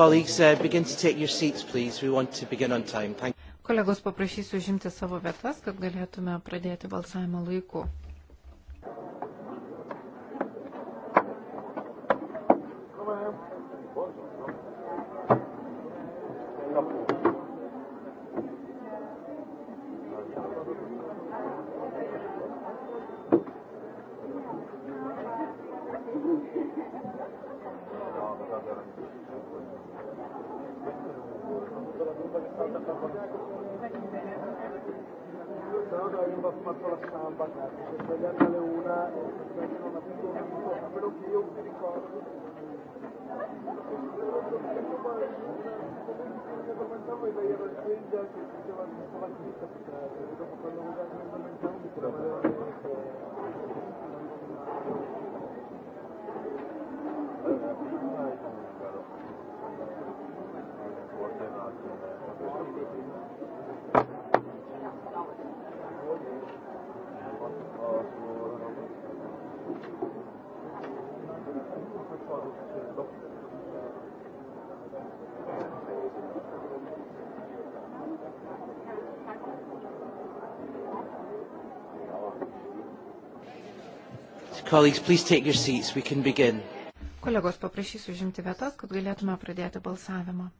Colleagues, uh, begin to take your seats, please. We want to begin on time. Thank Kolegos paprašysiu žimti savo vietas, kad galėtume pradėti balsavimo laiku. Colleagues, please take your seats. We can begin. Kolegos, paprašysiu užimti vietas, kad galėtume pradėti balsavimą.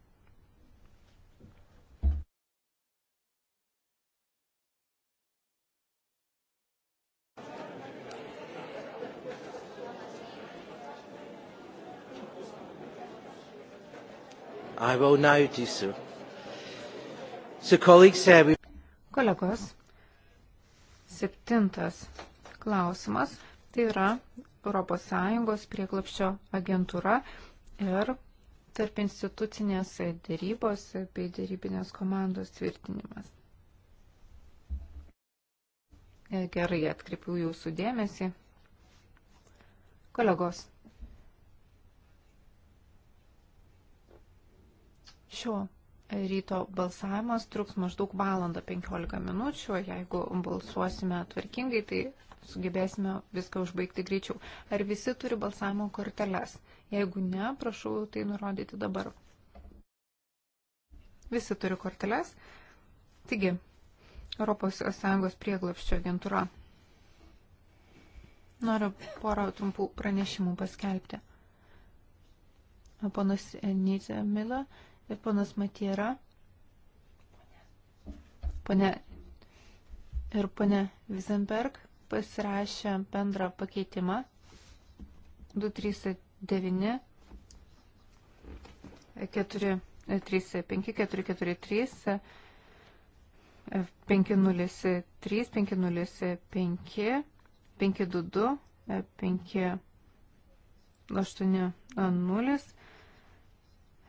I will now do so. So, colleagues, uh, we... Kolegos, septintas klausimas Tai yra ES prieklapščio agentūra ir tarp institucinės dėrybos bei dėrybinės komandos tvirtinimas. Gerai, atkreipiu jūsų dėmesį. Kolegos, šio Ryto balsavimas truks maždaug valandą 15 minučių, jeigu balsuosime tvarkingai, tai sugebėsime viską užbaigti greičiau. Ar visi turi balsavimo korteles? Jeigu ne, prašau tai nurodyti dabar. Visi turi korteles. Taigi, ES prieglapščio agentūra. Noriu porą trumpų pranešimų paskelbti. Ponas Nizė Mila ir ponas Matiera. Pone ir pone Visenberg pasirašė bendrą pakeitimą 239 435 443 503 505 522 580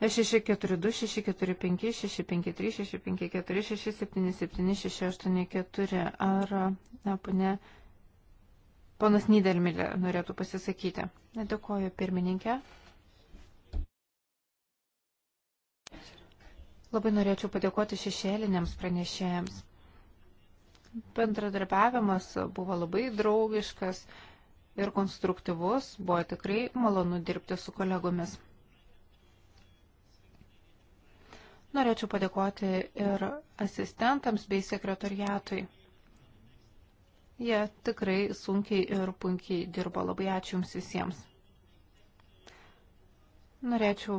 642, 645, 653, 654, 677, 684. Ar na, ponė, ponas Nydelmilė norėtų pasisakyti? Dėkoju pirmininkė. Labai norėčiau padėkoti šešėliniams pranešėjams. Bendradarbiavimas buvo labai draugiškas ir konstruktyvus, buvo tikrai malonu dirbti su kolegomis. Norėčiau padėkoti ir asistentams bei sekretariatui. Jie tikrai sunkiai ir punkiai dirbo. Labai ačiū Jums visiems. Norėčiau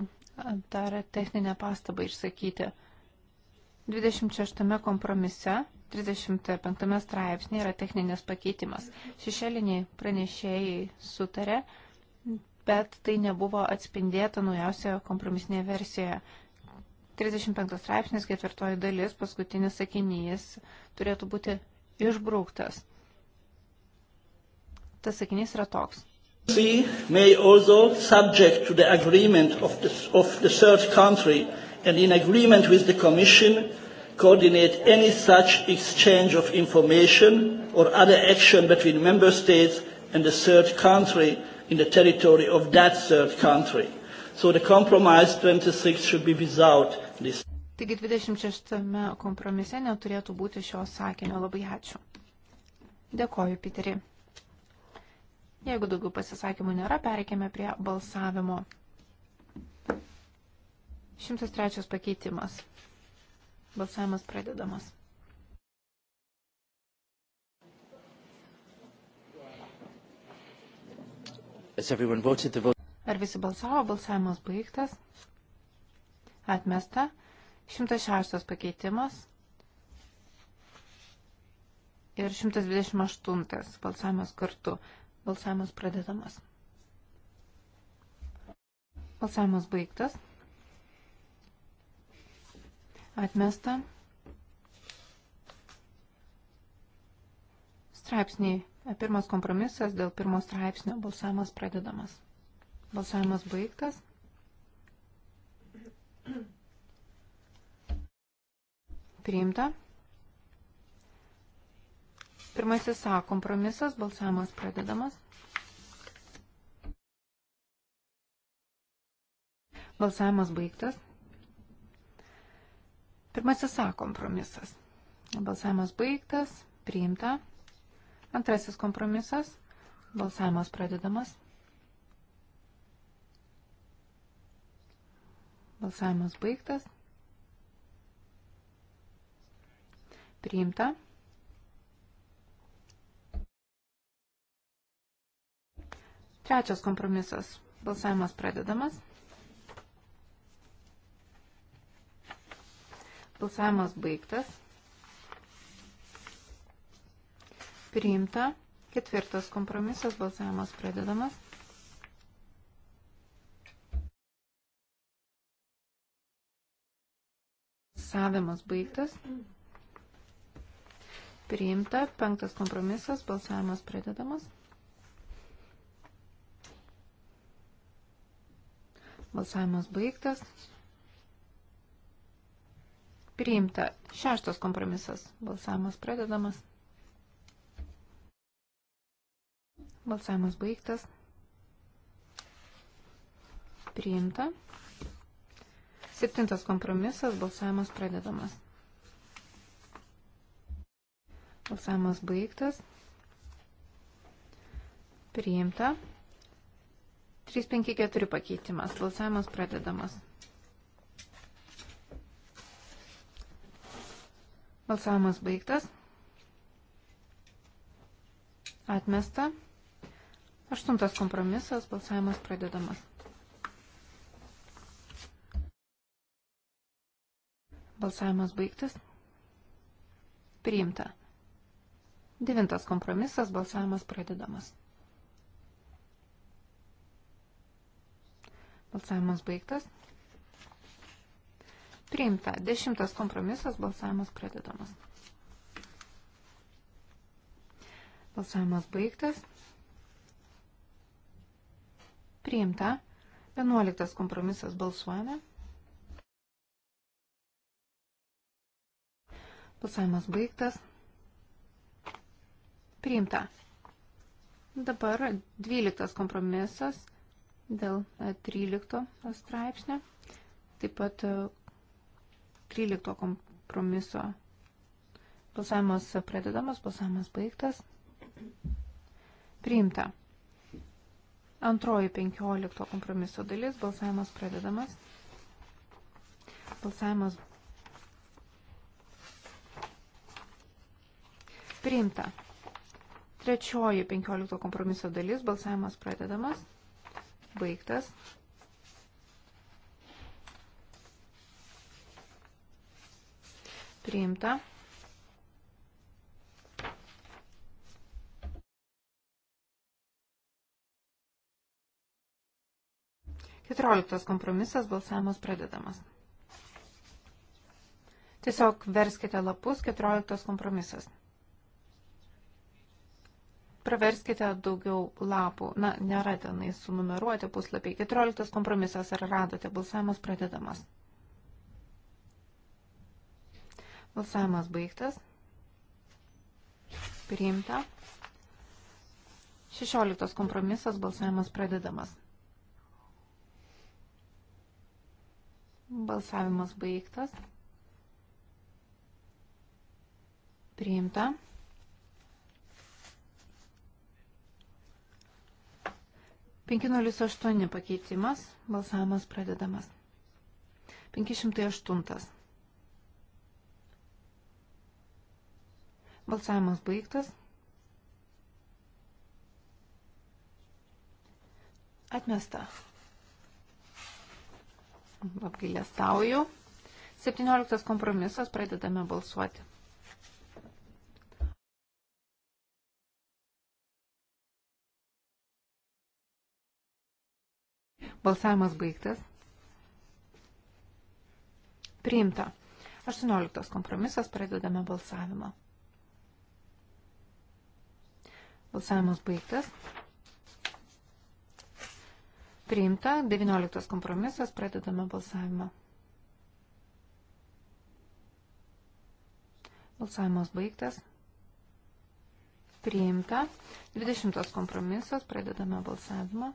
dar techninę pastabą išsakyti. 26 kompromise, 35 straipsnė yra techninės pakeitimas. Šešėliniai pranešėjai sutarė, bet tai nebuvo atspindėta naujausioje kompromisinėje versijoje. 35 straipsnis, ketvirtoji dalis, paskutinis sakinys turėtų būti išbrauktas. Tas sakinys yra toks. may also subject to the agreement of the, of the third country and in agreement with the Commission coordinate any such exchange of information or other action between member states and the third country in the territory of that third country. So the compromise 26 should be without this. Taigi 26 kompromise neturėtų būti šio sakinio. Labai ačiū. Dėkoju, Piterį. Jeigu daugiau pasisakymų nėra, pereikime prie balsavimo. 103 pakeitimas. Balsavimas pradedamas. Has everyone voted the vote? Ar visi balsavo? Balsavimas baigtas. Atmesta. 106 pakeitimas. Ir 128 balsavimas kartu. Balsavimas pradedamas. Balsavimas baigtas. Atmesta. Straipsniai. Pirmas kompromisas dėl pirmo straipsnio balsavimas pradedamas. Balsavimas baigtas. Priimta. Pirmasis A kompromisas, balsavimas pradedamas. Balsavimas baigtas. Pirmasis A kompromisas. Balsavimas baigtas, priimta. Antrasis kompromisas, balsavimas pradedamas. Balsavimas baigtas. Priimta. Trečias kompromisas. Balsavimas pradedamas. Balsavimas baigtas. Priimta. Ketvirtas kompromisas. Balsavimas pradedamas. Balsavimas baigtas. Priimta. Penktas kompromisas. Balsavimas pradedamas. Balsavimas baigtas. Priimta. Šeštas kompromisas. Balsavimas pradedamas. Balsavimas baigtas. Priimta. Septintas kompromisas, balsavimas pradedamas. Balsavimas baigtas. Priimta. 354 pakeitimas. Balsavimas pradedamas. Balsavimas baigtas. Atmesta. Aštuntas kompromisas. Balsavimas pradedamas. Balsavimas baigtas. Priimta. Devintas kompromisas. Balsavimas pradedamas. Balsavimas baigtas. Priimta. Dešimtas kompromisas. Balsavimas pradedamas. Balsavimas baigtas. Priimta. Vienuoliktas kompromisas. Balsuojame. Balsuojame. Balsavimas baigtas. Priimta. Dabar 12 kompromisas dėl 13 e, straipsnio. Taip pat 13 e, kompromiso balsavimas pradedamas, balsavimas baigtas. Priimta. Antroji 15 kompromiso dalis, balsavimas pradedamas. Balsavimas Priimta. Trečioji 15 kompromiso dalis. Balsavimas pradedamas. Baigtas. Priimta. Keturioliktas kompromisas balsavimas pradedamas. Tiesiog verskite lapus 14 kompromisas praverskite daugiau lapų. Na, nėra tenai sunumeruoti puslapiai. 14 kompromisas ar radote? Balsavimas pradedamas. Balsavimas baigtas. Priimta. 16 kompromisas balsavimas pradedamas. Balsavimas baigtas. Priimta. 508 pakeitimas, balsavimas pradedamas. 508. Balsavimas baigtas. Atmesta. Apgailę stauju. 17 kompromisas, pradedame balsuoti. Balsavimas baigtas. Priimta. 18 kompromisas pradedame balsavimą. Balsavimas baigtas. Priimta. 19 kompromisas pradedame balsavimą. Balsavimas baigtas. Priimta. 20 kompromisas. Pradedame balsavimą.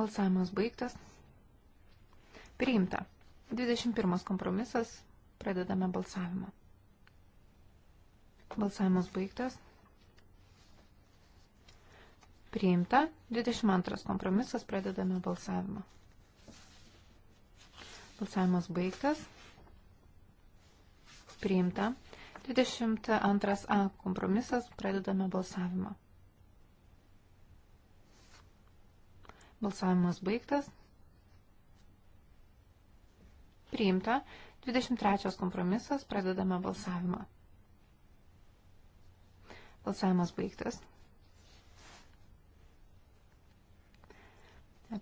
Balsavimas baigtas. Priimta. 21 kompromisas. Pradedame balsavimą. Balsavimas baigtas. Priimta. 22 kompromisas. Pradedame balsavimą. Balsavimas baigtas. Priimta. 22a kompromisas. Pradedame balsavimą. Balsavimas baigtas. Priimta. 23 kompromisas. Pradedame balsavimą. Balsavimas baigtas.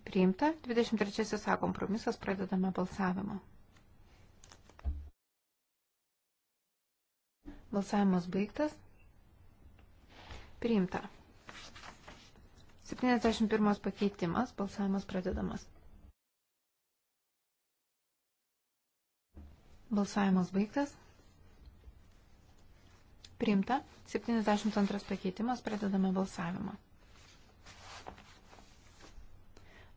Priimta. 23 A kompromisas. Pradedame balsavimą. Balsavimas baigtas. Priimta. 71 pakeitimas, balsavimas pradedamas. Balsavimas baigtas. Priimta. 72 pakeitimas, pradedame balsavimą.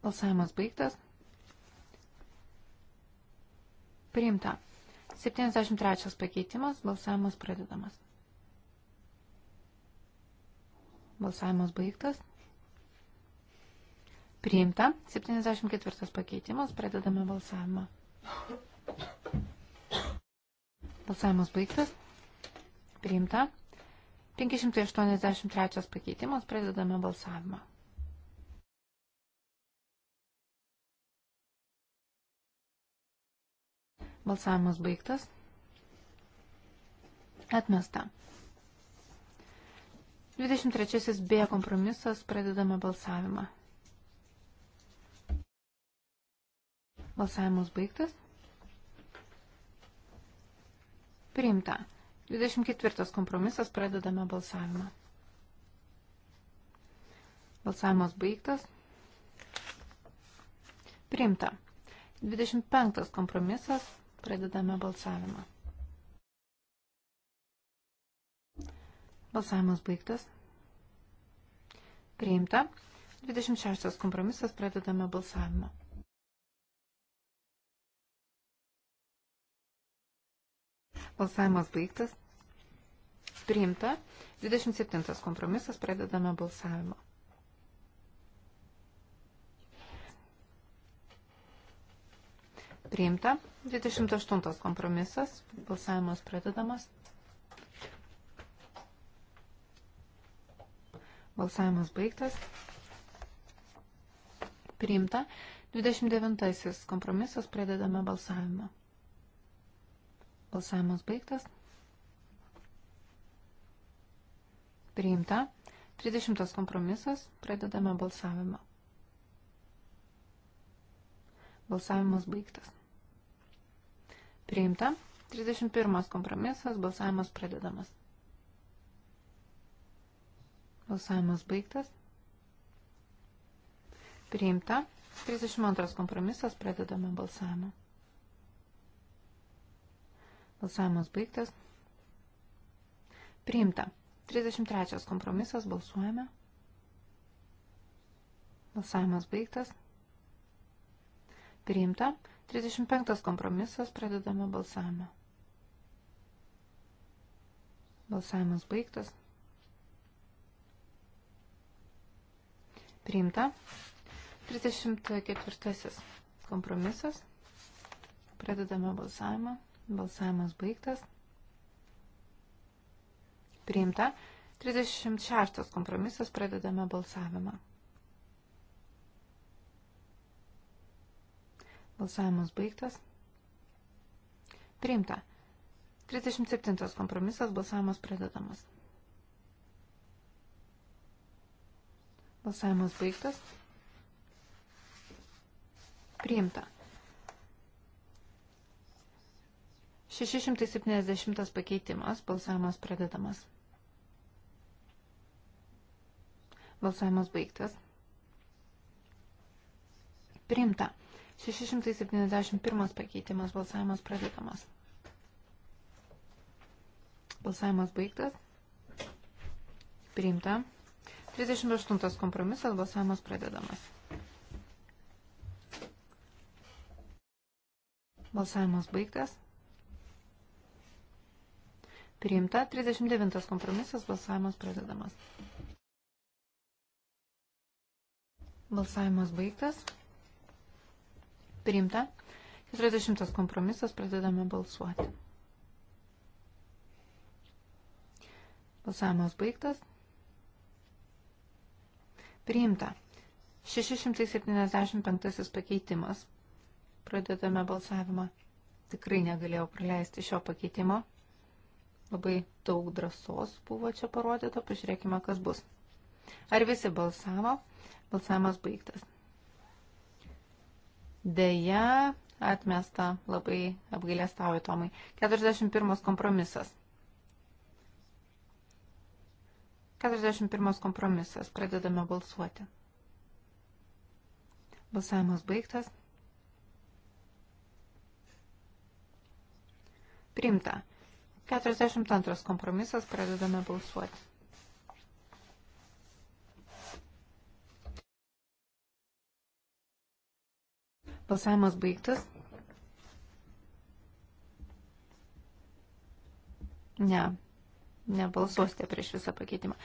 Balsavimas baigtas. Priimta. 73 pakeitimas, balsavimas pradedamas. Balsavimas baigtas. Priimta. 74 pakeitimas. Pradedame balsavimą. Balsavimas baigtas. Priimta. 583 pakeitimas. Pradedame balsavimą. Balsavimas baigtas. Atmesta. 23 B kompromisas. Pradedame balsavimą. Balsavimas baigtas. Priimta. 24 kompromisas pradedame balsavimą. Balsavimas baigtas. Priimta. 25 kompromisas pradedame balsavimą. Balsavimas baigtas. Priimta. 26 kompromisas pradedame balsavimą. Balsavimas baigtas. Priimta. 27 kompromisas. Pradedame balsavimą. Priimta. 28 kompromisas. Balsavimas pradedamas. Balsavimas baigtas. Priimta. 29 kompromisas. Pradedame balsavimą. Balsavimas baigtas. Priimta. 30 kompromisas. Pradedame balsavimą. Balsavimas baigtas. Priimta. 31 kompromisas. Balsavimas pradedamas. Balsavimas baigtas. Priimta. 32 kompromisas. Pradedame balsavimą. Balsavimas baigtas. Priimta. 33 kompromisas. Balsuojame. Balsavimas baigtas. Priimta. 35 kompromisas. Pradedame balsavimą. Balsavimas baigtas. Priimta. 34 kompromisas. Pradedame balsavimą. Balsavimas baigtas. Priimta. 36 kompromisas pradedame balsavimą. Balsavimas baigtas. Priimta. 37 kompromisas balsavimas pradedamas. Balsavimas baigtas. Priimta. 670 pakeitimas. Balsavimas pradedamas. Balsavimas baigtas. Priimta. 671 pakeitimas. Balsavimas pradedamas. Balsavimas baigtas. Priimta. 38 kompromisas. Balsavimas pradedamas. Balsavimas baigtas. Priimta 39 kompromisas balsavimas pradedamas. Balsavimas baigtas. Priimta 40 kompromisas pradedame balsuoti. Balsavimas baigtas. Priimta 675 pakeitimas. Pradedame balsavimą. Tikrai negalėjau praleisti šio pakeitimo. Labai daug drąsos buvo čia parodyta, pažiūrėkime, kas bus. Ar visi balsavo? Balsavimas baigtas. Deja, atmesta labai apgailėstauju Tomai. 41 kompromisas. 41 kompromisas. Pradedame balsuoti. Balsavimas baigtas. Primta. 42 kompromisas, pradedame balsuoti. Balsavimas baigtas. Ne, nebalsuosite prieš visą pakeitimą.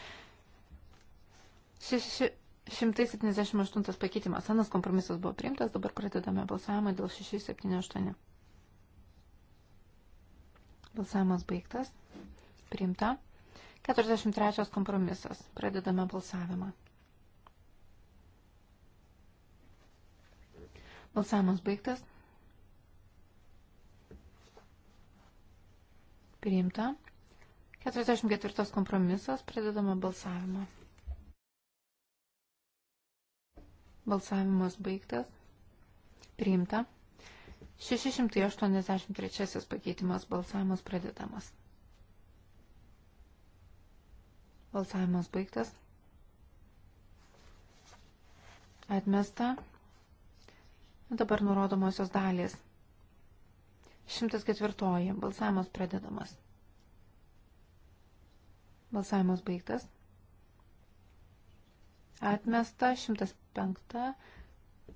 678 pakeitimas. Senas kompromisas buvo priimtas, dabar pradedame balsavimą dėl 678. Balsavimas baigtas. Priimta. 43 kompromisas. Pradedame balsavimą. Balsavimas baigtas. Priimta. 44 kompromisas. Pradedame balsavimą. Balsavimas baigtas. Priimta. 683 pakeitimas balsavimas pradedamas. Balsavimas baigtas. Atmesta. Dabar nurodomosios dalys. 104. Balsavimas pradedamas. Balsavimas baigtas. Atmesta. 105.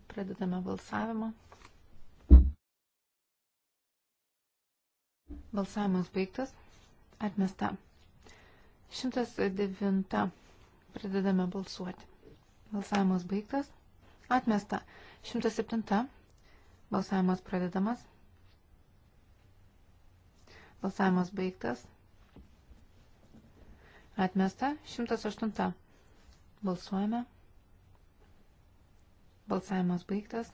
Pradedame balsavimą. Balsavimas baigtas. Atmesta. 109. Pradedame balsuoti. Balsavimas baigtas. Atmesta. 107. Balsavimas pradedamas. Balsavimas baigtas. Atmesta. 108. Balsuojame. Balsavimas baigtas.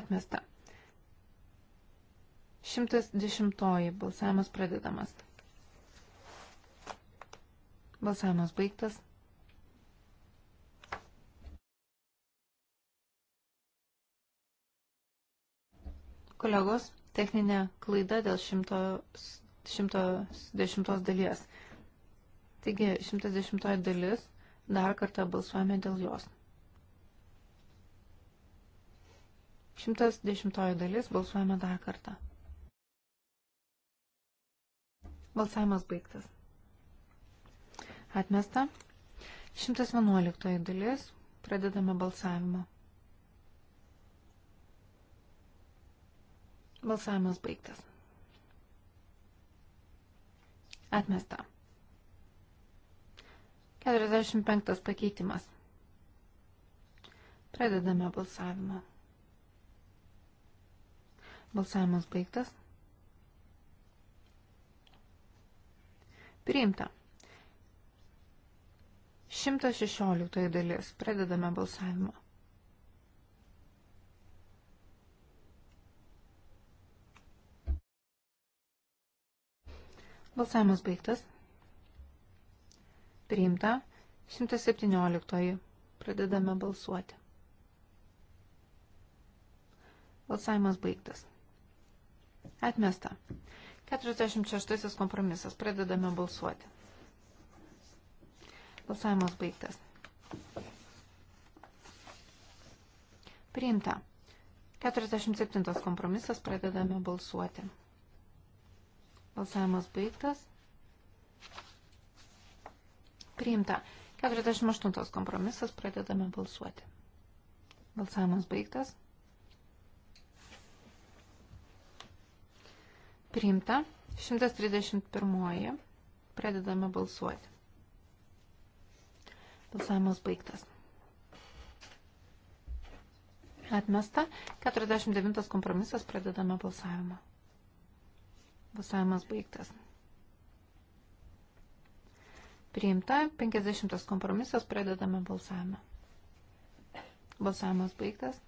Atmesta. 110. Balsavimas pradedamas. Balsavimas baigtas. Kolegos, techninė klaida dėl 110 dalies. Taigi, 110 dalis, dar kartą balsuojame dėl jos. 110 dalis, balsuojame dar kartą. Balsavimas baigtas. Atmesta. 111 dalis. Pradedame balsavimą. Balsavimas baigtas. Atmesta. 45 pakeitimas. Pradedame balsavimą. Balsavimas baigtas. Priimta. 116 dalis. Pradedame balsavimą. Balsavimas baigtas. Priimta. 117. Pradedame balsuoti. Balsavimas baigtas. Atmesta. 46 kompromisas. Pradedame balsuoti. Balsavimas baigtas. Priimta. 47 kompromisas. Pradedame balsuoti. Balsavimas baigtas. Priimta. 48 kompromisas. Pradedame balsuoti. Balsavimas baigtas. Priimta. 131. Pradedame balsuoti. Balsavimas baigtas. Atmesta. 49 kompromisas. Pradedame balsavimą. Balsavimas baigtas. Priimta. 50 kompromisas. Pradedame balsavimą. Balsavimas baigtas.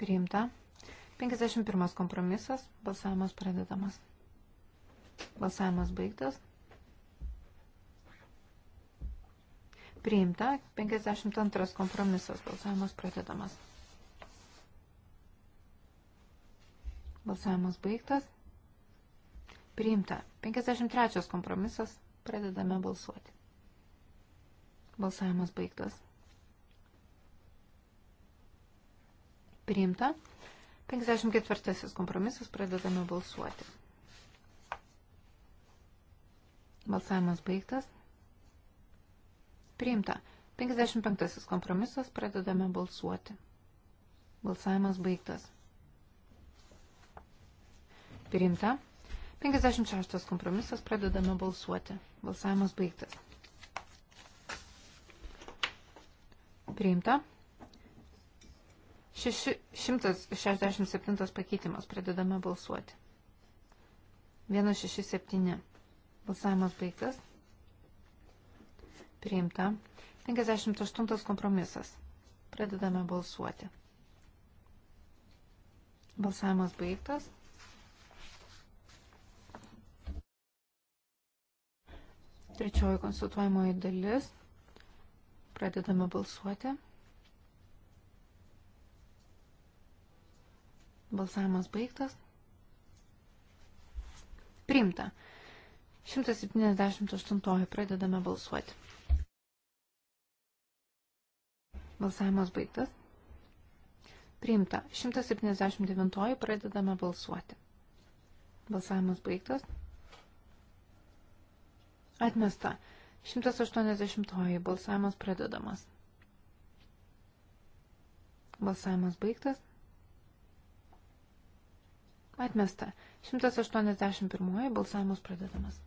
Priimta. 51 kompromisas. Balsavimas pradedamas. Balsavimas baigtas. Priimta. 52 kompromisas. Balsavimas pradedamas. Balsavimas baigtas. Priimta. 53 kompromisas. Pradedame balsuoti. Balsavimas baigtas. Priimta. 54 kompromisas pradedame balsuoti. Balsavimas baigtas. Priimta. 55 kompromisas pradedame balsuoti. Balsavimas baigtas. Priimta. 56 kompromisas pradedame balsuoti. Balsavimas baigtas. Priimta. 167 pakeitimas. Pradedame balsuoti. 167. Balsavimas baigtas. Priimta. 58 kompromisas. Pradedame balsuoti. Balsavimas baigtas. Trečioji konsultuojamoji dalis. Pradedame balsuoti. Balsavimas baigtas. Priimta. 178. Pradedame balsuoti. Balsavimas baigtas. Priimta. 179. Pradedame balsuoti. Balsavimas baigtas. Atmesta. 180. Balsavimas pradedamas. Balsavimas baigtas. Atmesta. 181 balsavimas pradedamas.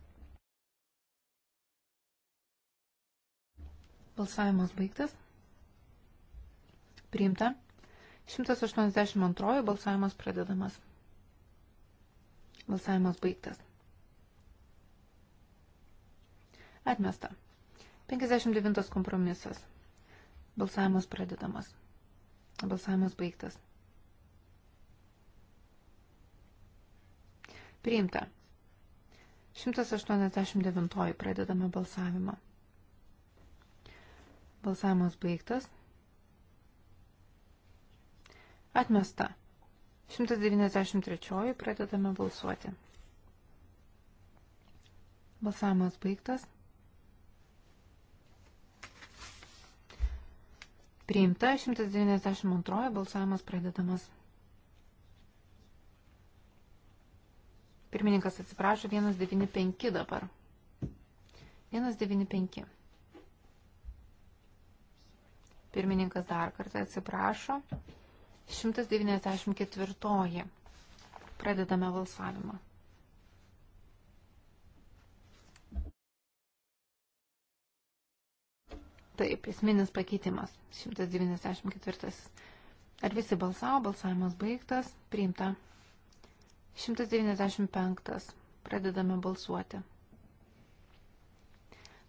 Balsavimas baigtas. Priimta. 182 balsavimas pradedamas. Balsavimas baigtas. Atmesta. 59 kompromisas. Balsavimas pradedamas. Balsavimas baigtas. Priimta. 189 pradedame balsavimą. Balsavimas baigtas. Atmesta. 193 pradedame balsuoti. Balsavimas baigtas. Priimta 192 balsavimas pradedamas. Pirmininkas atsiprašo 195 dabar. 195. Pirmininkas dar kartą atsiprašo. 194. Pradedame valsavimą. Taip, esminis pakeitimas. 194. Ar visi balsavo? Balsavimas baigtas. Priimta. 195. Pradedame balsuoti.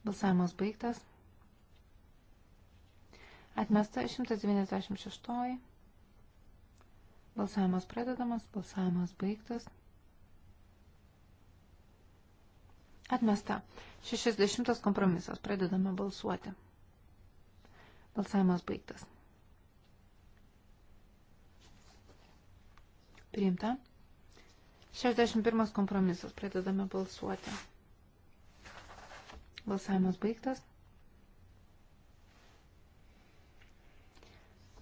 Balsavimas baigtas. Atmesta 196. Balsavimas pradedamas, balsavimas baigtas. Atmesta 60 kompromisas. Pradedame balsuoti. Balsavimas baigtas. Priimta. 61 kompromisas. Pradedame balsuoti. Balsavimas baigtas.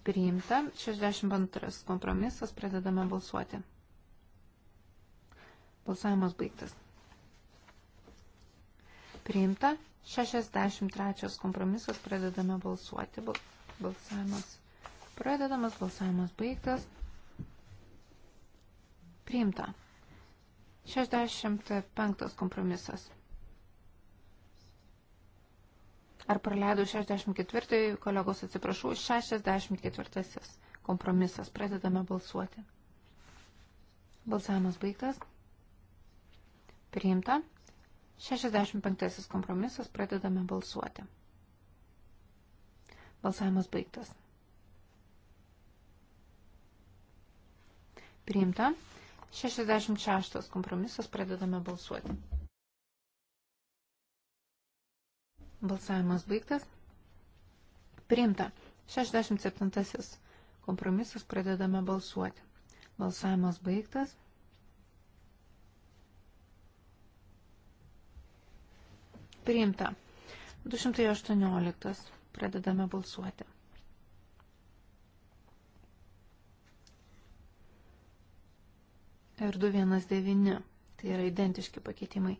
Priimta. 62 kompromisas. Pradedame balsuoti. Balsavimas baigtas. Priimta. 63 kompromisas. Pradedame balsuoti. Balsavimas pradedamas. Balsavimas baigtas. Priimta. 65 kompromisas. Ar praleidau 64, kolegos atsiprašau, 64 kompromisas. Pradedame balsuoti. Balsavimas baigtas. Priimta. 65 kompromisas. Pradedame balsuoti. Balsavimas baigtas. Priimta. 66 kompromisas pradedame balsuoti. Balsavimas baigtas. Priimta. 67 kompromisas pradedame balsuoti. Balsavimas baigtas. Priimta. 218 pradedame balsuoti. ir 219. Tai yra identiški pakeitimai.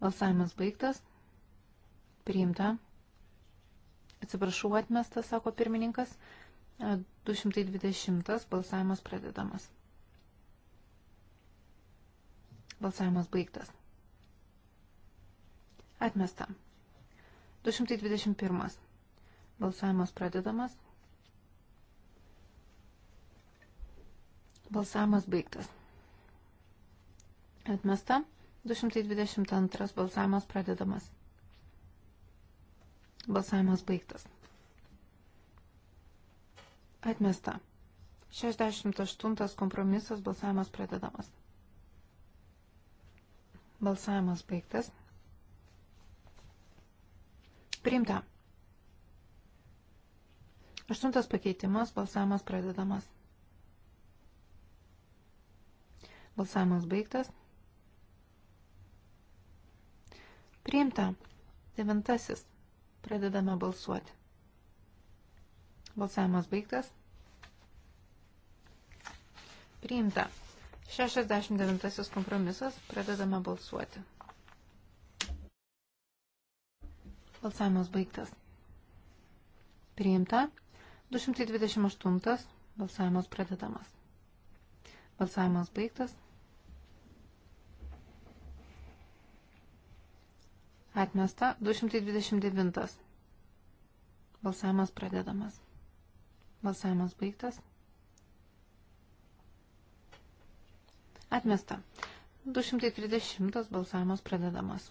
Balsavimas baigtas. Priimta. Atsiprašau, atmestas, sako pirmininkas. 220 balsavimas pradedamas. Balsavimas baigtas. Atmesta. 221. Balsavimas pradedamas. Balsavimas baigtas. Atmesta. 222 balsavimas pradedamas. Balsavimas baigtas. Atmesta. 68 kompromisas balsavimas pradedamas. Balsavimas baigtas. Priimta. Aštuntas pakeitimas balsavimas pradedamas. Balsavimas baigtas. Priimta. Devintasis. Pradedame balsuoti. Balsavimas baigtas. Priimta. 69 kompromisas. Pradedame balsuoti. Balsavimas baigtas. Priimta. 228. Balsavimas pradedamas. Balsavimas baigtas. Atmesta 229. Balsavimas pradedamas. Balsavimas baigtas. Atmesta. 230 balsavimas pradedamas.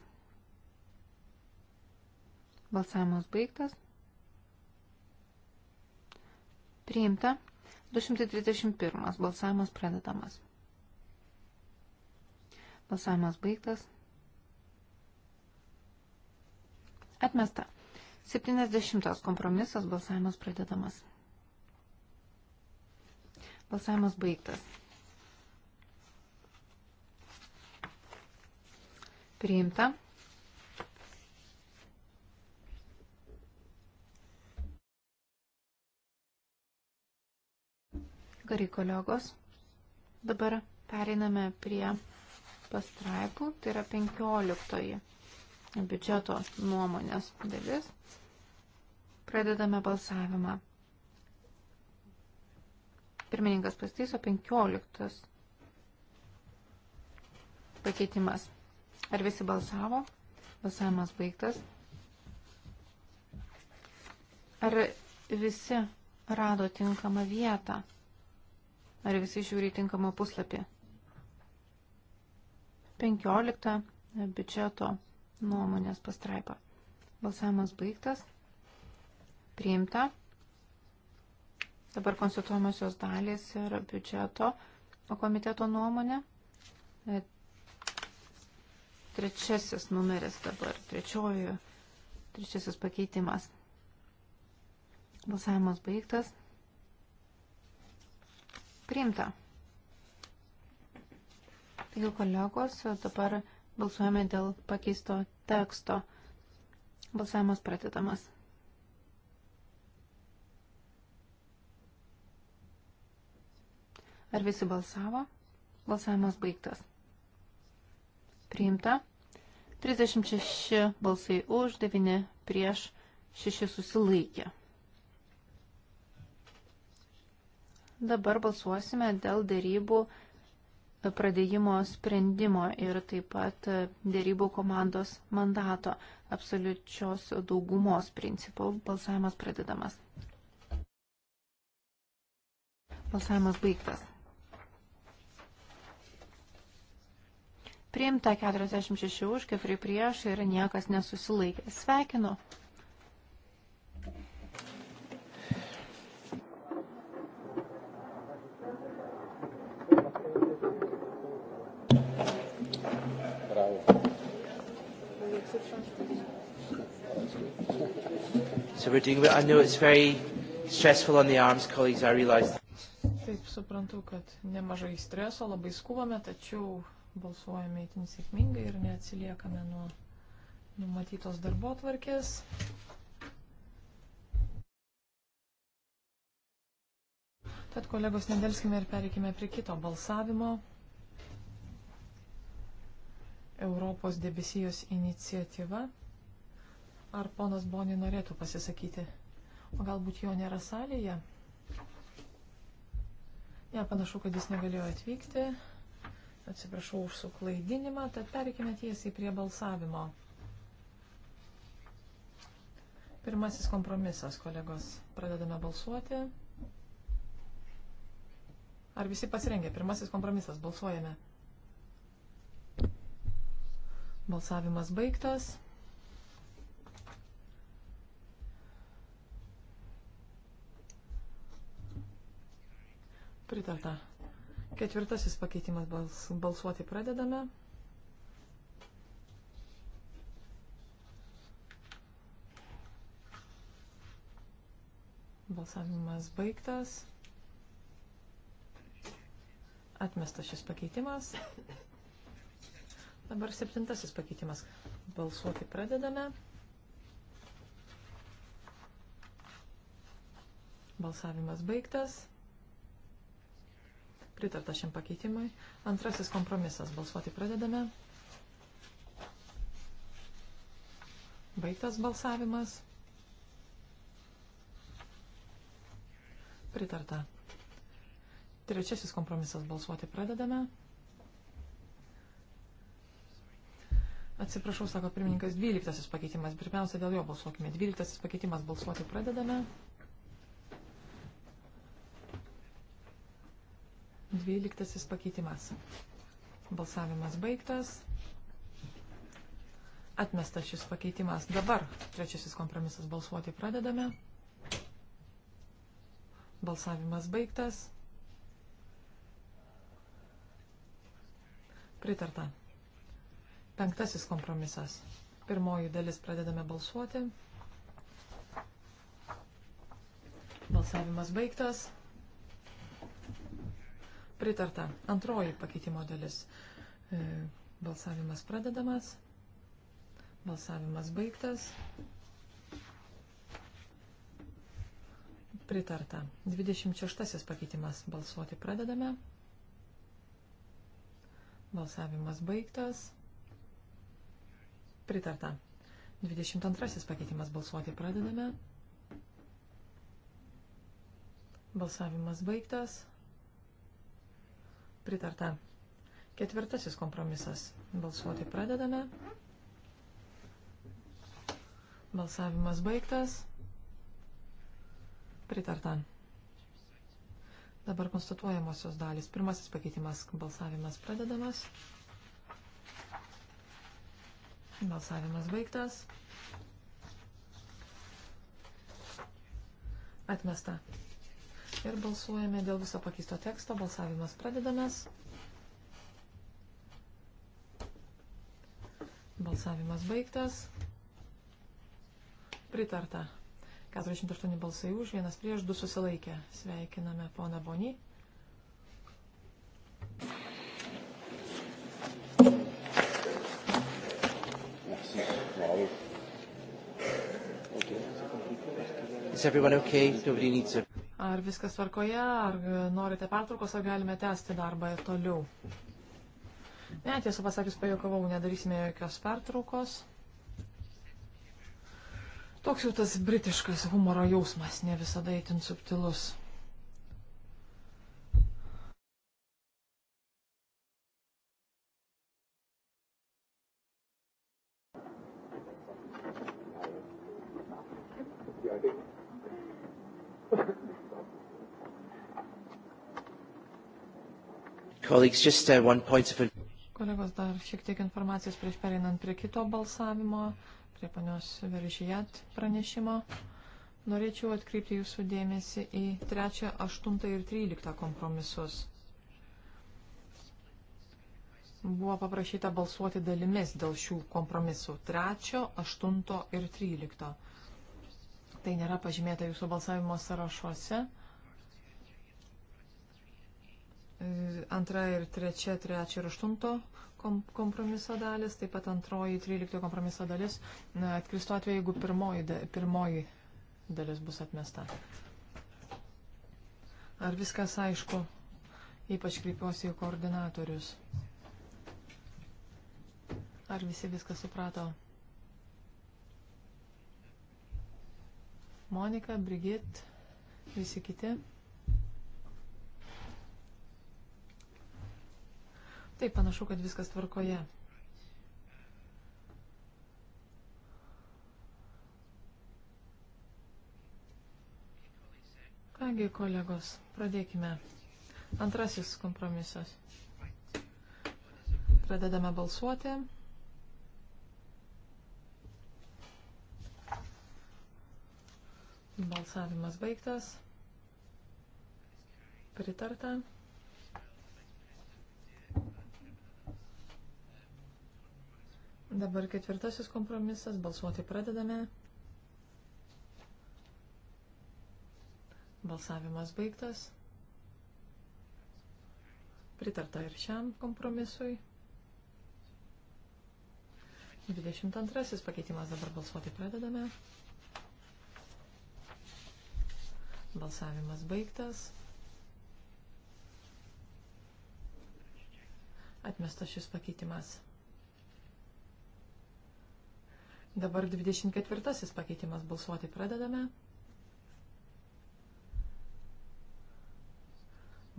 Balsavimas baigtas. Priimta. 231 balsavimas pradedamas. Balsavimas baigtas. Atmesta. 70 kompromisas balsavimas pradedamas. Balsavimas baigtas. Priimta. Gerai, kolegos. Dabar pereiname prie pastraipų, tai yra 15 biudžeto nuomonės dalis. Pradedame balsavimą. Pirmininkas pastaiso 15 pakeitimas. Ar visi balsavo? Balsavimas baigtas. Ar visi rado tinkamą vietą? Ar visi žiūri tinkamą puslapį? 15 biudžeto nuomonės pastraipą. Balsavimas baigtas. Priimta. Dabar konsultuojamosios dalys ir biudžeto komiteto nuomonė. E, trečiasis numeris dabar, trečiojo, trečiasis pakeitimas. Balsavimas baigtas. Priimta. Taigi kolegos, dabar Balsuojame dėl pakeisto teksto. Balsavimas pradedamas. Ar visi balsavo? Balsavimas baigtas. Priimta. 36 balsai už, 9 prieš, 6 susilaikė. Dabar balsuosime dėl dėrybų pradėjimo sprendimo ir taip pat dėrybų komandos mandato absoliučios daugumos principų. Balsavimas pradedamas. Balsavimas baigtas. Priimta 46 už, 4 prieš ir niekas nesusilaikė. Sveikinu. So we're doing, I know it's very stressful on the arms, colleagues, I realize. Taip, suprantu, kad nemažai streso, labai skubame, tačiau balsuojame itin sėkmingai ir neatsiliekame nuo numatytos darbo tvarkės. Tad kolegos, nedelskime ir pereikime prie kito balsavimo. Europos debesijos iniciatyva. Ar ponas Boni norėtų pasisakyti? O galbūt jo nėra salėje? Ne, panašu, kad jis negalėjo atvykti. Atsiprašau už suklaidinimą, tad perikime tiesiai prie balsavimo. Pirmasis kompromisas, kolegos. Pradedame balsuoti. Ar visi pasirengę? Pirmasis kompromisas. Balsuojame. Balsavimas baigtas. Pritarta. Ketvirtasis pakeitimas bals, balsuoti pradedame. Balsavimas baigtas. Atmestas šis pakeitimas. Dabar septintasis pakeitimas. Balsuoti pradedame. Balsavimas baigtas. Pritarta šiam pakeitimui. Antrasis kompromisas. Balsuoti pradedame. Baigtas balsavimas. Pritarta. Trečiasis kompromisas. Balsuoti pradedame. Balsuoti pradedame. Atsiprašau, sako pirmininkas, 12 pakeitimas. Pirmiausia, dėl jo balsuokime. 12 pakeitimas balsuoti pradedame. 12 pakeitimas. Balsavimas baigtas. Atmestas šis pakeitimas. Dabar trečiasis kompromisas balsuoti pradedame. Balsavimas baigtas. Pritarta. Penktasis kompromisas. Pirmoji dalis pradedame balsuoti. Balsavimas baigtas. Pritarta. Antroji pakeitimo dalis. E, balsavimas pradedamas. Balsavimas baigtas. Pritarta. 26 pakeitimas. Balsuoti pradedame. Balsavimas baigtas. Pritarta. 22 pakeitimas balsuoti pradedame. Balsavimas baigtas. Pritarta. Ketvirtasis kompromisas. Balsuoti pradedame. Balsavimas baigtas. Pritarta. Dabar konstatuojamosios dalys. Pirmasis pakeitimas. Balsavimas pradedamas. Balsavimas pradedamas. Balsavimas baigtas. Atmesta. Ir balsuojame dėl viso pakeisto teksto. Balsavimas pradedamas. Balsavimas baigtas. Pritarta. 48 balsai už, vienas prieš, du susilaikė. Sveikiname poną Bonį. Is everyone okay? Nobody needs a... Ar viskas tvarkoje, ar norite pertraukos, ar galime tęsti darbą ir toliau? Ne, tiesą pasakius, pajokavau, nedarysime jokios pertraukos. Toks jau tas britiškas humoro jausmas, ne visada itin subtilus. Colleagues, just uh, one point of... Kolegos, dar šiek tiek informacijos prieš pereinant prie kito balsavimo, prie panios Veržijat pranešimo. Norėčiau atkreipti jūsų dėmesį į 3, 8 ir 13 kompromisus. Buvo paprašyta balsuoti dalimis dėl šių kompromisų 3, 8 ir 13. Tai nėra pažymėta jūsų balsavimo sąrašuose antra ir trečia, trečia ir aštunto kompromiso dalis, taip pat antroji, trylikto kompromiso dalis atkristų atveju, jeigu pirmoji, pirmoji dalis bus atmesta. Ar viskas aišku? Ypač kreipiuosi į koordinatorius. Ar visi viską suprato? Monika, Brigit, visi kiti. Taip, panašu, kad viskas tvarkoje. Kągi, kolegos, pradėkime. Antrasis kompromisas. Pradedame balsuoti. Balsavimas baigtas. Pritarta. Dabar ketvirtasis kompromisas. Balsuoti pradedame. Balsavimas baigtas. Pritarta ir šiam kompromisui. 22 pakeitimas dabar balsuoti pradedame. Balsavimas baigtas. Atmestas šis pakeitimas. Dabar 24 pakeitimas balsuoti pradedame.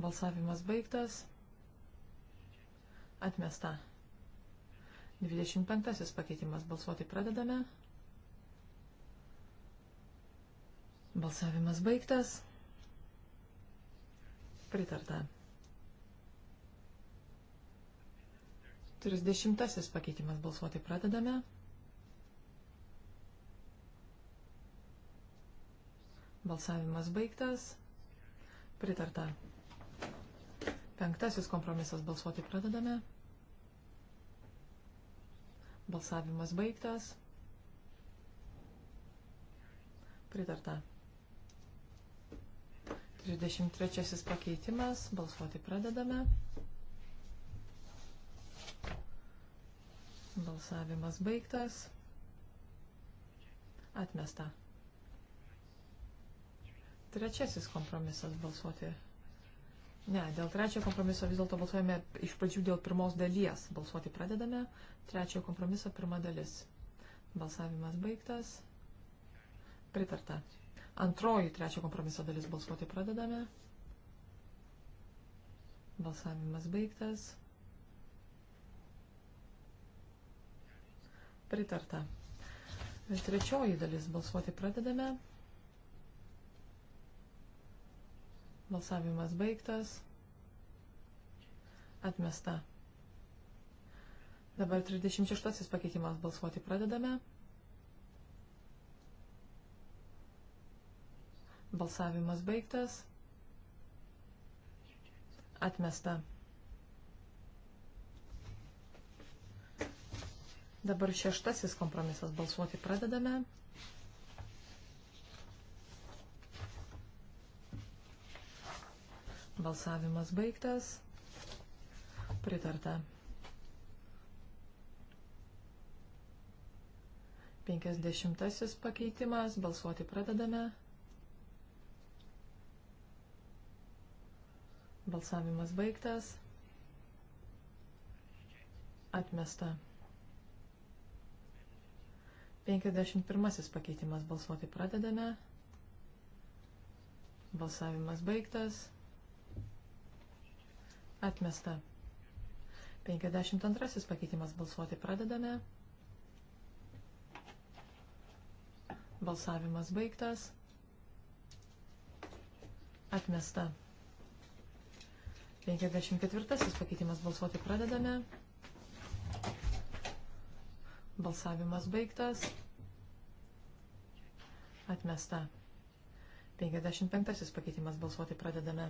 Balsavimas baigtas. Atmesta. 25 pakeitimas balsuoti pradedame. Balsavimas baigtas. Pritarta. 30 pakeitimas balsuoti pradedame. Balsavimas baigtas. Pritarta. Penktasis kompromisas balsuoti pradedame. Balsavimas baigtas. Pritarta. 33 pakeitimas. Balsuoti pradedame. Balsavimas baigtas. Atmesta trečiasis kompromisas balsuoti. Ne, dėl trečiojo kompromiso vis dėlto balsuojame iš pradžių dėl pirmos dalies. Balsuoti pradedame. Trečiojo kompromiso pirma dalis. Balsavimas baigtas. Pritarta. Antroji trečiojo kompromiso dalis balsuoti pradedame. Balsavimas baigtas. Pritarta. Trečioji dalis balsuoti pradedame. Balsavimas baigtas. Atmesta. Dabar 36 pakeitimas balsuoti pradedame. Balsavimas baigtas. Atmesta. Dabar šeštasis kompromisas balsuoti pradedame. Balsavimas baigtas. Pritarta. 50 pakeitimas. Balsuoti pradedame. Balsavimas baigtas. Atmesta. 51 pakeitimas. Balsuoti pradedame. Balsavimas baigtas. Atmesta. 52 pakeitimas balsuoti pradedame. Balsavimas baigtas. Atmesta. 54 pakeitimas balsuoti pradedame. Balsavimas baigtas. Atmesta. 55 pakeitimas balsuoti pradedame.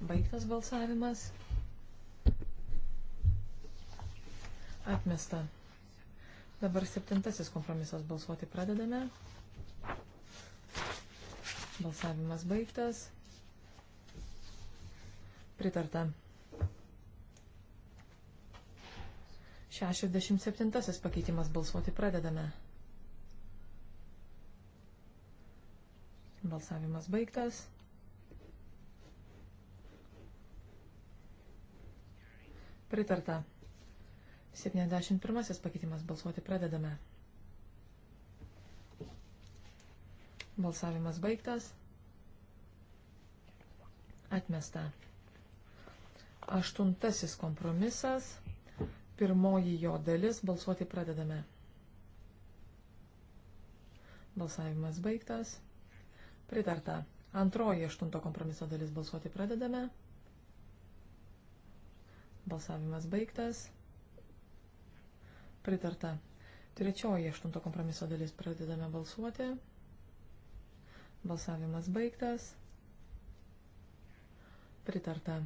Baigtas balsavimas. Atmesta. Dabar septintasis kompromisas balsuoti pradedame. Balsavimas baigtas. Pritarta. 67 pakeitimas balsuoti pradedame. Balsavimas baigtas. Pritarta. 71 pakeitimas balsuoti pradedame. Balsavimas baigtas. Atmesta. Aštuntasis kompromisas. Pirmoji jo dalis. Balsuoti pradedame. Balsavimas baigtas. Pritarta. Antroji aštunto kompromiso dalis. Balsuoti pradedame. Balsuoti pradedame. Balsavimas baigtas. Pritarta. Trečioji aštunto kompromiso dalis pradedame balsuoti. Balsavimas baigtas. Pritarta.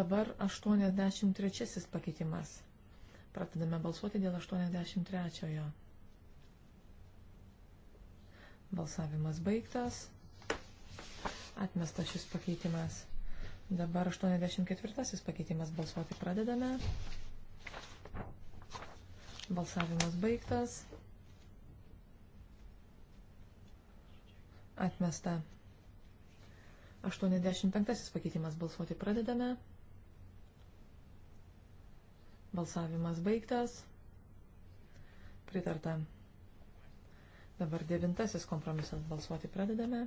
Dabar 83 pakeitimas. Pradedame balsuoti dėl 83. -ojo. Balsavimas baigtas. Atmestas šis pakeitimas. Dabar 84 pakeitimas balsuoti pradedame. Balsavimas baigtas. Atmesta. 85 pakeitimas balsuoti pradedame. Balsavimas baigtas. Pritarta. Dabar devintasis kompromisas balsuoti pradedame.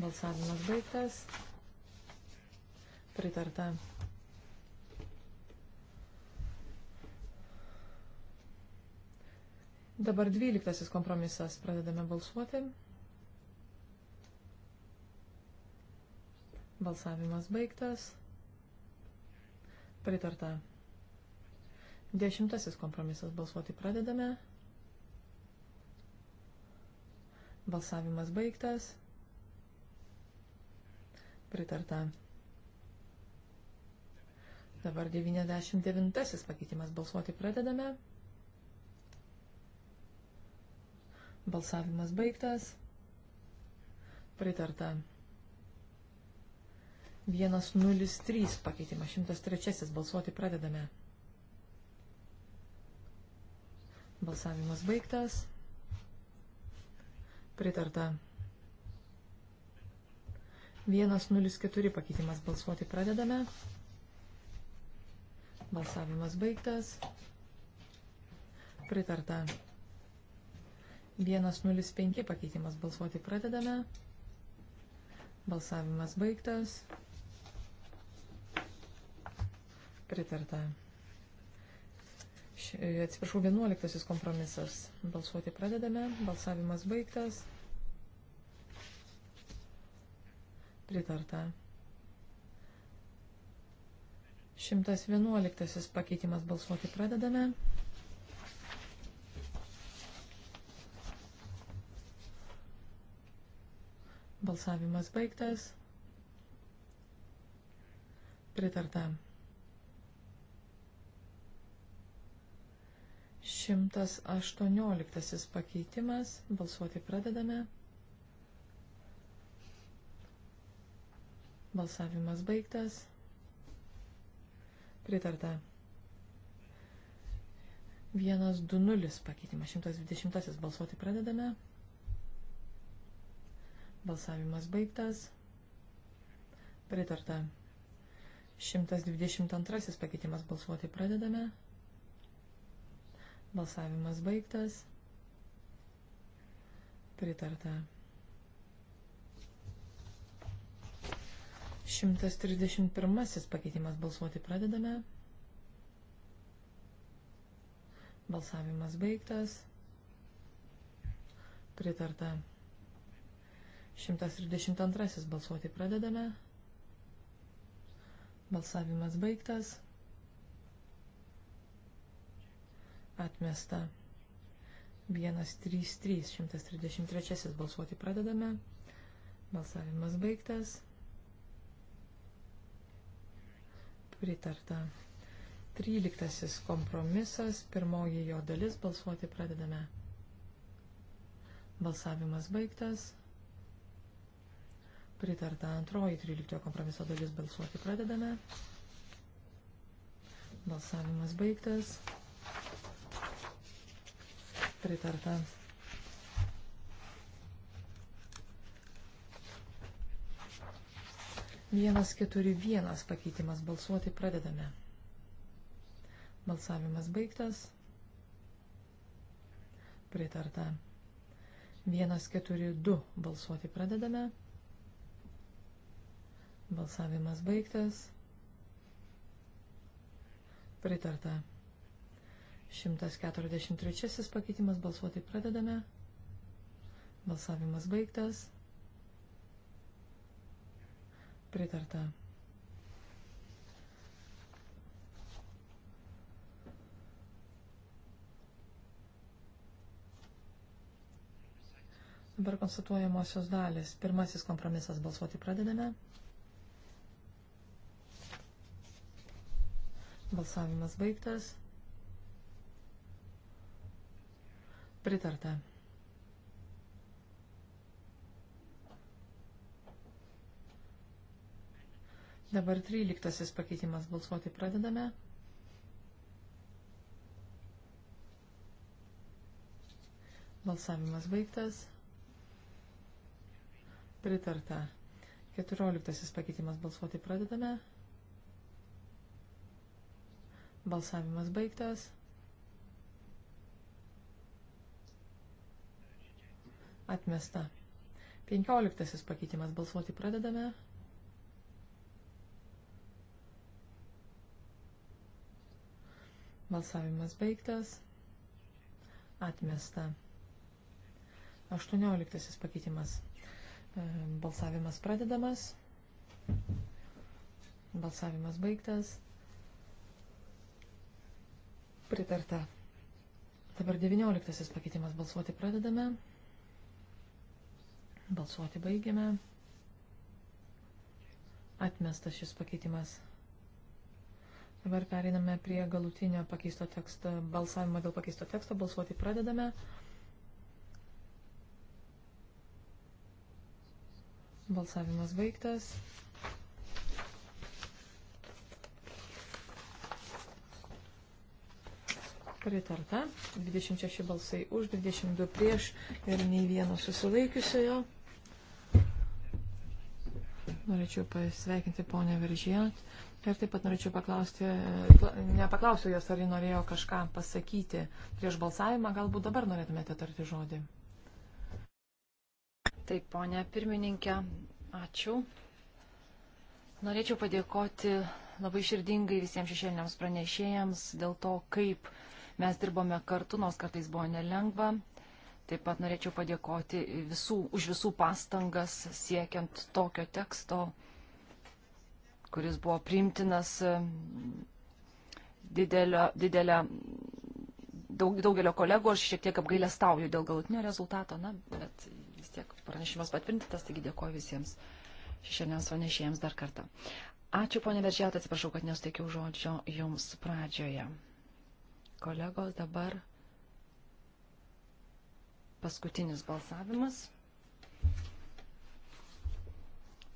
Balsavimas baigtas. Pritarta. Dabar dvyliktasis kompromisas. Pradedame balsuoti. Balsavimas baigtas. Pritarta. Dešimtasis kompromisas. Balsuoti pradedame. Balsavimas baigtas. Pritarta. Dabar 99 pakeitimas balsuoti pradedame. Balsavimas baigtas. Pritarta. 103 pakeitimas, 103 balsuoti pradedame. Balsavimas baigtas. Pritarta. 104 pakeitimas balsuoti pradedame. Balsavimas baigtas. Pritarta. 105 pakeitimas balsuoti pradedame. Balsavimas baigtas. Pritarta. Atsiprašau, 11 kompromisas. Balsuoti pradedame. Balsavimas baigtas. Pritarta. 111 pakeitimas balsuoti pradedame. Balsavimas baigtas. Pritarta. 118 pakeitimas. Balsuoti pradedame. Balsavimas baigtas. Pritarta. 1-2-0 pakeitimas. 120 balsuoti pradedame. Balsavimas baigtas. Pritarta. 122 pakeitimas balsuoti pradedame. Balsavimas baigtas. Pritarta. 131 pakeitimas balsuoti pradedame. Balsavimas baigtas. Pritarta. 132 balsuoti pradedame. Balsavimas baigtas. Atmesta. 133. 133 balsuoti pradedame. Balsavimas baigtas. pritarta. Tryliktasis kompromisas, pirmoji jo dalis, balsuoti pradedame. Balsavimas baigtas. Pritarta antroji 13 kompromiso dalis, balsuoti pradedame. Balsavimas baigtas. Pritarta 141 pakeitimas. Balsuoti pradedame. Balsavimas baigtas. Pritarta. 142 balsuoti pradedame. Balsavimas baigtas. Pritarta. 143 pakeitimas balsuoti pradedame. Balsavimas baigtas. Pritarta. Dabar konstatuojamosios dalis. Pirmasis kompromisas balsuoti pradedame. Balsavimas baigtas. Pritarta. Dabar 13 pakeitimas balsuoti pradedame. Balsavimas baigtas. Pritarta. 14 pakeitimas balsuoti pradedame. Balsavimas baigtas. Atmesta. 15 pakeitimas balsuoti pradedame. Balsavimas baigtas. Atmesta. 18 pakeitimas. E, balsavimas pradedamas. Balsavimas baigtas. Pritarta. Dabar 19 pakeitimas. Balsuoti pradedame. Balsuoti baigiame. Atmestas šis pakeitimas. Dabar pereiname prie galutinio pakeisto teksto, balsavimo dėl pakeisto teksto, balsuoti pradedame. Balsavimas baigtas. Pritarta. 26 balsai už, 22 prieš ir nei vieno susilaikiusiojo. Norėčiau pasveikinti ponę Veržijant Ir taip pat norėčiau paklausti, nepaklausiu jos, ar ji norėjo kažką pasakyti prieš balsavimą, galbūt dabar norėtumėte tarti žodį. Taip, ponė pirmininkė, ačiū. Norėčiau padėkoti labai širdingai visiems šešėliniams pranešėjams dėl to, kaip mes dirbome kartu, nors kartais buvo nelengva. Taip pat norėčiau padėkoti visų, už visų pastangas siekiant tokio teksto, kuris buvo priimtinas didelio, didelio daug, daugelio kolegų, aš šiek tiek apgailę stauju dėl galutinio rezultato, na, bet vis tiek pranešimas patvirtintas, taigi dėkoju visiems šešėlėms pranešėjams dar kartą. Ačiū, ponė Veržėta, atsiprašau, kad nesuteikiau žodžio jums pradžioje. Kolegos, dabar paskutinis balsavimas.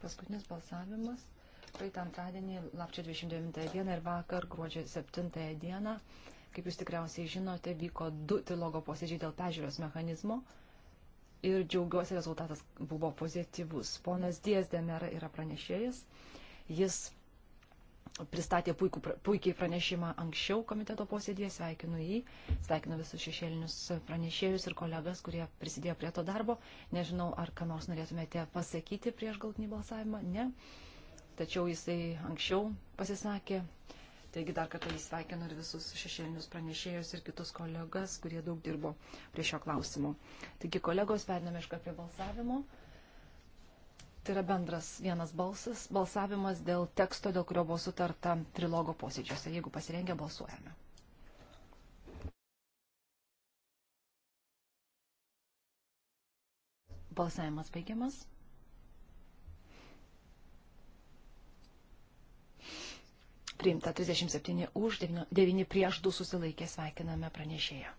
Paskutinis balsavimas praeitą antradienį, lapčio 29 dieną ir vakar, gruodžio 7 dieną, kaip jūs tikriausiai žinote, vyko du trilogo posėdžiai dėl pežiūros mechanizmo ir džiaugiuosi rezultatas buvo pozityvus. Ponas Dies Demera yra pranešėjas. Jis pristatė puikų, puikiai pranešimą anksčiau komiteto posėdėje, sveikinu jį, sveikinu visus šešėlinius pranešėjus ir kolegas, kurie prisidėjo prie to darbo. Nežinau, ar ką nors norėtumėte pasakyti prieš galtinį balsavimą, ne tačiau jisai anksčiau pasisakė. Taigi dar kartą įsveikinu ir visus šešėlinius pranešėjus ir kitus kolegas, kurie daug dirbo prie šio klausimo. Taigi kolegos, vedame iš karto prie balsavimo. Tai yra bendras vienas balsas, balsavimas dėl teksto, dėl kurio buvo sutarta trilogo posėdžiuose. Jeigu pasirengę, balsuojame. Balsavimas baigiamas. Priimta 37 už, 9 prieš 2 susilaikė, sveikiname pranešėją.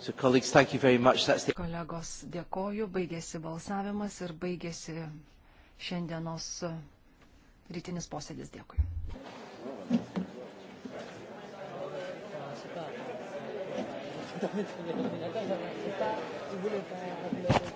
So, the... Kolegos, dėkoju, baigėsi balsavimas ir baigėsi šiandienos rytinis posėdis. Dėkui. Vous voulez pas rappeler